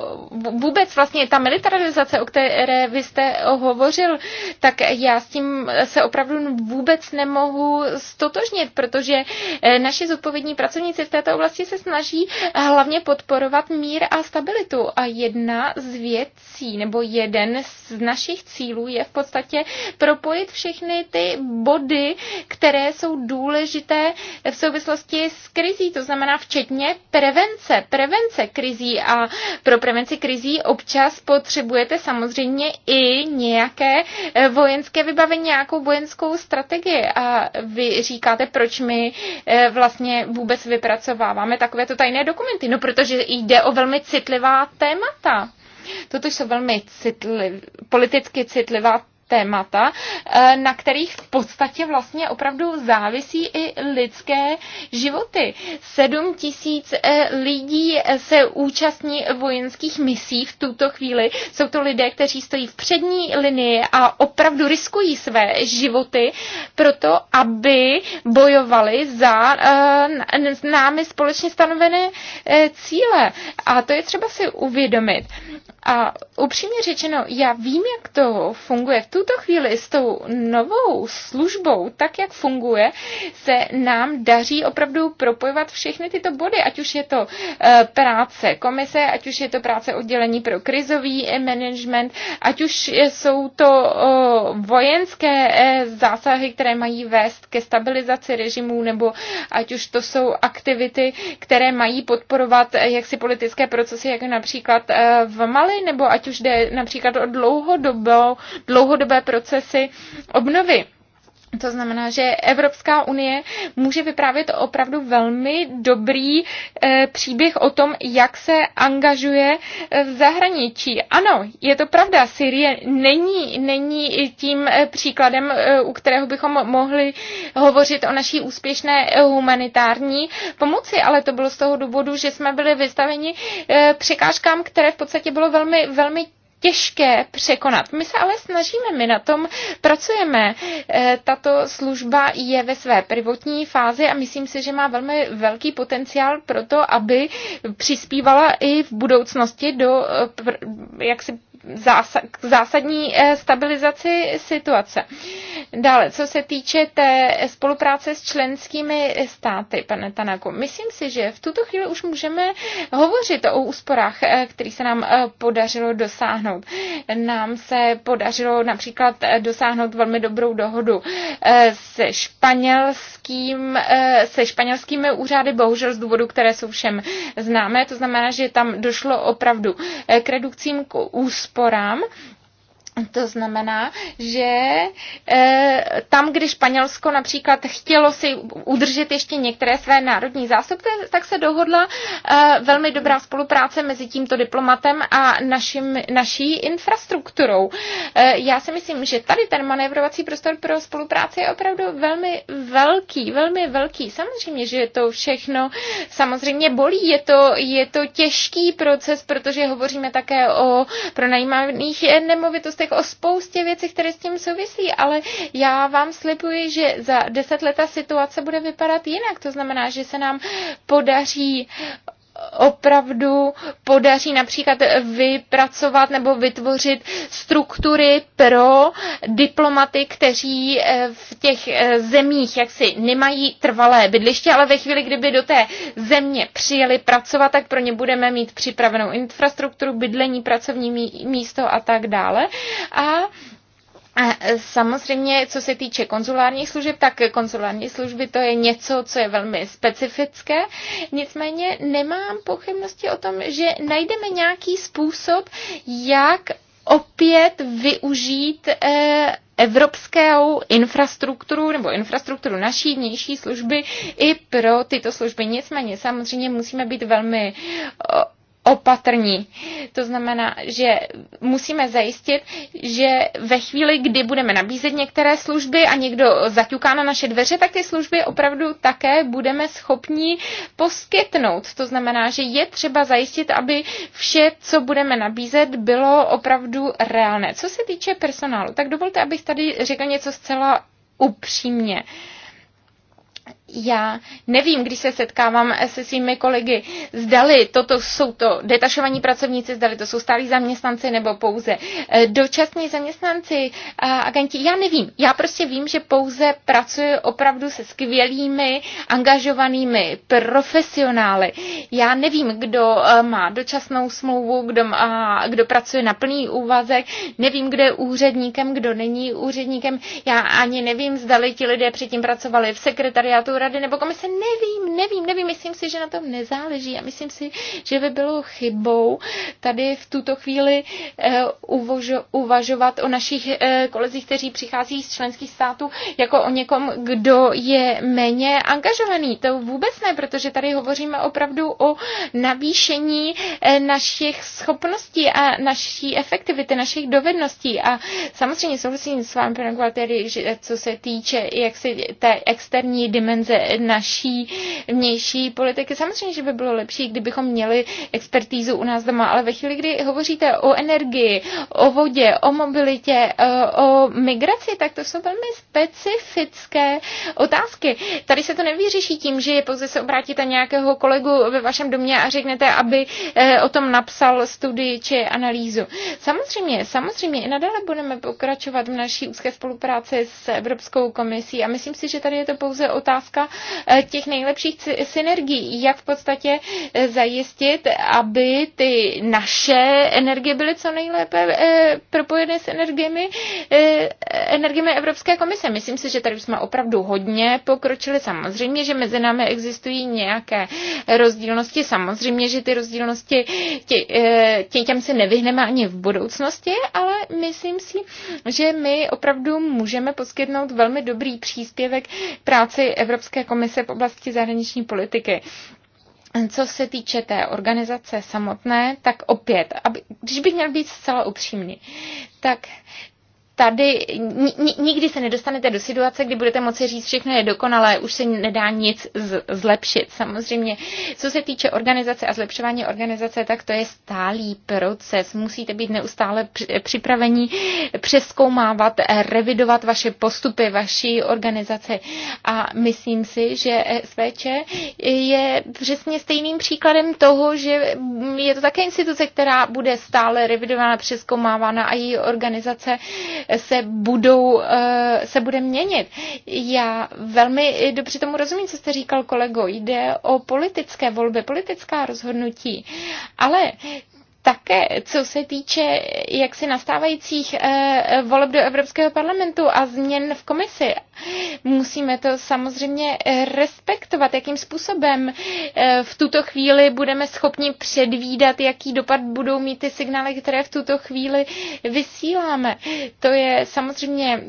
vůbec vlastně ta militarizace, o které vy jste hovořil, tak já s tím se opravdu vůbec nemohu stotožnit, protože eh, naši zodpovědní pracovníci v této oblasti se snaží hlavně podporovat mír a stabilitu. A jedna z věcí, nebo jeden z našich cílů je v podstatě propojit všechny ty body, které jsou důležité v souvislosti s krizí, to znamená včetně prevence prevence, prevence krizí a pro prevenci krizí občas potřebujete samozřejmě i nějaké eh, vojenské vybavení, nějakou vojenskou strategii. A vy říkáte, proč my eh, vlastně vůbec vypracováváme takovéto tajné dokumenty. No, protože jde o velmi citlivá témata. Toto jsou velmi citliv, politicky citlivá témata, eh, na kterých v podstatě vlastně opravdu závisí i lidské životy. Sedm tisíc eh, lidí eh, se účastní vojenských misí v tuto chvíli. Jsou to lidé, kteří stojí v přední linii a opravdu riskují své životy proto, aby bojovali za s námi společně stanovené cíle. A to je třeba si uvědomit. A upřímně řečeno, já vím, jak to funguje v tu tuto chvíli s tou novou službou, tak jak funguje, se nám daří opravdu propojovat všechny tyto body, ať už je to eh, práce komise, ať už je to práce oddělení pro krizový eh, management, ať už jsou to vojenské eh, zásahy, které mají vést ke stabilizaci režimů, nebo ať už to jsou aktivity, které mají podporovat jaksi politické procesy, jako například v Mali, nebo ať už jde například o dlouhodobou, dlouhodobé dlouhodobé procesy obnovy. To znamená, že Evropská unie může vyprávět opravdu velmi dobrý e, příběh o tom, jak se angažuje eh, v zahraničí. Ano, je to pravda, Syrie není, není tím eh, příkladem, e, u kterého bychom mohli hovořit o naší úspěšné humanitární pomoci, ale to bylo z toho důvodu, že jsme byli vystaveni e, překážkám, které v podstatě bylo velmi, velmi těžké překonat. My se ale snažíme, my na tom pracujeme. E, tato služba je ve své prvotní fázi a myslím si, že má velmi velký potenciál pro to, aby přispívala i v budoucnosti do e, jaksi k zásadní eh, stabilizaci situace. Dále, co se týče té spolupráce s členskými státy, pane Tanako, myslím si, že v tuto chvíli už můžeme hovořit o úsporách, eh, který se nám eh, podařilo dosáhnout. Nám se podařilo například dosáhnout velmi dobrou dohodu se Španělskou, španělským, eh, se španělskými úřady, bohužel z důvodu, které jsou všem známé. To znamená, že tam došlo opravdu eh, k redukcím, k úsporám to znamená, že eh, tam, kdy Španělsko například chtělo si udržet ještě některé své národní zásoby, tak se dohodla eh, velmi dobrá spolupráce mezi tímto diplomatem a našim, naší infrastrukturou. Eh, já si myslím, že tady ten manévrovací prostor pro spolupráci je opravdu velmi velký, velmi velký. Samozřejmě, že je to všechno samozřejmě bolí, je to, je to těžký proces, protože hovoříme také o pronajímaných nemovitostech, tak o spoustě věcí, které s tím souvisí, ale já vám slibuji, že za deset let ta situace bude vypadat jinak. To znamená, že se nám podaří opravdu podaří například vypracovat nebo vytvořit struktury pro diplomaty, kteří eh, v těch eh, zemích jaksi nemají trvalé bydliště, ale ve chvíli, kdyby do té země přijeli pracovat, tak pro ně budeme mít připravenou infrastrukturu, bydlení, pracovní místo a tak dále. A E, samozřejmě, co se týče konzulárních služeb, tak konzulární služby to je něco, co je velmi specifické. Nicméně nemám pochybnosti o tom, že najdeme nějaký způsob, jak opět využít e, evropskou infrastrukturu nebo infrastrukturu naší vnější služby i pro tyto služby. Nicméně samozřejmě musíme být velmi opatrní. To znamená, že musíme zajistit, že ve chvíli, kdy budeme nabízet některé služby a někdo zaťuká na naše dveře, tak ty služby opravdu také budeme schopni poskytnout. To znamená, že je třeba zajistit, aby vše, co budeme nabízet, bylo opravdu reálné. Co se týče personálu, tak dovolte, abych tady řekl něco zcela upřímně já nevím, když se setkávám se svými kolegy, zdali toto jsou to detašovaní pracovníci, zdali to jsou stálí zaměstnanci nebo pouze eh, dočasní zaměstnanci, agenti, já nevím. Já prostě vím, že pouze pracuji opravdu se skvělými, angažovanými profesionály. Já nevím, kdo eh, má dočasnou smlouvu, kdo, má, kdo pracuje na plný úvazek, nevím, kdo je úředníkem, kdo není úředníkem. Já ani nevím, zdali ti lidé předtím pracovali v sekretariátu rady nebo komise, nevím, nevím, nevím, myslím si, že na tom nezáleží a myslím si, že by bylo chybou tady v tuto chvíli eh, uvožo, uvažovat o našich eh, kolezích, kteří přichází z členských států, jako o někom, kdo je méně angažovaný. To vůbec ne, protože tady hovoříme opravdu o navýšení eh, našich schopností a naší efektivity, našich dovedností. A samozřejmě souhlasím s vámi, pane že co se týče jaksi té externí dimenze naší vnější politiky. Samozřejmě, že by bylo lepší, kdybychom měli expertízu u nás doma, ale ve chvíli, kdy hovoříte o energii, o vodě, o mobilitě, e, o migraci, tak to jsou velmi specifické otázky. Tady se to nevyřeší tím, že je pouze se obrátíte nějakého kolegu ve vašem domě a řeknete, aby e, o tom napsal studii či analýzu. Samozřejmě, samozřejmě i nadále budeme pokračovat v naší úzké spolupráci s Evropskou komisí a myslím si, že tady je to pouze otázka hlediska eh, těch nejlepších synergií, jak v podstatě eh, zajistit, aby ty naše energie byly co nejlépe eh, propojeny s energiemi, energiemi Evropské komise. Myslím si, že tady jsme opravdu hodně pokročili. Samozřejmě, že mezi námi existují nějaké rozdílnosti. Samozřejmě, že ty rozdílnosti tě, tě, těm se nevyhneme ani v budoucnosti, ale myslím si, že my opravdu můžeme poskytnout velmi dobrý příspěvek práci Evropské Evropské komise v oblasti zahraniční politiky. Co se týče té organizace samotné, tak opět, aby, když bych měl být zcela upřímný, tak tady nikdy se nedostanete do situace, kdy budete moci říct, všechno je dokonalé, už se nedá nic zlepšit. Samozřejmě, co se týče organizace a zlepšování organizace, tak to je stálý proces. Musíte být neustále připraveni přeskoumávat, revidovat vaše postupy, vaší organizace. A myslím si, že SVČ je přesně stejným příkladem toho, že je to také instituce, která bude stále revidována, přeskoumávána a její organizace se, budou, eh, se bude měnit. Já velmi dobře tomu rozumím, co jste říkal kolego. Jde o politické volby, politická rozhodnutí. Ale také, co se týče jaksi nastávajících eh, voleb do Evropského parlamentu a změn v komisi. Musíme to samozřejmě respektovat, jakým způsobem eh, v tuto chvíli budeme schopni předvídat, jaký dopad budou mít ty signály, které v tuto chvíli vysíláme. To je samozřejmě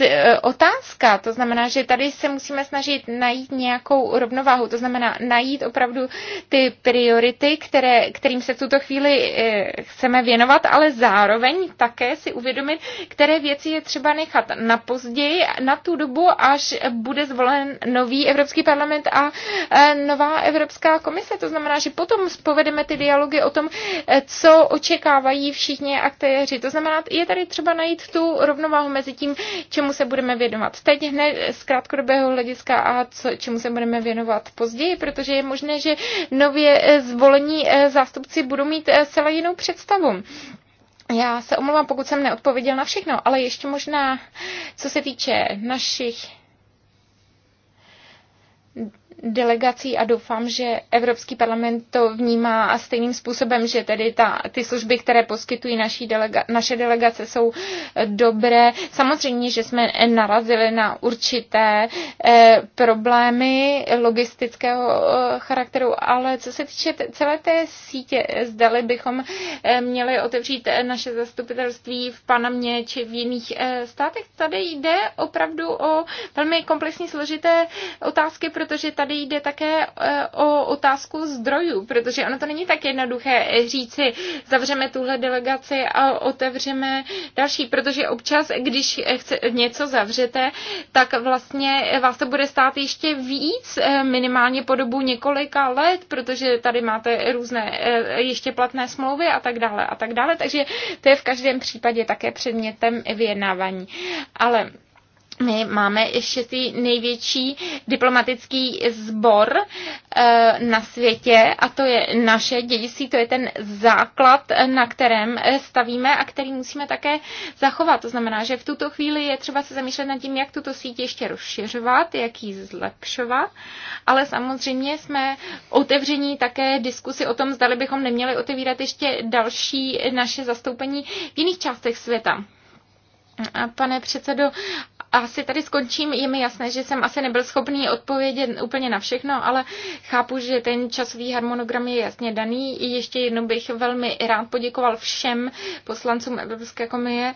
E, otázka. To znamená, že tady se musíme snažit najít nějakou rovnováhu. To znamená najít opravdu ty priority, které, kterým se v tuto chvíli e, chceme věnovat, ale zároveň také si uvědomit, které věci je třeba nechat na později, na tu dobu, až bude zvolen nový Evropský parlament a e, nová Evropská komise. To znamená, že potom povedeme ty dialogy o tom, co očekávají všichni aktéři. To znamená, je tady třeba najít tu rovnováhu mezi tím, čemu se budeme věnovat teď hned z krátkodobého hlediska a co, čemu se budeme věnovat později, protože je možné, že nově eh, zvolení eh, zástupci budou mít eh, celé jinou představu. Já se omlouvám, pokud jsem neodpověděl na všechno, ale ještě možná, co se týče našich delegací a doufám, že Evropský parlament to vnímá a stejným způsobem, že tedy ta, ty služby, které poskytují naší delega, naše delegace, jsou eh, dobré. Samozřejmě, že jsme narazili na určité eh, problémy logistického eh, charakteru, ale co se týče celé té sítě, zdali bychom eh, měli otevřít eh, naše zastupitelství v Panamě či v jiných eh, státech. Tady jde opravdu o velmi komplexní složité otázky, protože ta tady jde také e, o otázku zdrojů, protože ono to není tak jednoduché říci, zavřeme tuhle delegaci a otevřeme další, protože občas, když chce, něco zavřete, tak vlastně vás to bude stát ještě víc, e, minimálně po dobu několika let, protože tady máte různé e, ještě platné smlouvy a tak dále a tak dále, takže to je v každém případě také předmětem vyjednávání. Ale my máme šestý největší diplomatický sbor eh, na světě a to je naše dědictví, to je ten základ, eh, na kterém eh, stavíme a který musíme také zachovat. To znamená, že v tuto chvíli je třeba se zamýšlet nad tím, jak tuto síť ještě rozšiřovat, jak ji zlepšovat, ale samozřejmě jsme otevření také diskusi o tom, zdali bychom neměli otevírat ještě další naše zastoupení v jiných částech světa. A pane předsedo, asi tady skončím. Je mi jasné, že jsem asi nebyl schopný odpovědět úplně na všechno, ale chápu, že ten časový harmonogram je jasně daný. I ještě jednou bych velmi rád poděkoval všem poslancům Evropské komie,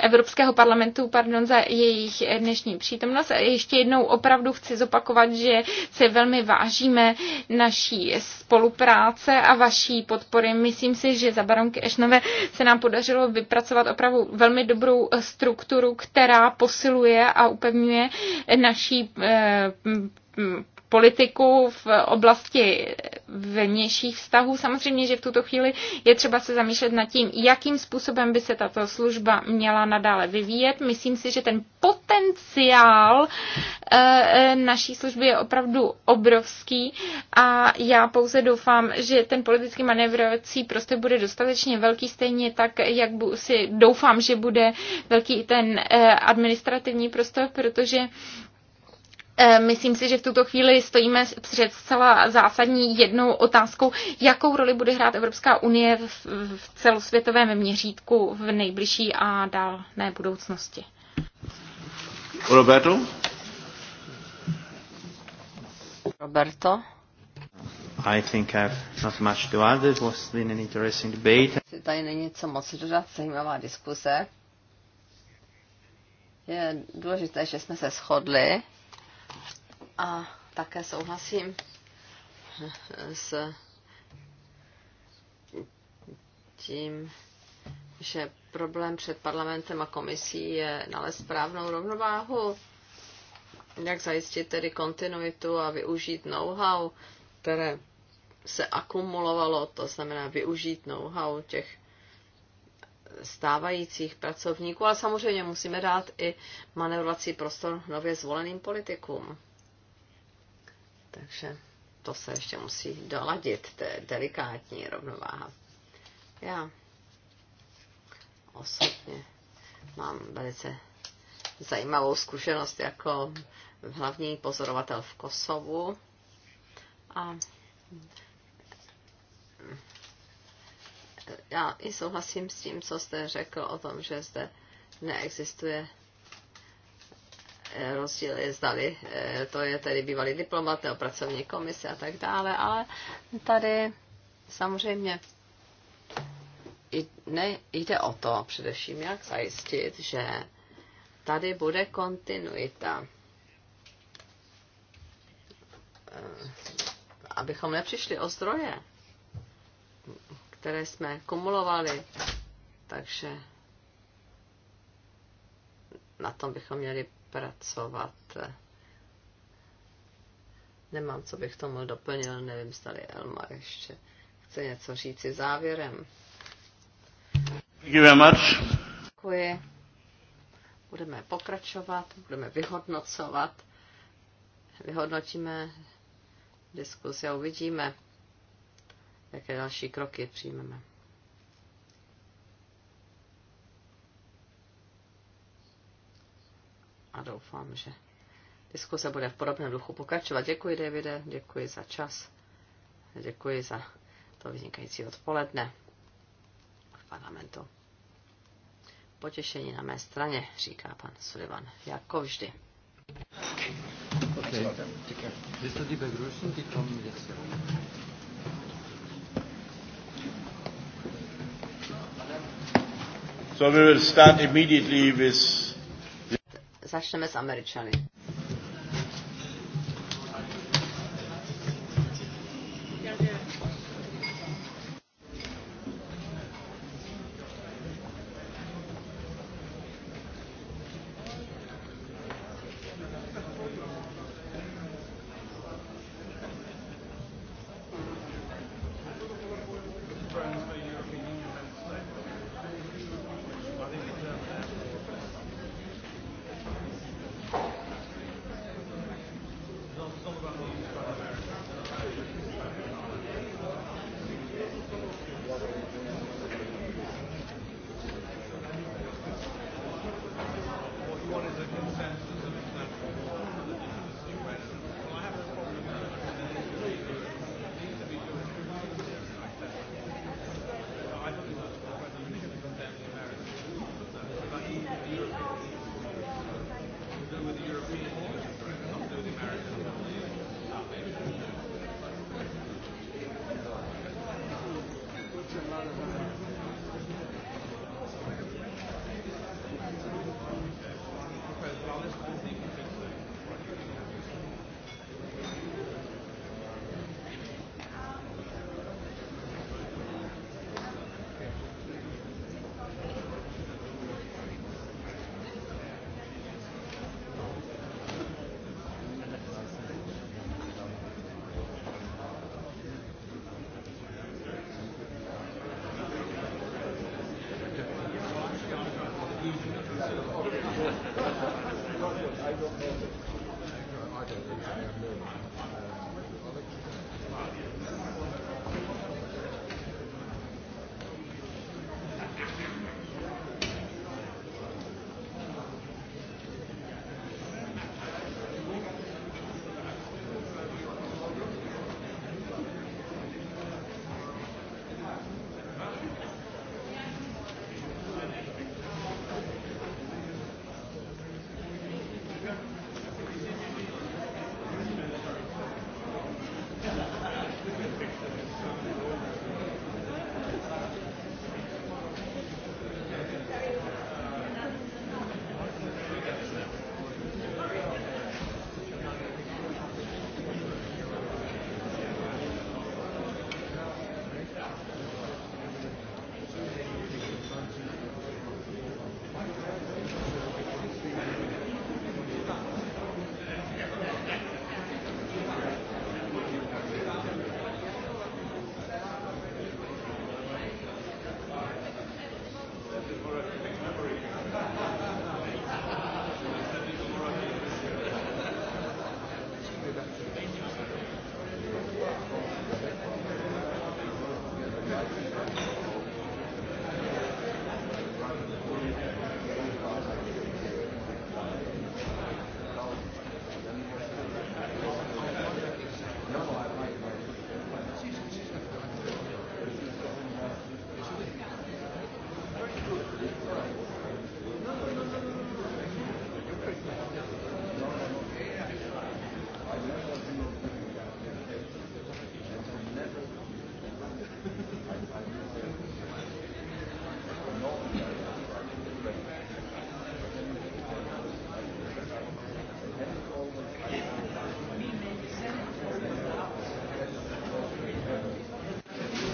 Evropského parlamentu pardon, za jejich dnešní přítomnost. Ještě jednou opravdu chci zopakovat, že se velmi vážíme naší spolupráce a vaší podpory. Myslím si, že za baronky Ešnové se nám podařilo vypracovat opravdu velmi dobrou strukturu strukturu, která posiluje a upevňuje naší eh, politiku v oblasti vnějších vztahů. Samozřejmě, že v tuto chvíli je třeba se zamýšlet nad tím, jakým způsobem by se tato služba měla nadále vyvíjet. Myslím si, že ten potenciál eh, eh, naší služby je opravdu obrovský a já pouze doufám, že ten politický manévrovací prostě bude dostatečně velký, stejně tak, jak si doufám, že bude velký i ten eh, administrativní prostor, protože Eh, myslím si, že v tuto chvíli stojíme před zcela zásadní jednou otázkou, jakou roli bude hrát Evropská unie v celosvětovém měřítku v nejbližší a dálné budoucnosti. Roberto? Roberto? I think I've not much to add. It was been an interesting debate. Tady není co moc dodat, zajímavá diskuse. Je důležité, že jsme se shodli, a také souhlasím s tím, že problém před parlamentem a komisí je nalézt správnou rovnováhu, jak zajistit tedy kontinuitu a využít know-how, které se akumulovalo, to znamená využít know-how těch stávajících pracovníků, ale samozřejmě musíme dát i manevrovací prostor nově zvoleným politikům. Takže to se ještě musí doladit, to je delikátní rovnováha. Já osobně mám velice zajímavou zkušenost jako hlavní pozorovatel v Kosovu a já i souhlasím s tím, co jste řekl o tom, že zde neexistuje rozdíl je zdali, eh, to je tedy bývalý diplomat nebo pracovní komise a tak dále, ale tady samozřejmě ne, jde o to především, jak zajistit, že tady bude kontinuita. Eh, abychom nepřišli o zdroje, které jsme kumulovali, takže na tom bychom měli pracovat. Nemám, co bych tomu doplnil, nevím, stali Elma ještě chce něco říci závěrem. Děkuji. Budeme pokračovat, budeme vyhodnocovat, vyhodnotíme diskusi a uvidíme, jaké další kroky přijmeme. a doufám, že diskuse bude v podobném duchu pokračovat. Děkuji, Davide, děkuji za čas, děkuji za to vynikající odpoledne v parlamentu. Potěšení na mé straně, říká pan Sullivan, jako vždy. So we will start immediately with Začneme s Američany.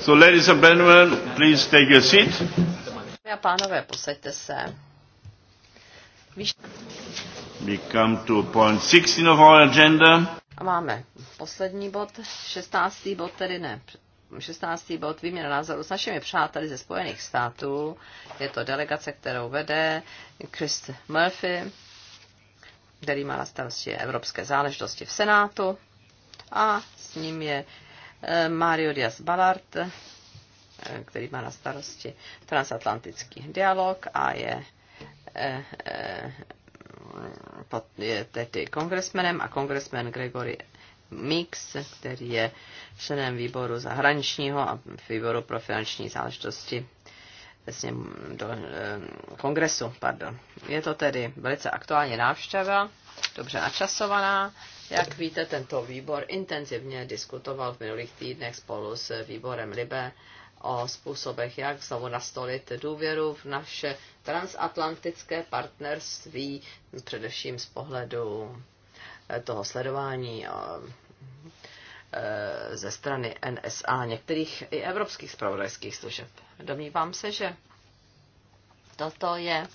So, ladies and gentlemen, please take your seat. Dámy a pánové, posaďte se. Víš... We come to point 16 of our agenda. A máme poslední bod, 16. bod tedy ne, 16. bod výměna názoru s našimi přáteli ze Spojených států. Je to delegace, kterou vede Chris Murphy, který má na starosti evropské záležitosti v Senátu. A s ním je Eh, Mario Diaz Balart, eh, který má na starosti transatlantický dialog a je, eh, je tedy kongresmenem a kongresmen Gregory Mix, který je členem výboru zahraničního a výboru pro finanční záležitosti vlastně do kongresu. Pardon. Je to tedy velice aktuální návštěva, dobře načasovaná jak víte, tento výbor intenzivně diskutoval v minulých týdnech spolu s výborem Libe o způsobech, jak znovu nastolit důvěru v naše transatlantické partnerství, především z pohledu eh, toho sledování eh, eh, ze strany NSA, některých i evropských spravodajských služeb. Domnívám se, že toto je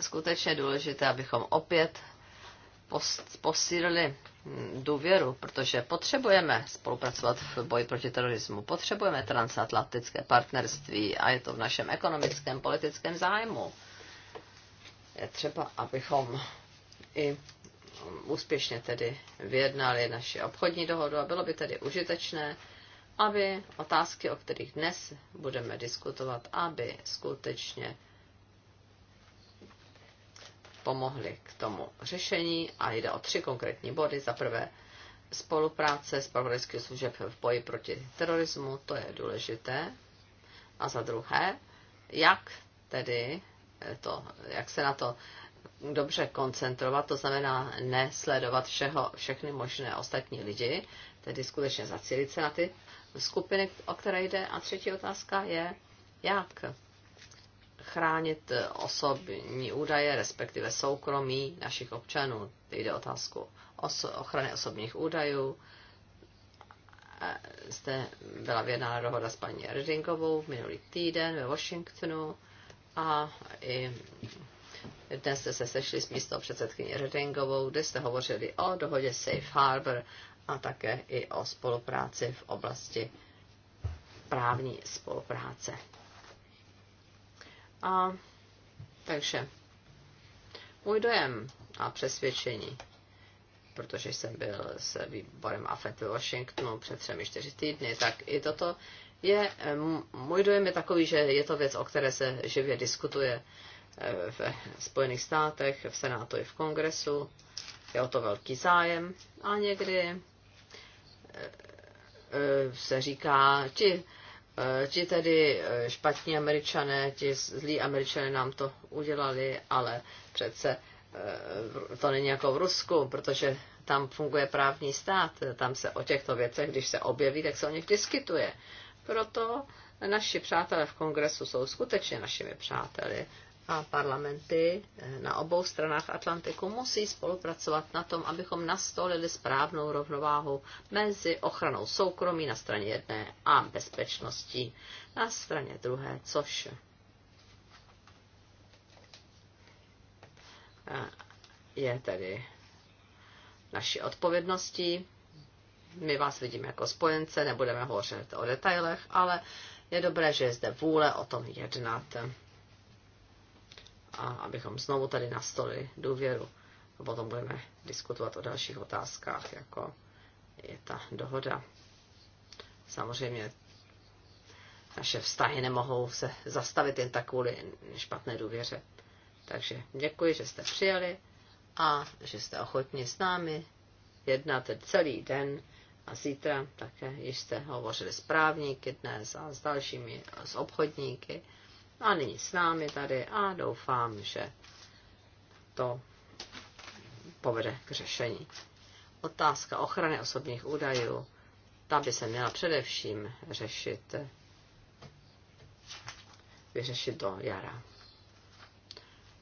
skutečně důležité, abychom opět posílili důvěru, protože potřebujeme spolupracovat v boji proti terorismu, potřebujeme transatlantické partnerství a je to v našem ekonomickém, politickém zájmu. Je třeba, abychom i úspěšně tedy vyjednali naši obchodní dohodu a bylo by tedy užitečné, aby otázky, o kterých dnes budeme diskutovat, aby skutečně pomohli k tomu řešení a jde o tři konkrétní body. Za prvé spolupráce s pravodajských služeb v boji proti terorismu, to je důležité. A za druhé, jak tedy to, jak se na to dobře koncentrovat, to znamená nesledovat všeho, všechny možné ostatní lidi, tedy skutečně zacílit se na ty skupiny, o které jde. A třetí otázka je, jak chránit eh, osobní údaje, respektive soukromí našich občanů. Teď jde otázku oso- ochrany osobních údajů. Zde byla vyjednána dohoda s paní Redingovou minulý týden ve Washingtonu a i dnes jste se sešli s místo předsedkyní Redingovou, kde jste hovořili o dohodě Safe Harbor a také i o spolupráci v oblasti právní spolupráce. A takže můj dojem a přesvědčení, protože jsem byl s výborem AFET ve Washingtonu před třemi čtyři týdny, tak i toto je, můj dojem je takový, že je to věc, o které se živě diskutuje eh, v Spojených státech, v Senátu i v Kongresu. Je o to velký zájem a někdy eh, eh, se říká, či Eh, ti tedy eh, špatní američané, ti zlí američané nám to udělali, ale přece eh, to není jako v Rusku, protože tam funguje právní stát, tam se o těchto věcech, když se objeví, tak se o nich diskutuje. Proto naši přátelé v kongresu jsou skutečně našimi přáteli a parlamenty eh, na obou stranách Atlantiku musí spolupracovat na tom, abychom nastolili správnou rovnováhu mezi ochranou soukromí na straně jedné a bezpečností na straně druhé, což eh, je tedy naší odpovědností. My vás vidíme jako spojence, nebudeme hovořit o detailech, ale je dobré, že je zde vůle o tom jednat a abychom znovu tady nastolili důvěru. A potom budeme diskutovat o dalších otázkách, jako je ta dohoda. Samozřejmě naše vztahy nemohou se zastavit jen tak kvůli špatné důvěře. Takže děkuji, že jste přijali a že jste ochotni s námi jednat celý den a zítra také když jste hovořili s právníky dnes a s dalšími, s obchodníky a nyní s námi tady a doufám, že to povede k řešení. Otázka ochrany osobních údajů, ta by se měla především řešit, vyřešit do jara.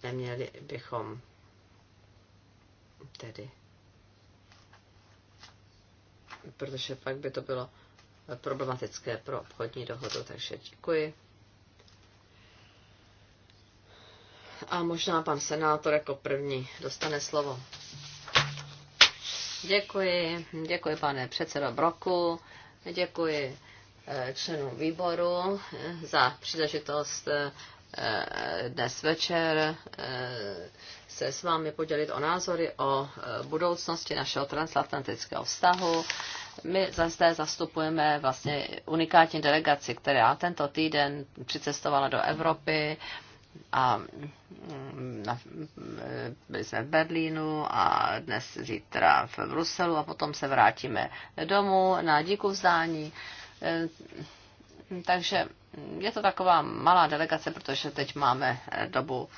Neměli bychom tedy, protože pak by to bylo problematické pro obchodní dohodu, takže děkuji. a možná pan senátor jako první dostane slovo. Děkuji, děkuji pane předsedo Broku, děkuji eh, členům výboru eh, za příležitost eh, dnes večer se s vámi podělit o názory o budoucnosti našeho transatlantického vztahu. My zde zastupujeme vlastně unikátní delegaci, která tento týden přicestovala do Evropy a mm, na, mm, byli jsme v Berlínu a dnes zítra v Bruselu a potom se vrátíme domů na díku vzdání. E, takže je to taková malá delegace, protože teď máme e, dobu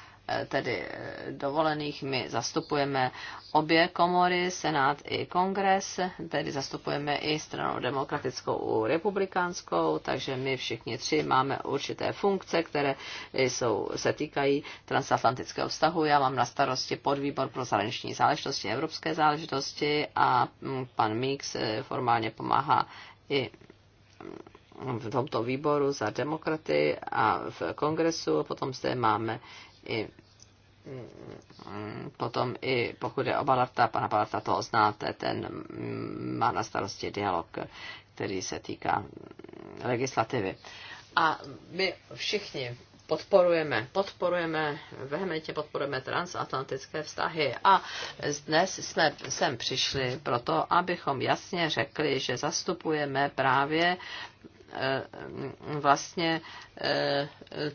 tedy eh, dovolených. My zastupujeme obě komory, Senát i Kongres, tedy zastupujeme i stranu demokratickou i republikánskou, takže my všichni tři máme určité funkce, které jsou, se týkají transatlantického vztahu. Já mám na starosti podvýbor pro zahraniční záležitosti, evropské záležitosti a mm, pan Mix eh, formálně pomáhá i mm, v tomto výboru za demokraty a v kongresu. Potom zde máme i mm, potom i pokud je o Balarta, pana Balarta toho znáte, ten mm, má na starosti dialog, který se týká legislativy. A my všichni podporujeme, podporujeme, vehementně podporujeme transatlantické vztahy a dnes jsme sem přišli proto, abychom jasně řekli, že zastupujeme právě Eh, vlastně eh,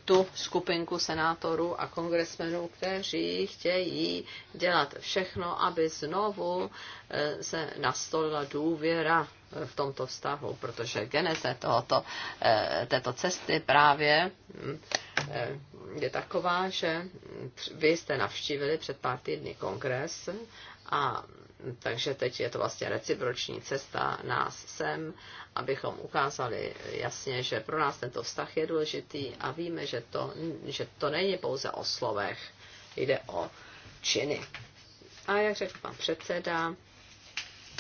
tu skupinku senátorů a kongresmenů, kteří chtějí dělat všechno, aby znovu eh, se nastolila důvěra v tomto vztahu, protože geneze tohoto, této cesty právě je taková, že vy jste navštívili před pár týdny kongres a takže teď je to vlastně reciproční cesta nás sem, abychom ukázali jasně, že pro nás tento vztah je důležitý a víme, že to, že to není pouze o slovech, jde o činy. A jak řekl pan předseda,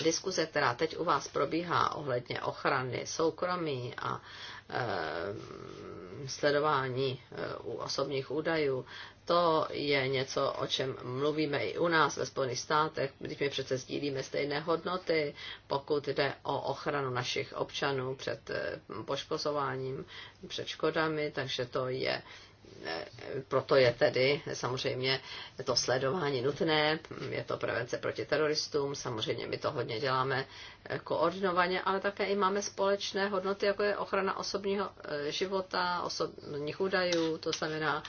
diskuze, která teď u vás probíhá ohledně ochrany soukromí a e, sledování e, osobních údajů, to je něco, o čem mluvíme i u nás ve Spojených státech, když my přece sdílíme stejné hodnoty, pokud jde o ochranu našich občanů před eh, poškozováním, před škodami, takže to je eh, proto je tedy samozřejmě to sledování nutné, je to prevence proti teroristům, samozřejmě my to hodně děláme koordinovaně, ale také i máme společné hodnoty, jako je ochrana osobního e, života, osobních údajů, to znamená,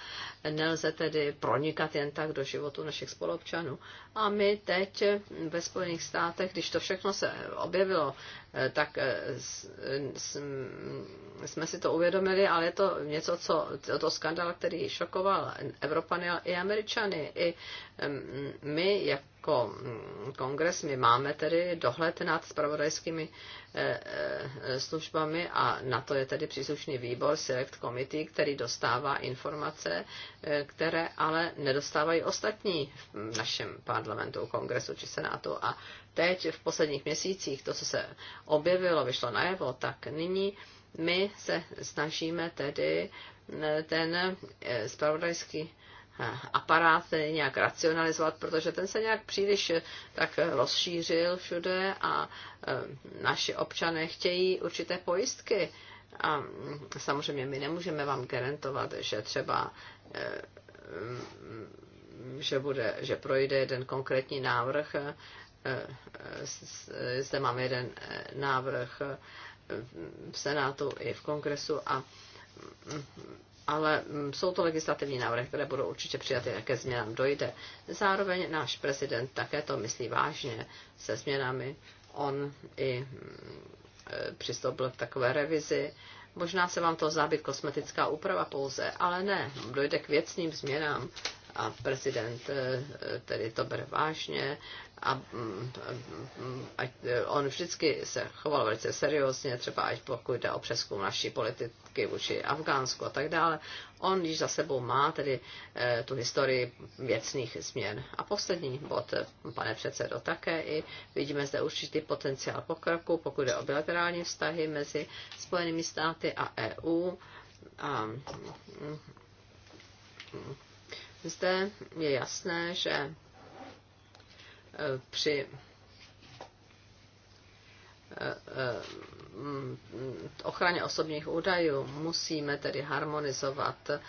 nelze tedy pronikat jen tak do životu našich spolupčanů. A my teď ve Spojených státech, když to všechno se objevilo, e, tak e, jsme si to uvědomili, ale je to něco, co to skandal, který šokoval Evropany i Američany, i my, jak jako mm, kongres my máme tedy dohled nad spravodajskými eh, eh, službami a na to je tedy příslušný výbor Select Committee, který dostává informace, eh, které ale nedostávají ostatní v našem parlamentu, kongresu či senátu. A teď v posledních měsících to, co se objevilo, vyšlo najevo, tak nyní my se snažíme tedy ten spravodajský aparát nějak racionalizovat, protože ten se nějak příliš eh, tak eh, rozšířil všude a eh, naši občané chtějí určité pojistky. A mm, samozřejmě my nemůžeme vám garantovat, že třeba že, bude, že projde jeden konkrétní návrh. Zde máme jeden návrh v Senátu i v Kongresu a mm, ale mm, jsou to legislativní návrhy, které budou určitě přijaty, jaké změnám dojde. Zároveň náš prezident také to myslí vážně se změnami. On i mm, e, přistoupil k takové revizi. Možná se vám to zábyt kosmetická úprava pouze, ale ne, dojde k věcným změnám a prezident e, e, tedy to bere vážně a, mm, a eh, on vždycky se choval velice seriózně, třeba ať pokud jde o přeskum naší politiky vůči Afgánsku a tak dále. On již za sebou má tedy e, tu historii věcných změn. A poslední bod, eh, pane předsedo, také i vidíme zde určitý potenciál pokroku, pokud jde o bilaterální vztahy mezi Spojenými státy a EU. A, mm, mm, zde je jasné, že při eh, eh, ochraně osobních údajů musíme tedy harmonizovat eh,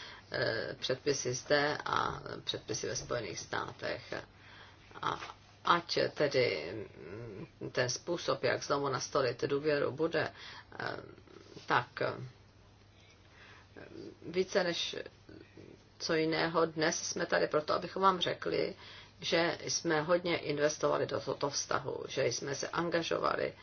předpisy zde a předpisy ve Spojených státech. A ať tedy ten způsob, jak znovu nastolit důvěru, bude, tak více než co jiného. Dnes jsme tady proto, abychom vám řekli, že jsme hodně investovali do tohoto vztahu, že jsme se angažovali,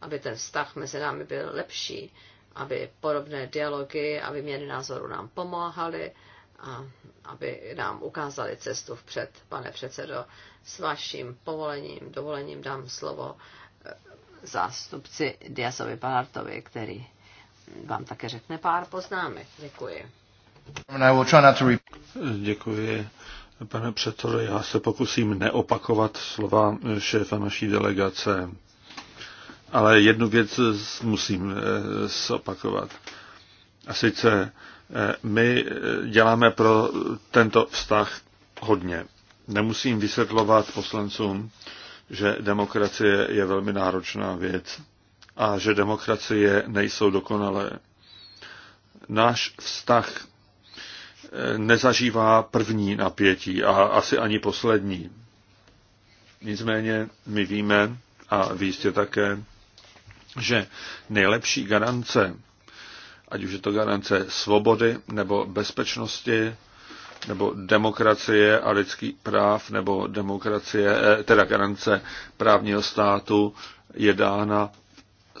aby ten vztah mezi námi byl lepší, aby podobné dialogy a vyměny názoru nám pomáhaly a aby nám ukázali cestu vpřed. Pane předsedo, s vaším povolením, dovolením dám slovo eh, zástupci Diasovi Palartovi, který vám také řekne pár poznámek. Děkuji. Děkuji. Pane předsedo, já se pokusím neopakovat slova šéfa naší delegace, ale jednu věc musím eh, zopakovat. A sice eh, my děláme pro tento vztah hodně. Nemusím vysvětlovat poslancům, že demokracie je velmi náročná věc a že demokracie nejsou dokonalé. Náš vztah nezažívá první napětí a asi ani poslední. Nicméně my víme, a vy jistě také, že nejlepší garance, ať už je to garance svobody nebo bezpečnosti, nebo demokracie a lidských práv, nebo demokracie, eh, teda garance právního státu, je dána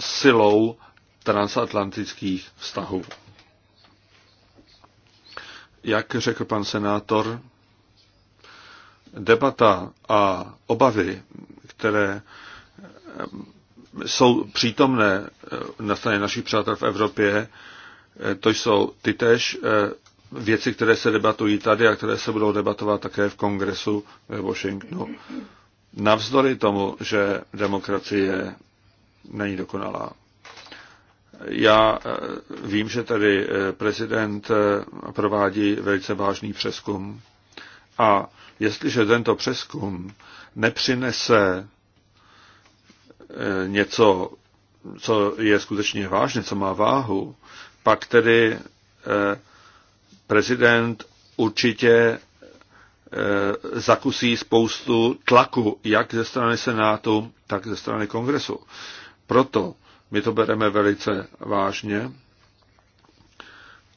silou transatlantických vztahů jak řekl pan senátor, debata a obavy, které eh, jsou přítomné eh, na straně našich přátel v Evropě, eh, to jsou ty tež věci, které se debatují tady a které se budou debatovat také v kongresu ve Washingtonu. Navzdory tomu, že demokracie není dokonalá. Já eh, vím, že tedy eh, prezident eh, provádí velice vážný přeskum a jestliže tento přeskum nepřinese něco, co je skutečně vážné, co má váhu, pak tedy prezident určitě zakusí spoustu tlaku jak ze strany Senátu, tak ze strany Kongresu. Proto my to bereme velice vážně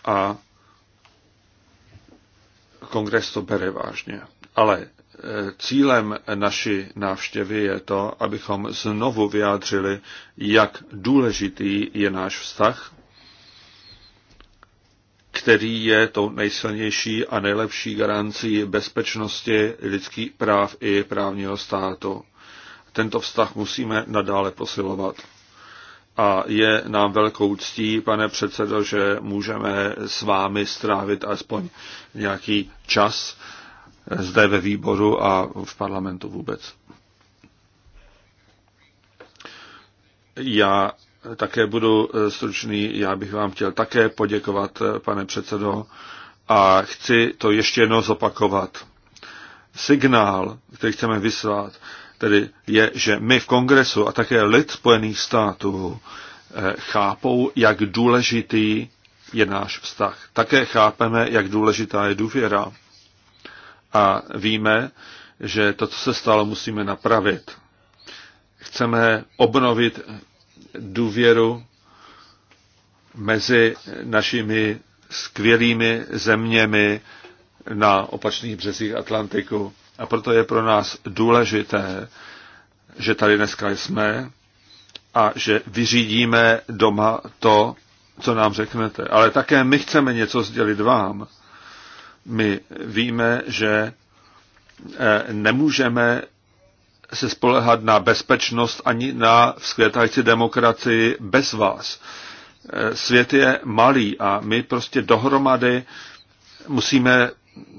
a kongres to bere vážně. Ale e, cílem naší návštěvy je to, abychom znovu vyjádřili, jak důležitý je náš vztah, který je tou nejsilnější a nejlepší garancí bezpečnosti lidských práv i právního státu. Tento vztah musíme nadále posilovat a je nám velkou ctí, pane předsedo, že můžeme s vámi strávit aspoň nějaký čas zde ve výboru a v parlamentu vůbec. Já také budu stručný, já bych vám chtěl také poděkovat, pane předsedo, a chci to ještě jednou zopakovat. Signál, který chceme vyslat, tedy je, že my v kongresu a také lid Spojených států eh, chápou, jak důležitý je náš vztah. Také chápeme, jak důležitá je důvěra. A víme, že to, co se stalo, musíme napravit. Chceme obnovit důvěru mezi našimi skvělými zeměmi na opačných březích Atlantiku. A proto je pro nás důležité, že tady dneska jsme a že vyřídíme doma to, co nám řeknete. Ale také my chceme něco sdělit vám. My víme, že eh, nemůžeme se spolehat na bezpečnost ani na vzkvětající demokracii bez vás. Eh, svět je malý a my prostě dohromady musíme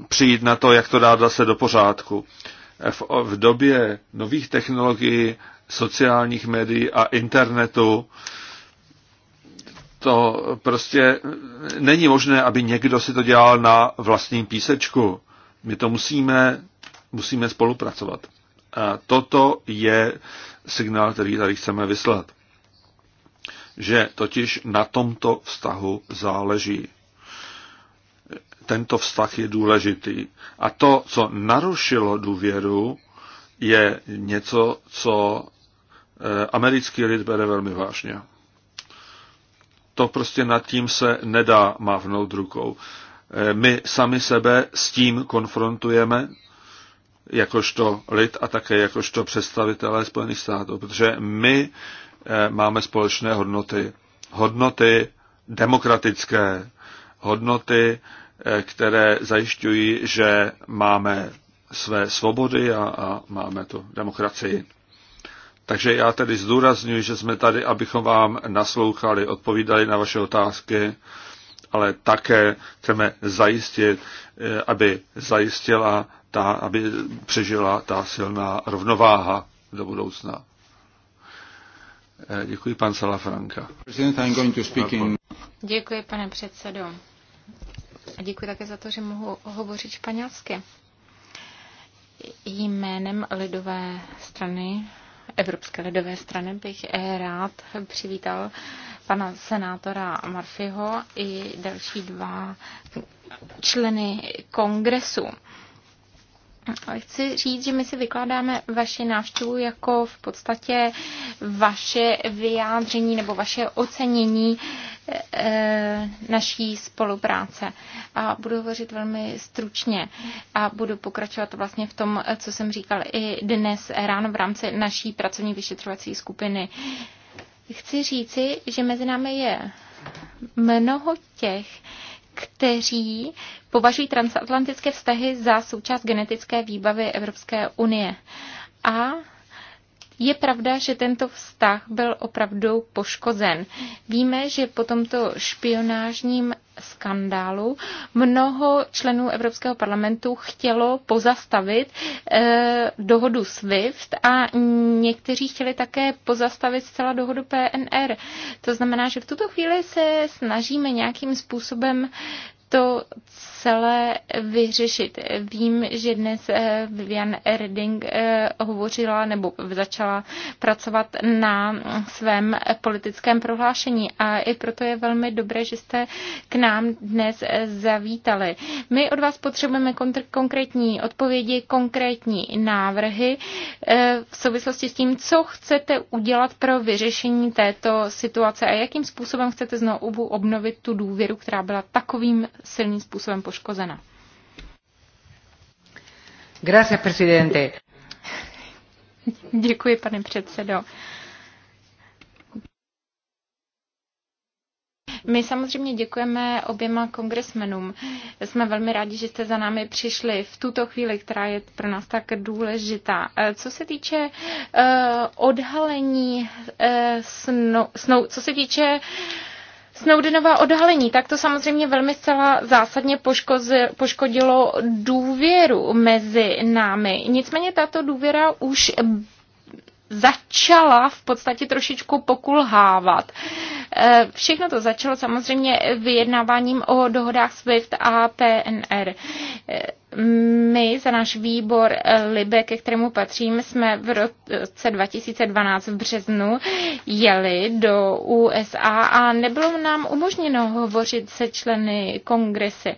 přijít na to, jak to dát zase do pořádku. V, v době nových technologií, sociálních médií a internetu to prostě není možné, aby někdo si to dělal na vlastním písečku. My to musíme, musíme spolupracovat. A toto je signál, který tady chceme vyslat. Že totiž na tomto vztahu záleží tento vztah je důležitý. A to, co narušilo důvěru, je něco, co eh, americký lid bere velmi vážně. To prostě nad tím se nedá mávnout rukou. Eh, my sami sebe s tím konfrontujeme, jakožto lid a také jakožto představitelé Spojených států, protože my eh, máme společné hodnoty. Hodnoty demokratické, hodnoty Eh, které zajišťují, že máme své svobody a, a máme tu demokracii. Takže já tedy zdůraznuju, že jsme tady, abychom vám naslouchali, odpovídali na vaše otázky, ale také chceme zajistit, eh, aby zajistila ta, aby přežila ta silná rovnováha do budoucna. Eh, děkuji, pan Salafranka. Děkuji, pane předsedo a děkuji také za to, že mohu hovořit španělsky. Jménem lidové strany, Evropské lidové strany, bych rád přivítal pana senátora Marfiho i další dva členy kongresu. Chci říct, že my si vykládáme vaši návštěvu jako v podstatě vaše vyjádření nebo vaše ocenění eh, naší spolupráce. A budu hovořit velmi stručně a budu pokračovat vlastně v tom, co jsem říkal i dnes ráno v rámci naší pracovní vyšetřovací skupiny. Chci říci, že mezi námi je mnoho těch, kteří považují transatlantické vztahy za součást genetické výbavy Evropské unie. A je pravda, že tento vztah byl opravdu poškozen. Víme, že po tomto špionážním skandálu mnoho členů Evropského parlamentu chtělo pozastavit eh, dohodu SWIFT a někteří chtěli také pozastavit zcela dohodu PNR. To znamená, že v tuto chvíli se snažíme nějakým způsobem to celé vyřešit. Vím, že dnes eh, Vivian Erding eh, hovořila nebo začala pracovat na svém politickém prohlášení a i proto je velmi dobré, že jste k nám dnes eh, zavítali. My od vás potřebujeme konkrétní odpovědi, konkrétní návrhy v souvislosti s tím, co chcete udělat pro vyřešení této situace a jakým způsobem chcete znovu obnovit tu důvěru, která byla takovým silným způsobem poškozena. Gracias, presidente. Děkuji, pane předsedo. My samozřejmě děkujeme oběma kongresmenům. Jsme velmi rádi, že jste za námi přišli v tuto chvíli, která je pro nás tak důležitá. Eh, co se týče uh, odhalení uh, eh, snou, snou, co se týče uh, Snowdenova odhalení, tak to samozřejmě velmi zcela zásadně poškodilo důvěru mezi námi. Nicméně tato důvěra už začala v podstatě trošičku pokulhávat. Eh, všechno to začalo samozřejmě vyjednáváním o dohodách SWIFT a PNR. Eh, my za náš výbor eh, Libe, ke kterému patřím, jsme v roce 2012 v březnu jeli do USA a nebylo nám umožněno hovořit se členy kongresy,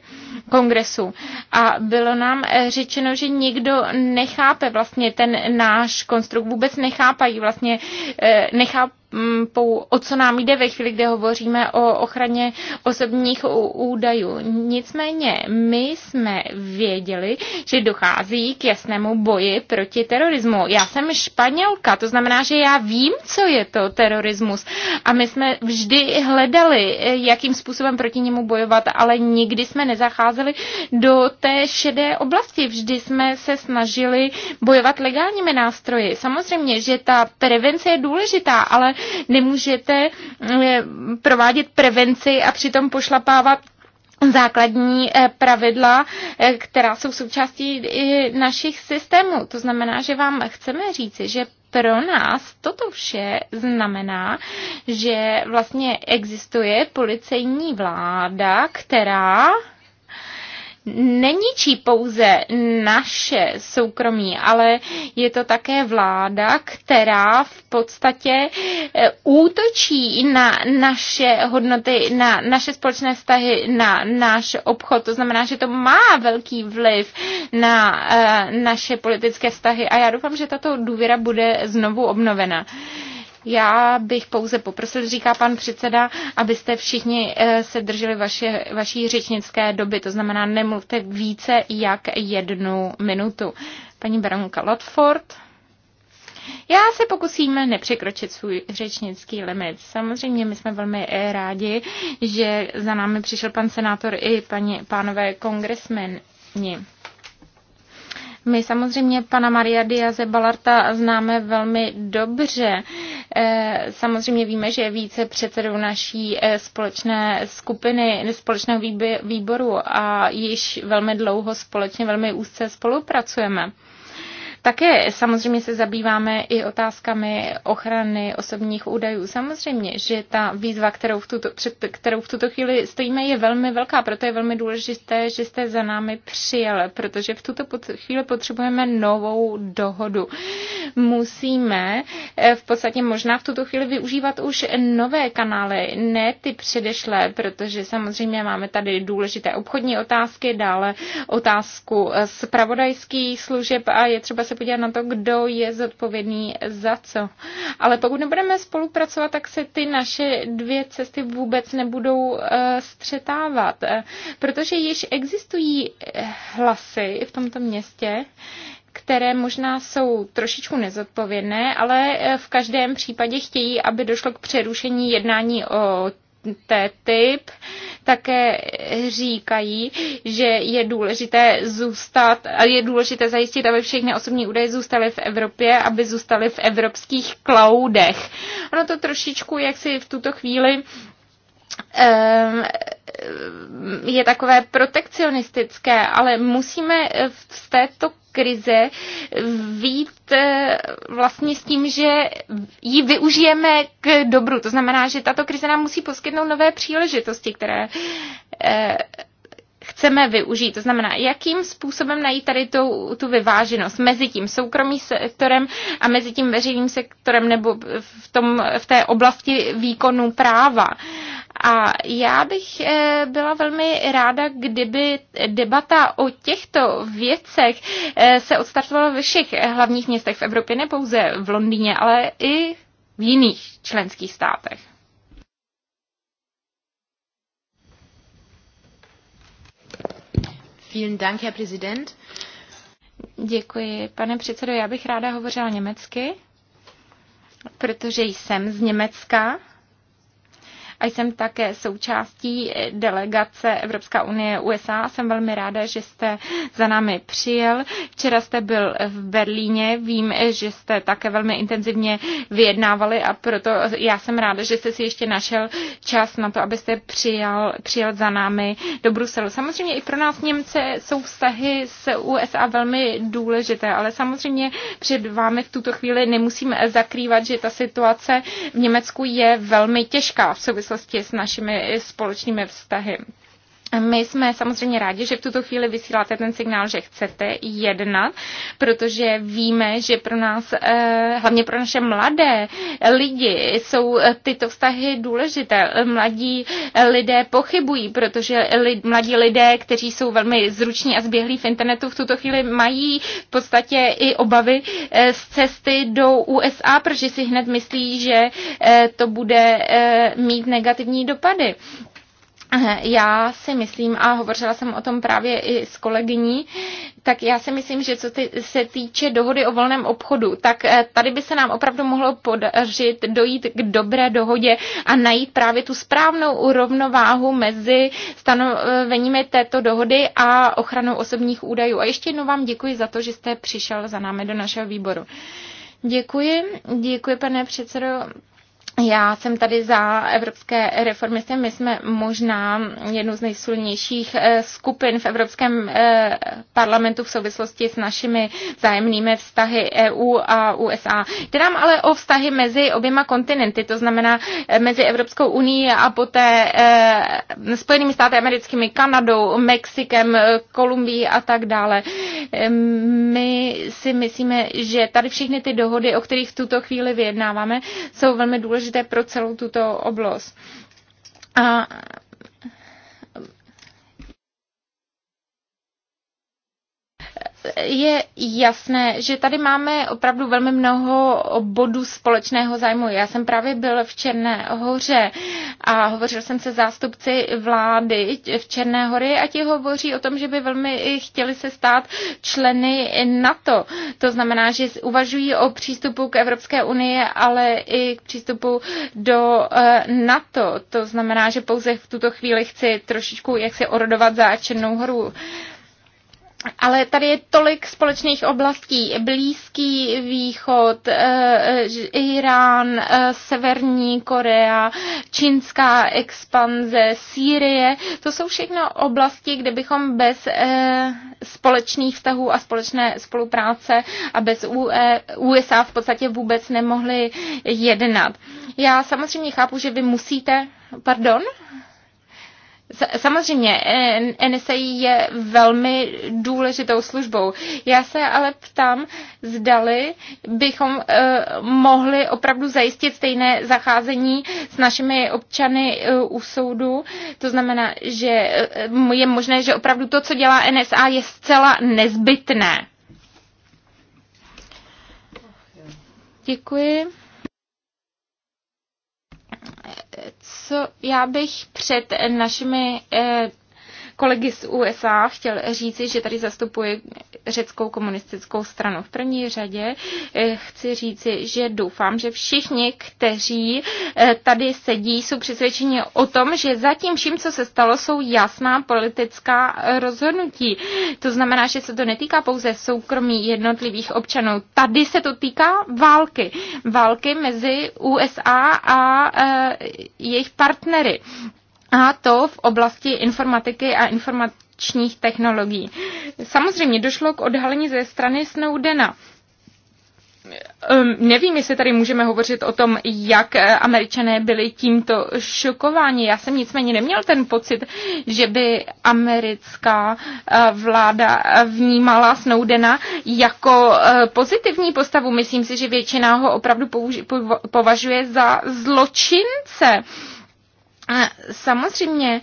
kongresu. A bylo nám eh, řečeno, že nikdo nechápe vlastně ten náš konstrukt, vůbec nechápají vlastně, eh, nechápe Mm, o co nám jde ve chvíli, kdy hovoříme o ochraně osobních údajů. Nicméně my jsme věděli, že dochází k jasnému boji proti terorismu. Já jsem španělka, to znamená, že já vím, co je to terorismus. A my jsme vždy hledali, eh, jakým způsobem proti němu bojovat, ale nikdy jsme nezacházeli do té šedé oblasti. Vždy jsme se snažili bojovat legálními nástroji. Samozřejmě, že ta prevence je důležitá, ale nemůžete mm, provádět prevenci a přitom pošlapávat základní eh, pravidla, eh, která jsou součástí našich systémů. To znamená, že vám chceme říci, že pro nás toto vše znamená, že vlastně existuje policejní vláda, která neníčí pouze naše soukromí, ale je to také vláda, která v podstatě eh, útočí na naše hodnoty, na naše společné vztahy, na náš obchod. To znamená, že to má velký vliv na eh, naše politické vztahy a já doufám, že tato důvěra bude znovu obnovena. Já bych pouze poprosil, říká pan předseda, abyste všichni eh, se drželi vaše, vaší řečnické doby, to znamená nemluvte více jak jednu minutu. Paní baronka Lotford. Já se pokusím nepřekročit svůj řečnický limit. Samozřejmě my jsme velmi eh, rádi, že za námi přišel pan senátor i paní, pánové kongresmeni. My samozřejmě pana Maria Diaze Balarta známe velmi dobře. Eh, samozřejmě víme, že je více předsedou naší eh, společné skupiny, společného výboru a již velmi dlouho společně, velmi úzce spolupracujeme. Také samozřejmě se zabýváme i otázkami ochrany osobních údajů. Samozřejmě, že ta výzva, kterou v tuto, před kterou v tuto chvíli stojíme, je velmi velká, proto je velmi důležité, že jste za námi přijel, protože v tuto chvíli potřebujeme novou dohodu. Musíme eh, v podstatě možná v tuto chvíli využívat už nové kanály, ne ty předešlé, protože samozřejmě máme tady důležité obchodní otázky, dále otázku eh, zpravodajských služeb a je třeba se podívat na to, kdo je zodpovědný za co. Ale pokud nebudeme spolupracovat, tak se ty naše dvě cesty vůbec nebudou eh, střetávat. Eh, protože již existují eh, hlasy v tomto městě, které možná jsou trošičku nezodpovědné, ale v každém případě chtějí, aby došlo k přerušení jednání o TTIP také říkají, že je důležité zůstat, je důležité zajistit, aby všechny osobní údaje zůstaly v Evropě, aby zůstaly v evropských cloudech. Ono to trošičku, jak si v tuto chvíli Ehm, je takové protekcionistické, ale musíme v této krize vít eh, vlastně s tím, že ji využijeme k dobru. To znamená, že tato krize nám musí poskytnout nové příležitosti, které eh, chceme využít. To znamená, jakým způsobem najít tady tu, tu vyváženost mezi tím soukromým sektorem a mezi tím veřejným sektorem nebo v, tom, v té oblasti výkonu práva. A já bych eh, byla velmi ráda, kdyby debata o těchto věcech eh, se odstartovala ve všech hlavních městech v Evropě, ne pouze v Londýně, ale i v jiných členských státech. Vielen Dank, Herr Präsident. Děkuji, pane předsedo. Já bych ráda hovořila německy, protože jsem z Německa a jsem také součástí delegace Evropská unie USA. Jsem velmi ráda, že jste za námi přijel. Včera jste byl v Berlíně, vím, že jste také velmi intenzivně vyjednávali a proto já jsem ráda, že jste si ještě našel čas na to, abyste přijal, přijel za námi do Bruselu. Samozřejmě i pro nás Němce jsou vztahy s USA velmi důležité, ale samozřejmě před vámi v tuto chvíli nemusíme zakrývat, že ta situace v Německu je velmi těžká v souvislosti souvislosti s našimi společnými vztahy. My jsme samozřejmě rádi, že v tuto chvíli vysíláte ten signál, že chcete jednat, protože víme, že pro nás, eh, hlavně pro naše mladé lidi, jsou eh, tyto vztahy důležité. Mladí eh, lidé pochybují, protože lidi, mladí lidé, kteří jsou velmi zruční a zběhlí v internetu, v tuto chvíli mají v podstatě i obavy z cesty do USA, protože si hned myslí, že to bude mít negativní dopady já si myslím, a hovořila jsem o tom právě i s kolegyní, tak já si myslím, že co ty, se týče dohody o volném obchodu, tak eh, tady by se nám opravdu mohlo podařit dojít k dobré dohodě a najít právě tu správnou rovnováhu mezi stanoveními této dohody a ochranou osobních údajů. A ještě jednou vám děkuji za to, že jste přišel za námi do našeho výboru. Děkuji, děkuji pane předsedo já jsem tady za evropské reformy, my jsme možná jednu z nejsilnějších eh, skupin v Evropském eh, parlamentu v souvislosti s našimi zájemnými vztahy EU a USA. Jde nám ale o vztahy mezi oběma kontinenty, to znamená eh, mezi Evropskou unii a poté Spojenými státy americkými, Kanadou, Mexikem, Kolumbií a tak dále. My si myslíme, že tady všechny ty dohody, o kterých v tuto chvíli vyjednáváme, jsou velmi důležité důležité pro celou tuto oblast. A je jasné, že tady máme opravdu velmi mnoho bodů společného zájmu. Já jsem právě byl v Černé hoře a hovořil jsem se zástupci vlády v Černé hory a ti hovoří o tom, že by velmi chtěli se stát členy NATO. To znamená, že uvažují o přístupu k Evropské unii, ale i k přístupu do eh, NATO. To znamená, že pouze v tuto chvíli chci trošičku jak orodovat za Černou horu ale tady je tolik společných oblastí. Blízký východ, eh, eh, Irán, eh, Severní Korea, čínská expanze, Sýrie. To jsou všechno oblasti, kde bychom bez společných vztahů a společné spolupráce a bez USA e, v podstatě vůbec nemohli jednat. Já samozřejmě chápu, že vy musíte. Pardon? Samozřejmě, e, NSA je velmi důležitou službou. Já se ale ptám, zdali bychom e, mohli opravdu zajistit stejné zacházení s našimi občany e, u soudu. To znamená, že je možné, že opravdu to, co dělá NSA, je zcela nezbytné. Děkuji co já bych před našimi eh, kolegy z USA chtěl říci, že tady zastupuji řeckou komunistickou stranu. V první řadě eh, chci říci, že doufám, že všichni, kteří eh, tady sedí, jsou přesvědčeni o tom, že za tím vším, co se stalo, jsou jasná politická rozhodnutí. To znamená, že se to netýká pouze soukromí jednotlivých občanů. Tady se to týká války. Války mezi USA a eh, jejich partnery. A to v oblasti informatiky a informatiky informačních technologií. Samozřejmě došlo k odhalení ze strany Snowdena. Um, nevím, jestli tady můžeme hovořit o tom, jak eh, američané byli tímto šokováni. Já jsem nicméně neměl ten pocit, že by americká eh, vláda eh, vnímala Snowdena jako pozitivní postavu. Myslím si, že většina ho opravdu považuje za zločince. Samozřejmě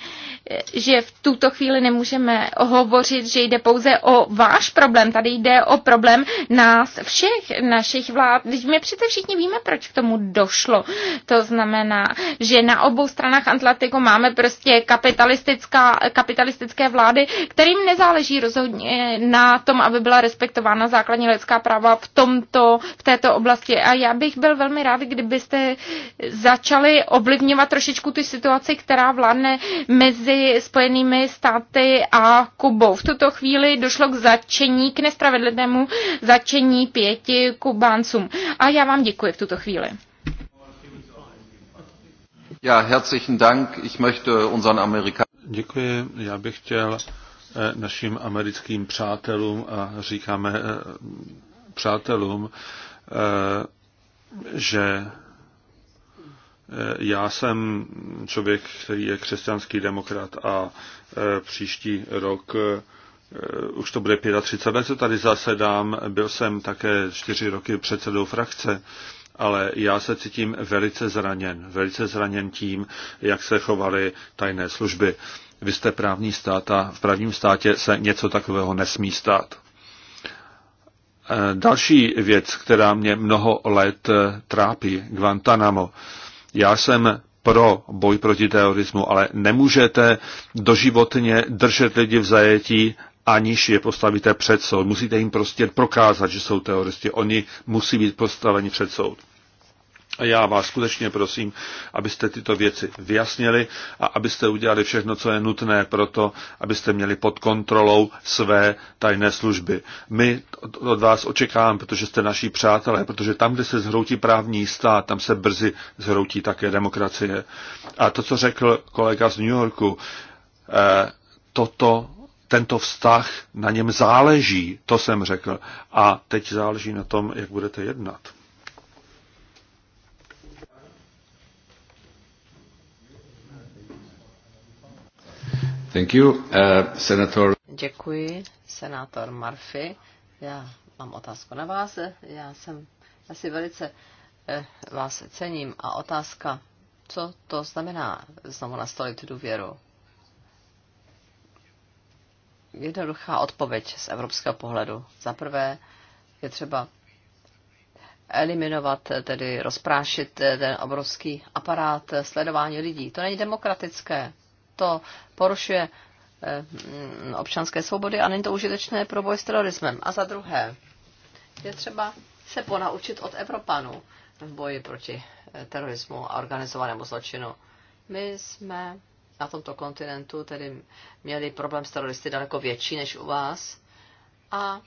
že v tuto chvíli nemůžeme hovořit, že jde pouze o váš problém. Tady jde o problém nás všech, našich vlád. Když my přece všichni víme, proč k tomu došlo. To znamená, že na obou stranách Atlantiku máme prostě kapitalistická, kapitalistické vlády, kterým nezáleží rozhodně na tom, aby byla respektována základní lidská práva v tomto, v této oblasti. A já bych byl velmi rád, kdybyste začali ovlivňovat trošičku tu situaci, která vládne mezi Spojenými státy a Kubou. V tuto chvíli došlo k začení, k nespravedlivému začení pěti Kubáncům. A já vám děkuji v tuto chvíli. Ja, herzlichen Dank. Ich möchte unseren Amerika Děkuji. Já bych chtěl eh, našim americkým přátelům a říkáme eh, přátelům, eh, že Eh, já jsem člověk, který je křesťanský demokrat a eh, příští rok eh, už to bude 35 let, co tady zasedám. Byl jsem také čtyři roky předsedou frakce, ale já se cítím velice zraněn. Velice zraněn tím, jak se chovaly tajné služby. Vy jste právní stát a v právním státě se něco takového nesmí stát. Další věc, která mě mnoho let trápí, Guantanamo. Já jsem pro boj proti terorismu, ale nemůžete doživotně držet lidi v zajetí, aniž je postavíte před soud. Musíte jim prostě prokázat, že jsou teroristi. Oni musí být postaveni před soud. A já vás skutečně prosím, abyste tyto věci vyjasnili a abyste udělali všechno, co je nutné pro to, abyste měli pod kontrolou své tajné služby. My od vás očekáváme, protože jste naši přátelé, protože tam, kde se zhroutí právní stát, tam se brzy zhroutí také demokracie. A to, co řekl kolega z New Yorku, eh, toto tento vztah, na něm záleží, to jsem řekl. A teď záleží na tom, jak budete jednat. Thank you. Uh, senator... Děkuji, senátor Murphy. Já mám otázku na vás. Já jsem asi velice eh, vás cením. A otázka, co to znamená znovu nastolit důvěru? Jednoduchá odpověď z evropského pohledu. Za prvé je třeba eliminovat, eh, tedy rozprášit eh, ten obrovský aparát eh, sledování lidí. To není demokratické to porušuje eh, mm, občanské svobody a není to užitečné pro boj s terorismem. A za druhé, je třeba se ponaučit od Evropanů v boji proti eh, terorismu a organizovanému zločinu. My jsme na tomto kontinentu tedy měli problém s teroristy daleko větší než u vás a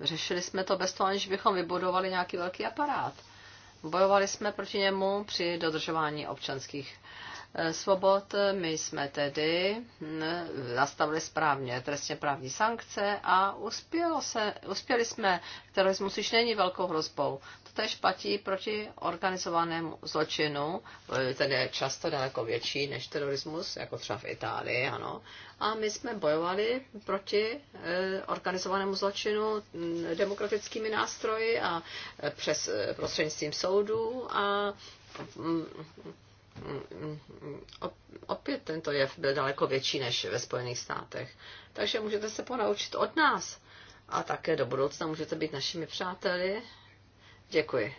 řešili jsme to bez toho, aniž bychom vybudovali nějaký velký aparát. Bojovali jsme proti němu při dodržování občanských Eh, svobod. My jsme tedy hm, nastavili správně trestně právní sankce a uspělo se, uspěli jsme. Terorismus už není velkou hrozbou. To tež platí proti organizovanému zločinu, eh, ten je často daleko větší než terorismus, jako třeba v Itálii, ano. A my jsme bojovali proti eh, organizovanému zločinu hm, demokratickými nástroji a přes prostřednictvím soudů a hm, opět tento jev byl daleko větší než ve Spojených státech. Takže můžete se ponaučit od nás a také do budoucna můžete být našimi přáteli. Děkuji.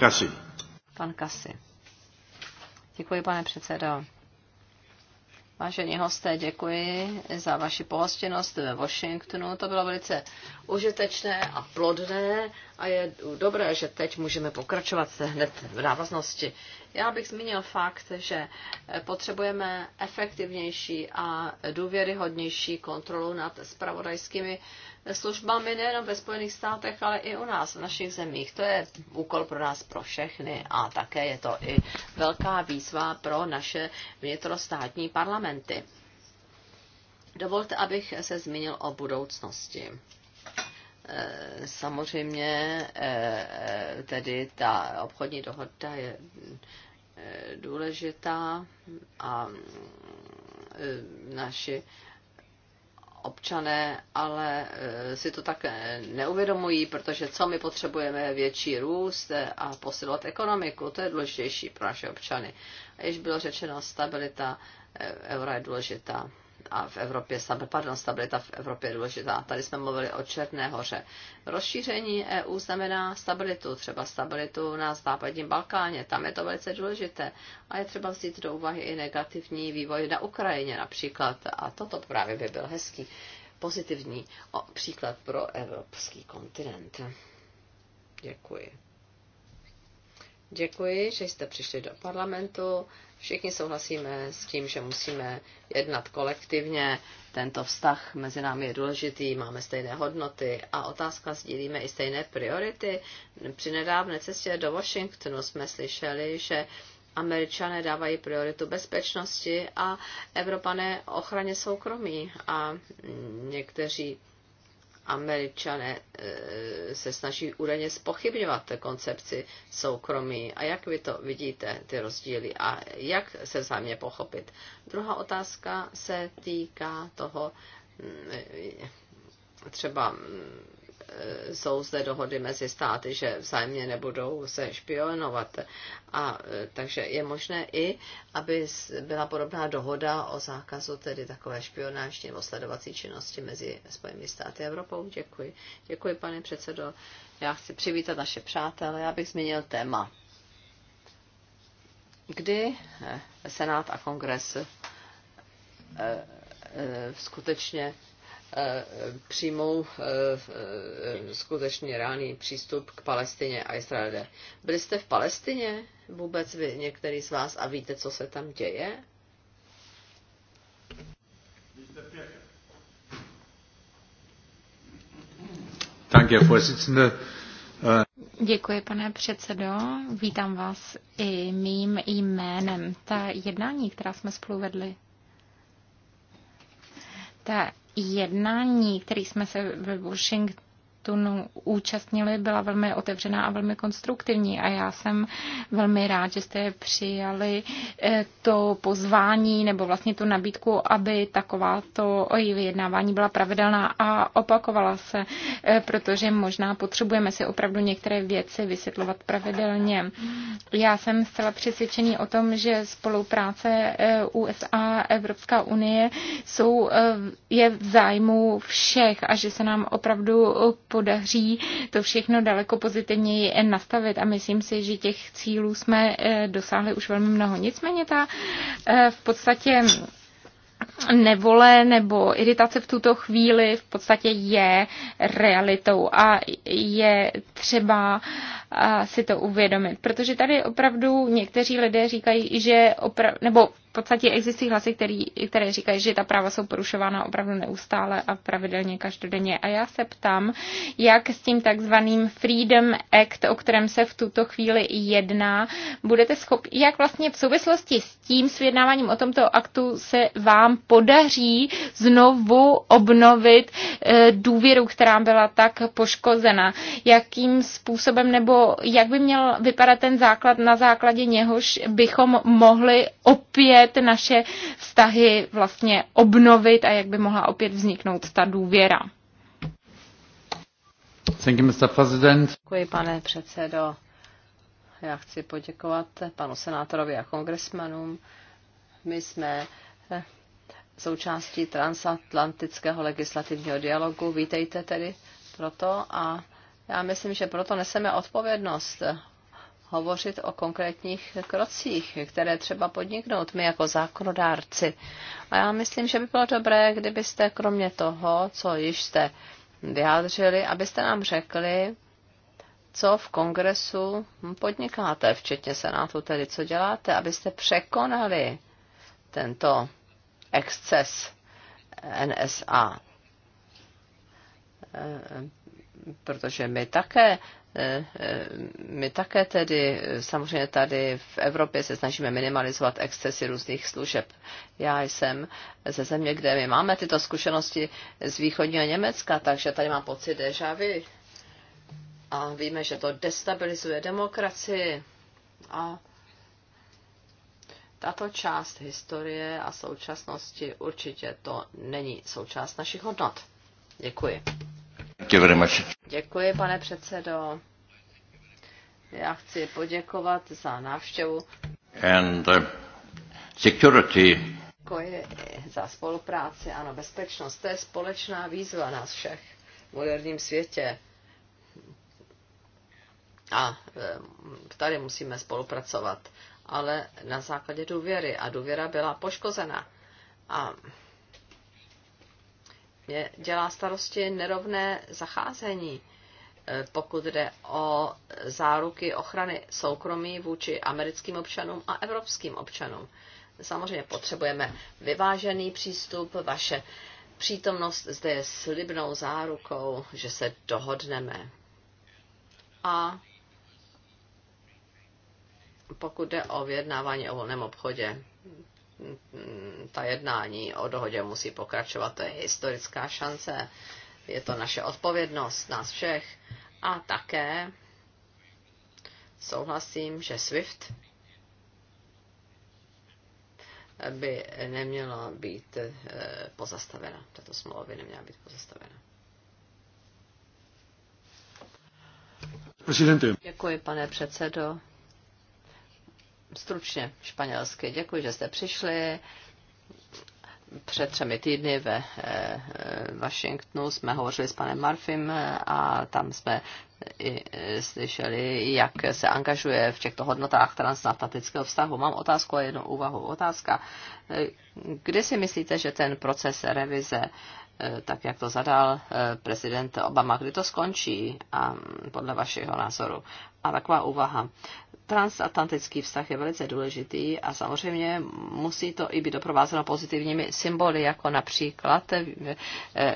Kasi. Pan Kasi. Děkuji, pane předsedo. Vážení hosté, děkuji za vaši pohostinnost ve Washingtonu. To bylo velice užitečné a plodné a je dobré, že teď můžeme pokračovat hned v návaznosti já bych zmínil fakt, že eh, potřebujeme efektivnější a důvěryhodnější kontrolu nad spravodajskými službami nejen ve Spojených státech, ale i u nás, v našich zemích. To je úkol pro nás, pro všechny a také je to i velká výzva pro naše vnitrostátní parlamenty. Dovolte, abych se zmínil o budoucnosti Eh, samozřejmě eh, tedy ta obchodní dohoda je eh, důležitá a naši občané, ale si to tak neuvědomují, protože co my potřebujeme je větší růst a posilovat ekonomiku, to je důležitější pro naše občany. A již bylo řečeno, stabilita eura je důležitá a v Evropě, pardon, stabilita v Evropě je důležitá. Tady jsme mluvili o Černé hoře. Rozšíření EU znamená stabilitu, třeba stabilitu na západním Balkáně, tam je to velice důležité. A je třeba vzít do úvahy i negativní vývoj na Ukrajině například. A toto právě by byl hezký pozitivní příklad pro evropský kontinent. Děkuji. Děkuji, že jste přišli do parlamentu. Všichni souhlasíme s tím, že musíme jednat kolektivně. Tento vztah mezi námi je důležitý, máme stejné hodnoty a otázka sdílíme i stejné priority. Při nedávné cestě do Washingtonu jsme slyšeli, že Američané dávají prioritu bezpečnosti a Evropané ochraně soukromí a někteří američané eh, se snaží údajně spochybňovat koncepci soukromí. A jak vy to vidíte, ty rozdíly, a jak se mě pochopit? Druhá otázka se týká toho mm, eh, třeba mm, E, jsou zde dohody mezi státy, že vzájemně nebudou se špionovat. A e, takže je možné i, aby byla podobná dohoda o zákazu tedy takové špionážní nebo sledovací činnosti mezi Spojenými státy a Evropou. Děkuji. Děkuji, pane předsedo. Já chci přivítat naše přátelé. Já bych změnil téma. Kdy e, Senát a kongres skutečně Eh, přijmou eh, eh, skutečně reálný přístup k Palestině a Izraele. Byli jste v Palestině vůbec vy, některý z vás, a víte, co se tam děje? Děkuji, pane předsedo. Vítám vás i mým jménem. Ta jednání, která jsme spolu vedli, ta jednání, který jsme se ve Washington Daytonu účastnili, byla velmi otevřená a velmi konstruktivní a já jsem velmi rád, že jste přijali eh, to pozvání nebo vlastně tu nabídku, aby takováto její vyjednávání byla pravidelná a opakovala se, eh, protože možná potřebujeme si opravdu některé věci vysvětlovat pravidelně. Já jsem zcela přesvědčený o tom, že spolupráce eh, USA a Evropská unie jsou, je v zájmu všech a že se nám opravdu podaří to všechno daleko pozitivněji nastavit a myslím si, že těch cílů jsme eh, dosáhli už velmi mnoho. Nicméně ta eh, v podstatě nevole nebo iritace v tuto chvíli v podstatě je realitou a je třeba a si to uvědomit. Protože tady opravdu někteří lidé říkají, že opra- nebo v podstatě existují hlasy, který, které říkají, že ta práva jsou porušována opravdu neustále a pravidelně každodenně. A já se ptám, jak s tím takzvaným Freedom Act, o kterém se v tuto chvíli jedná, budete schopni, jak vlastně v souvislosti s tím svědnáváním o tomto aktu se vám podaří znovu obnovit eh, důvěru, která byla tak poškozena. Jakým způsobem nebo jak by měl vypadat ten základ, na základě něhož bychom mohli opět naše vztahy vlastně obnovit a jak by mohla opět vzniknout ta důvěra. Thank you, Mr. President. Děkuji, pane předsedo. Já chci poděkovat panu senátorovi a kongresmanům. My jsme eh, součástí transatlantického legislativního dialogu. Vítejte tedy proto a já myslím, že proto neseme odpovědnost hovořit o konkrétních krocích, které třeba podniknout my jako zákonodárci. A já myslím, že by bylo dobré, kdybyste kromě toho, co již jste vyjádřili, abyste nám řekli, co v kongresu podnikáte, včetně senátu, tedy co děláte, abyste překonali tento exces NSA protože my také eh, eh, my také tedy samozřejmě tady v Evropě se snažíme minimalizovat excesy různých služeb. Já jsem ze země, kde my máme tyto zkušenosti z východního Německa, takže tady mám pocit déjà vu. A víme, že to destabilizuje demokracii. A tato část historie a současnosti určitě to není součást našich hodnot. Děkuji. Děkuji, pane předsedo. Já chci poděkovat za návštěvu. And uh, security. Děkuji za spolupráci. Ano, bezpečnost, to je společná výzva nás všech v moderním světě. A eh, tady musíme spolupracovat, ale na základě důvěry. A důvěra byla poškozena. A mě dělá starosti nerovné zacházení, e, pokud jde o záruky ochrany soukromí vůči americkým občanům a evropským občanům. Samozřejmě potřebujeme vyvážený přístup, vaše přítomnost zde je slibnou zárukou, že se dohodneme. A pokud jde o vyjednávání o volném obchodě, ta jednání o dohodě musí pokračovat. To je historická šance, je to naše odpovědnost, nás všech. A také souhlasím, že SWIFT by neměla být eh, pozastavena. Tato smlouva by neměla být pozastavena. Presidente. Děkuji, pane předsedo stručně španělsky. Děkuji, že jste přišli. Před třemi týdny ve eh, eh, Washingtonu jsme hovořili s panem Marfim eh, a tam jsme i slyšeli, jak se angažuje v těchto hodnotách transatlantického vztahu. Mám otázku a jednu úvahu. Otázka. Kdy si myslíte, že ten proces revize tak jak to zadal prezident Obama, kdy to skončí a mm, podle vašeho názoru a taková úvaha. Transatlantický vztah je velice důležitý a samozřejmě musí to i být doprovázeno pozitivními symboly, jako například eh,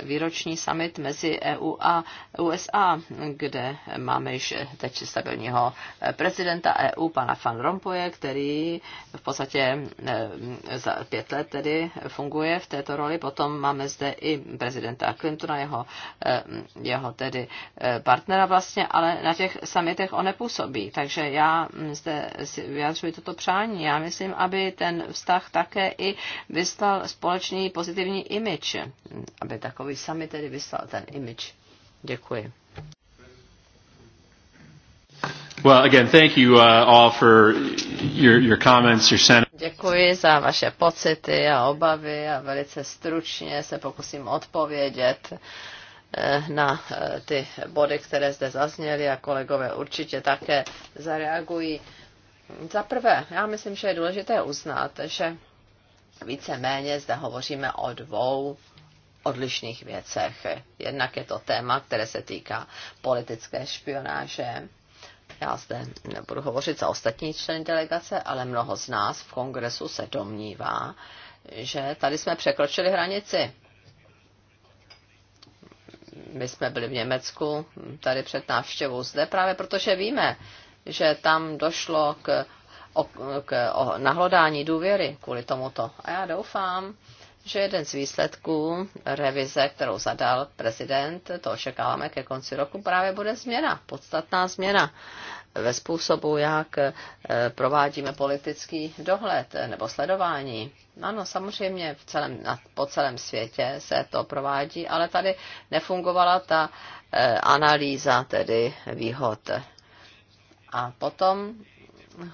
výroční summit mezi EU a USA, kde máme již eh, teď stabilního eh, prezidenta EU, pana Van Rompuye, který v podstatě za pět let tedy funguje v této roli. Potom máme zde i prezidenta Clintona, jeho, jeho tedy partnera vlastně, ale na těch summitech on nepůsobí. Takže já mm, zde si vyjadřuji toto přání. Já myslím, aby ten vztah také i vyslal společný pozitivní image. Aby takový sami tedy vyslal ten image. Děkuji. Well, again, thank you uh, all for your, your comments, your sentiments. Děkuji za vaše pocity a obavy a velice stručně se pokusím odpovědět Eh, na eh, ty body, které zde zazněly a kolegové určitě také zareagují. Za prvé, já myslím, že je důležité uznat, že více-méně zde hovoříme o dvou odlišných věcech. Jednak je to téma, které se týká politické špionáže. Já zde nebudu hovořit za ostatní členy delegace, ale mnoho z nás v kongresu se domnívá, že tady jsme překročili hranici my jsme byli v Německu tady před návštěvou zde, právě protože víme, že tam došlo k, o, k o, nahlodání důvěry kvůli tomuto. A já doufám, že jeden z výsledků revize, kterou zadal prezident, to očekáváme ke konci roku, právě bude změna, podstatná změna ve způsobu, jak eh, provádíme politický dohled nebo sledování. Ano, samozřejmě v celém, po celém světě se to provádí, ale tady nefungovala ta eh, analýza tedy výhod. A potom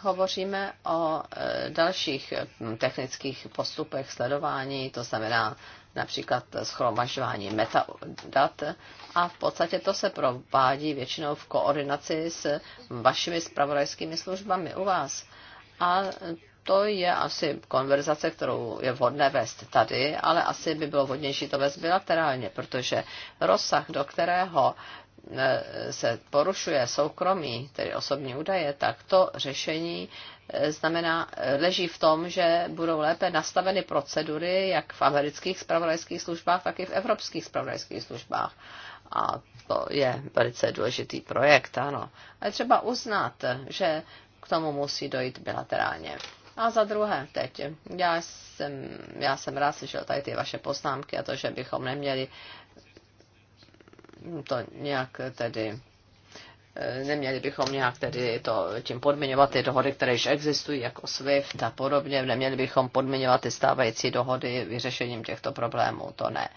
hovoříme o eh, dalších hm, technických postupech sledování, to znamená například schromažování metadat a v podstatě to se provádí většinou v koordinaci s vašimi spravodajskými službami u vás. A to je asi konverzace, kterou je vhodné vést tady, ale asi by bylo vhodnější to vést bilaterálně, protože rozsah, do kterého E, se porušuje soukromí, tedy osobní údaje, tak to řešení e, znamená, e, leží v tom, že budou lépe nastaveny procedury jak v amerických spravodajských službách, tak i v evropských spravodajských službách. A to je velice důležitý projekt, ano. Ale třeba uznat, že k tomu musí dojít bilaterálně. A za druhé, teď, já jsem, já jsem rád slyšel tady ty vaše poznámky a to, že bychom neměli to nějak tedy eh, neměli bychom nějak tedy to, tím podmiňovat ty dohody, které již existují, jako SWIFT a podobně, neměli bychom podmiňovat ty stávající dohody vyřešením těchto problémů, to ne.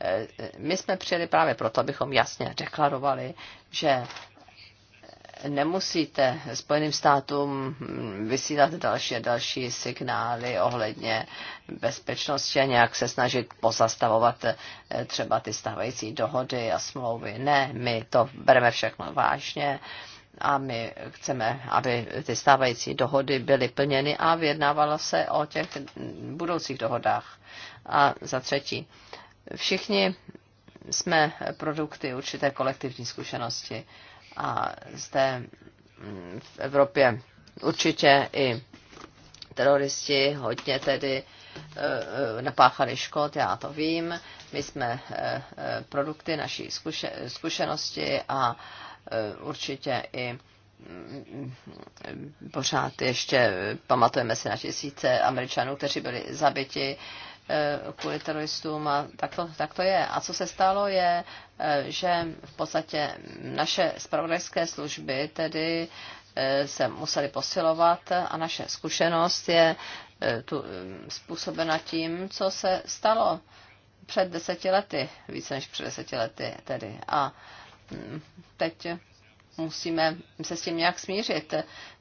Eh, eh, my jsme přijeli právě proto, abychom jasně deklarovali, že nemusíte Spojeným státům vysílat další a další signály ohledně bezpečnosti a nějak se snažit pozastavovat eh, třeba ty stávající dohody a smlouvy. Ne, my to bereme všechno vážně a my chceme, aby ty stávající dohody byly plněny a vyjednávalo se o těch budoucích dohodách. A za třetí, všichni jsme produkty určité kolektivní zkušenosti a zde mm, v Evropě určitě i teroristi hodně tedy e, e, napáchali škod, já to vím. My jsme e, produkty naší zkušenosti a určitě i mm, pořád ještě pamatujeme si na tisíce američanů, kteří byli zabiti Eh, kvůli teroristům a tak to, tak to je. A co se stalo je, eh, že v podstatě naše spravodajské služby tedy eh, se museli posilovat a naše zkušenost je tu způsobena tím, co se stalo před deseti lety, více než před deseti lety tedy. A hm, teď musíme se s tím nějak smířit.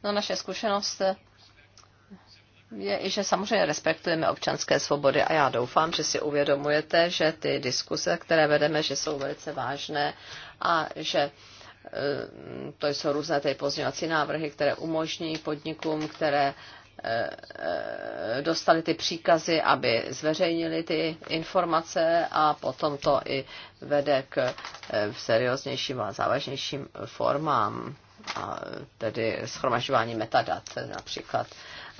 No naše zkušenost je, že samozřejmě respektujeme občanské svobody a já doufám, že si uvědomujete, že ty diskuse, které vedeme, že jsou velice vážné a že e, to jsou různé ty pozměňovací návrhy, které umožní podnikům, které e, e, dostali ty příkazy, aby zveřejnili ty informace a potom to i vede k serióznějším a závažnějším formám, a tedy schromažďování metadat například.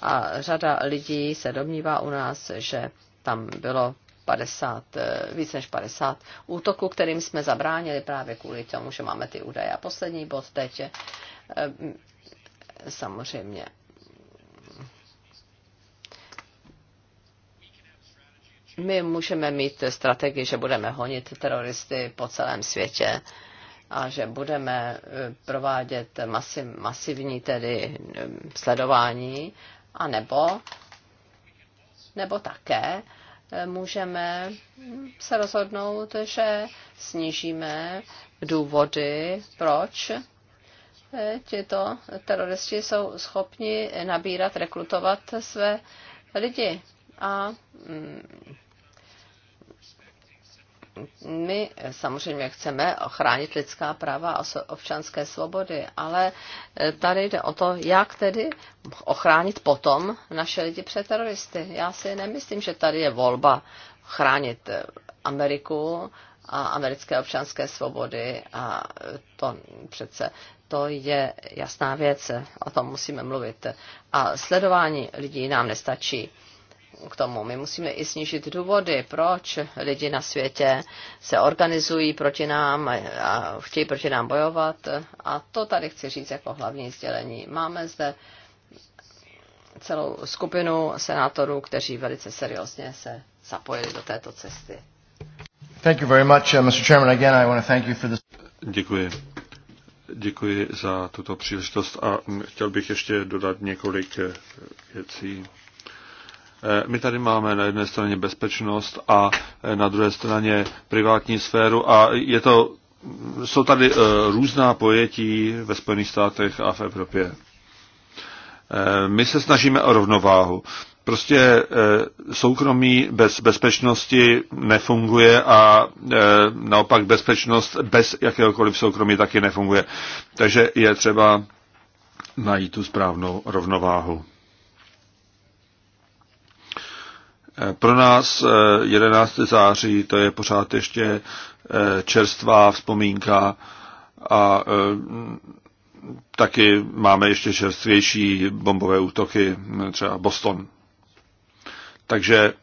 A řada lidí se domnívá u nás, že tam bylo 50, eh, více než 50 útoků, kterým jsme zabránili právě kvůli tomu, že máme ty údaje. A poslední bod teď je eh, samozřejmě My můžeme mít strategii, že budeme honit teroristy po celém světě a že budeme eh, provádět masiv, masivní tedy sledování a nebo, nebo také eh, můžeme se rozhodnout, že snížíme důvody, proč eh, tito teroristi jsou schopni nabírat, rekrutovat své lidi. A mm, my samozřejmě chceme chránit lidská práva a občanské svobody, ale eh, tady jde o to, jak tedy ochránit potom naše lidi před teroristy. Já si nemyslím, že tady je volba chránit eh, Ameriku a americké občanské svobody a eh, to přece to je jasná věc, o tom musíme mluvit. A sledování lidí nám nestačí k tomu. My musíme i snížit důvody, proč lidi na světě se organizují proti nám a chtějí proti nám bojovat. A to tady chci říct jako hlavní sdělení. Máme zde celou skupinu senátorů, kteří velice seriózně se zapojili do této cesty. Uh, Děkuji. Děkuji za tuto příležitost a chtěl bych ještě dodat několik uh, věcí. Eh, my tady máme na jedné straně bezpečnost a eh, na druhé straně privátní sféru a je to, jsou tady eh, různá pojetí ve Spojených státech a v Evropě. My se snažíme o rovnováhu. Prostě soukromí bez bezpečnosti nefunguje a naopak bezpečnost bez jakéhokoliv soukromí taky nefunguje. Takže je třeba najít tu správnou rovnováhu. Pro nás 11. Eh, září to je pořád ještě eh, čerstvá vzpomínka a eh, taky máme ještě čerstvější bombové útoky, hm, třeba Boston. Takže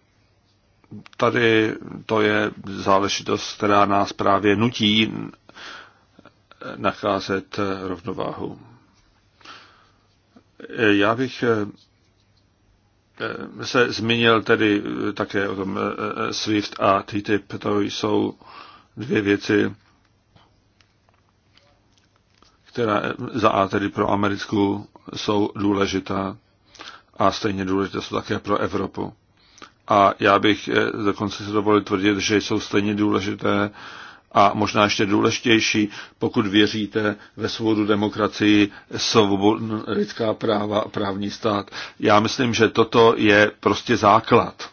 tady to je záležitost, která nás právě nutí nacházet rovnováhu. Já bych Eh, se zmínil tedy eh, také o tom eh, SWIFT a TTIP. To jsou dvě věci, která za A tedy pro Americku jsou důležitá a stejně důležité jsou také pro Evropu. A já bych dokonce se dovolil tvrdit, že jsou stejně důležité a možná ještě důležitější, pokud věříte ve svobodu demokracii, svobodu, lidská práva a právní stát. Já myslím, že toto je prostě základ.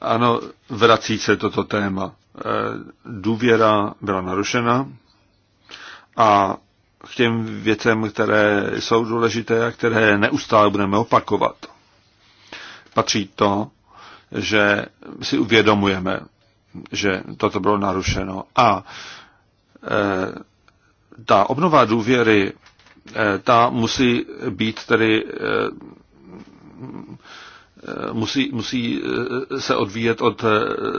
Ano, vrací se toto téma. E, důvěra byla narušena a k těm věcem, které jsou důležité a které neustále budeme opakovat. Patří to že si uvědomujeme, že toto bylo narušeno. A e, ta obnova důvěry, e, ta musí být tedy. E, e musí, musí e, se odvíjet od e,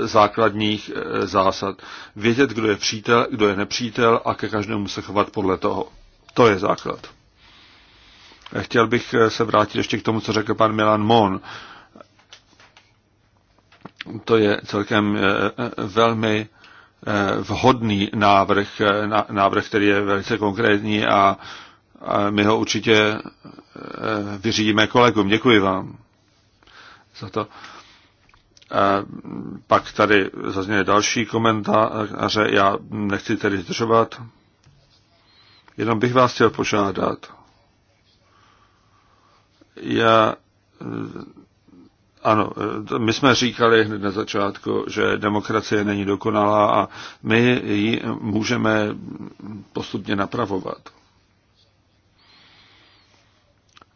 základních zásad. Vědět, kdo je přítel, kdo je nepřítel a ke každému se chovat podle toho. To je základ. Chtěl bych se vrátit ještě k tomu, co řekl pan Milan Mon. To je celkem eh, eh, velmi eh, vhodný návrh, návrh, který je velice konkrétní a my ho určitě vyřídíme kolegům. Děkuji vám za to. Pak tady zazněly další komentáře, já nechci tedy zdržovat. Jenom bych vás chtěl požádat. Já ano, eh, my jsme říkali hned na začátku, že demokracie není dokonalá a my ji můžeme postupně napravovat.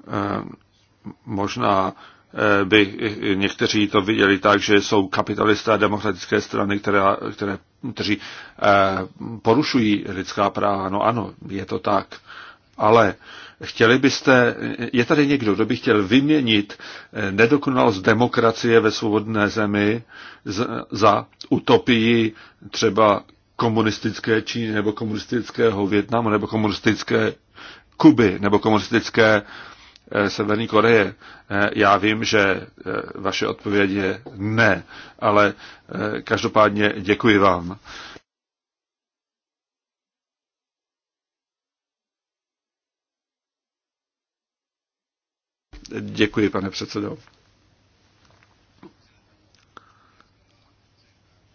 Eh, možná eh, by někteří to viděli tak, že jsou kapitalisté demokratické strany, které, které, kteří porušují lidská práva. No ano, je to tak. Ale Chtěli byste, je tady někdo, kdo by chtěl vyměnit eh, nedokonalost demokracie ve svobodné zemi za utopii třeba komunistické Číny nebo komunistického Větnamu nebo komunistické Kuby nebo komunistické eh, Severní Koreje. Eh, já vím, že vaše odpověď je ne, ale každopádně děkuji vám. Děkuji, pane předsedo.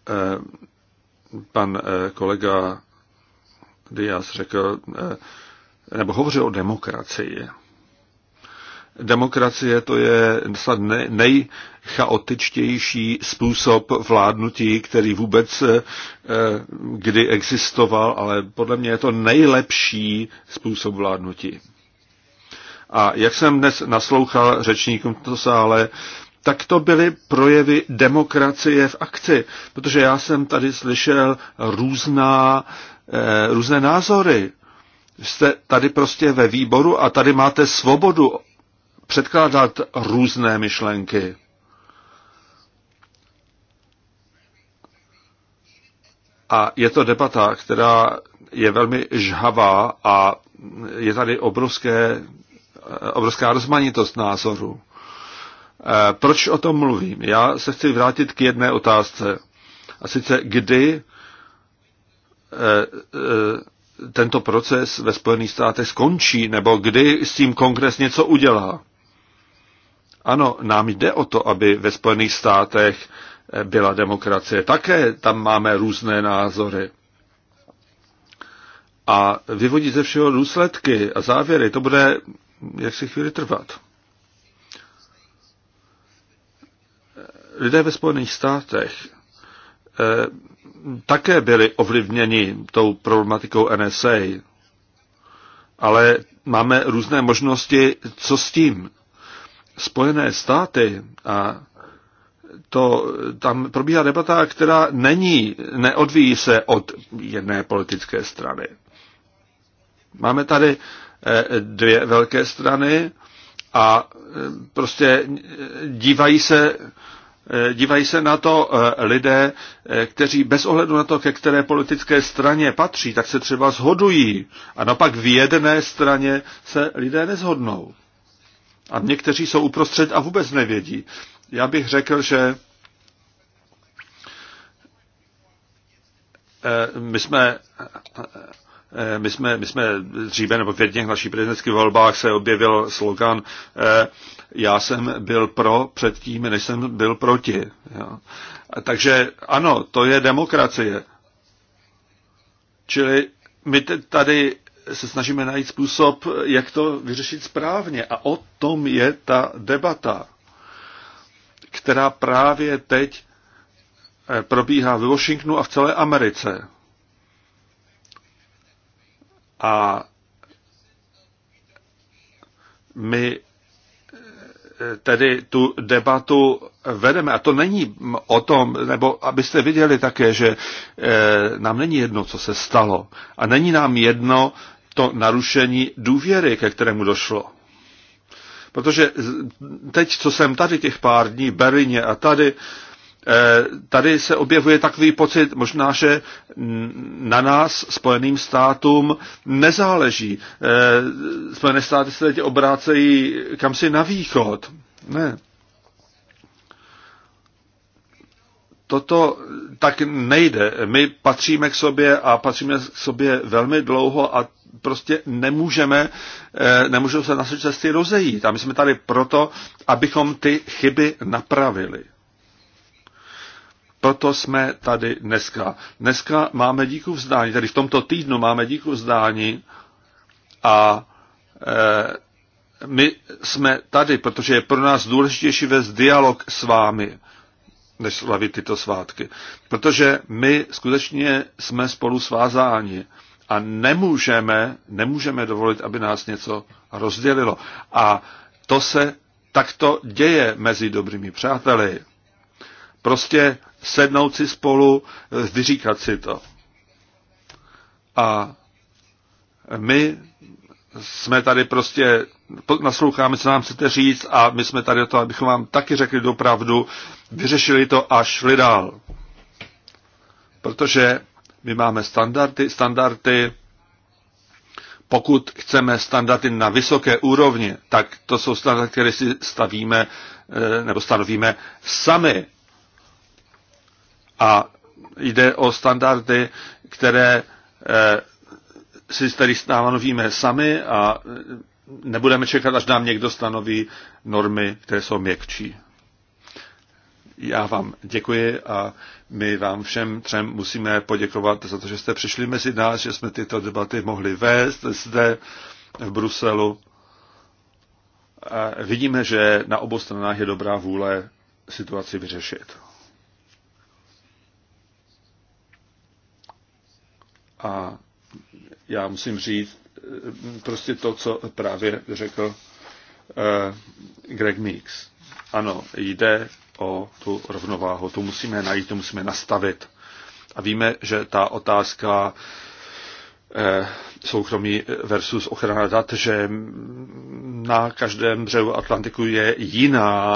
Eh, pan eh, kolega Diaz řekl, eh, nebo hovořil o demokracii. Demokracie to je snad nejchaotičtější způsob vládnutí, který vůbec kdy existoval, ale podle mě je to nejlepší způsob vládnutí. A jak jsem dnes naslouchal řečníkům v sále, tak to byly projevy demokracie v akci, protože já jsem tady slyšel různá, eh, různé názory. Jste tady prostě ve výboru a tady máte svobodu předkládat různé myšlenky. A je to debata, která je velmi žhavá a je tady obrovské obrovská rozmanitost názorů. E, proč o tom mluvím? Já se chci vrátit k jedné otázce. A sice kdy e, e, tento proces ve Spojených státech skončí, nebo kdy s tím kongres něco udělá. Ano, nám jde o to, aby ve Spojených státech byla demokracie. Také tam máme různé názory. A vyvodit ze všeho důsledky a závěry, to bude jak si chvíli trvat. Lidé ve Spojených státech eh, také byli ovlivněni tou problematikou NSA, ale máme různé možnosti, co s tím. Spojené státy a to, tam probíhá debata, která není, neodvíjí se od jedné politické strany. Máme tady Eh, dvě velké strany a eh, prostě eh, dívají se, dívají se na to lidé, kteří bez ohledu na to, ke které politické straně patří, tak se třeba zhodují. A naopak v jedné straně se lidé nezhodnou. A někteří jsou uprostřed a vůbec nevědí. Já bych řekl, že my jsme Eh, my jsme, my jsme dříve nebo v jedných našich prezidentských volbách se objevil slogan eh, já jsem byl pro předtím, než jsem byl proti. Jo. Takže ano, to je demokracie. Čili my tady se snažíme najít způsob, jak to vyřešit správně. A o tom je ta debata, která právě teď eh, probíhá v Washingtonu a v celé Americe. A my eh, tedy tu debatu vedeme. A to není o tom, nebo abyste viděli také, že eh, nám není jedno, co se stalo. A není nám jedno to narušení důvěry, ke kterému došlo. Protože teď, co jsem tady těch pár dní, Berlíně a tady, eh, Eh, tady se objevuje takový pocit, možná, že na nás, Spojeným státům, nezáleží. Eh, Spojené státy se teď obrácejí kam si na východ. Ne. Toto tak nejde. My patříme k sobě a patříme k sobě velmi dlouho a prostě nemůžeme, eh, nemůžou se naše cesty rozejít. A my jsme tady proto, abychom ty chyby napravili proto jsme tady dneska. Dneska máme díku vzdání, tedy v tomto týdnu máme díku vzdání a e, my jsme tady, protože je pro nás důležitější vést dialog s vámi, než slavit tyto svátky. Protože my skutečně jsme spolu svázáni a nemůžeme, nemůžeme dovolit, aby nás něco rozdělilo. A to se takto děje mezi dobrými přáteli. Prostě sednout si spolu, eh, vyříkat si to. A my jsme tady prostě, nasloucháme, co nám chcete říct a my jsme tady o to, abychom vám taky řekli dopravdu, vyřešili to a šli dál. Protože my máme standardy, standardy, pokud chceme standardy na vysoké úrovni, tak to jsou standardy, které si stavíme eh, nebo stanovíme sami. A jde o standardy, které eh, si tady stanovíme sami a eh, nebudeme čekat, až nám někdo stanoví normy, které jsou měkčí. Já vám děkuji a my vám všem třem musíme poděkovat za to, že jste přišli mezi nás, že jsme tyto debaty mohli vést zde v Bruselu. A vidíme, že na obou stranách je dobrá vůle situaci vyřešit. A já musím říct eh, prostě to, co právě řekl eh, Greg Meeks. Ano, jde o tu rovnováhu. To musíme najít, to musíme nastavit. A víme, že ta otázka eh, soukromí versus ochrana dat, že na každém břehu Atlantiku je jiná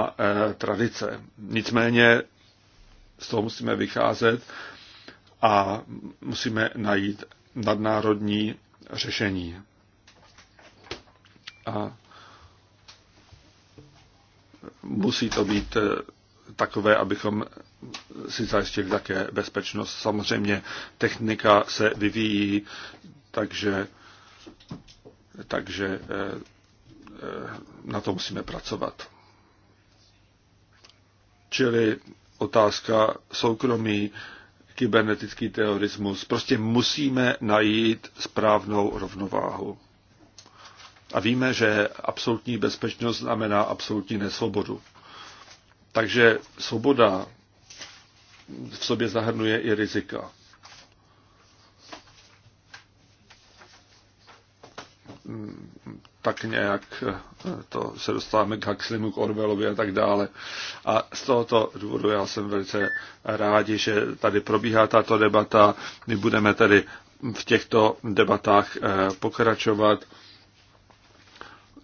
tradice. Nicméně z toho musíme vycházet a musíme najít nadnárodní řešení. A musí to být eh, takové, abychom si zajistili také bezpečnost. Samozřejmě technika se vyvíjí, takže, takže eh, eh, na to musíme pracovat. Čili otázka soukromí kybernetický terorismus. Prostě musíme najít správnou rovnováhu. A víme, že absolutní bezpečnost znamená absolutní nesvobodu. Takže svoboda v sobě zahrnuje i rizika tak nějak eh, to se dostáváme k Huxleymu, k Orwellovi a tak dále. A z tohoto důvodu já jsem velice rádi, že tady probíhá tato debata. My budeme tady v těchto debatách eh, pokračovat.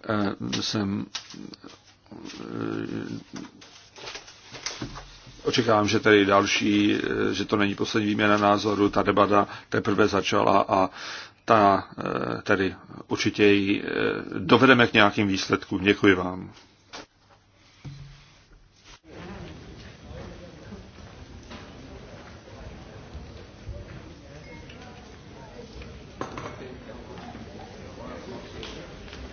Eh, jsem Očekávám, že tady další, že to není poslední výměna názoru, ta debata teprve začala a ta eh, tedy určitě ji eh, dovedeme k nějakým výsledkům. Děkuji vám.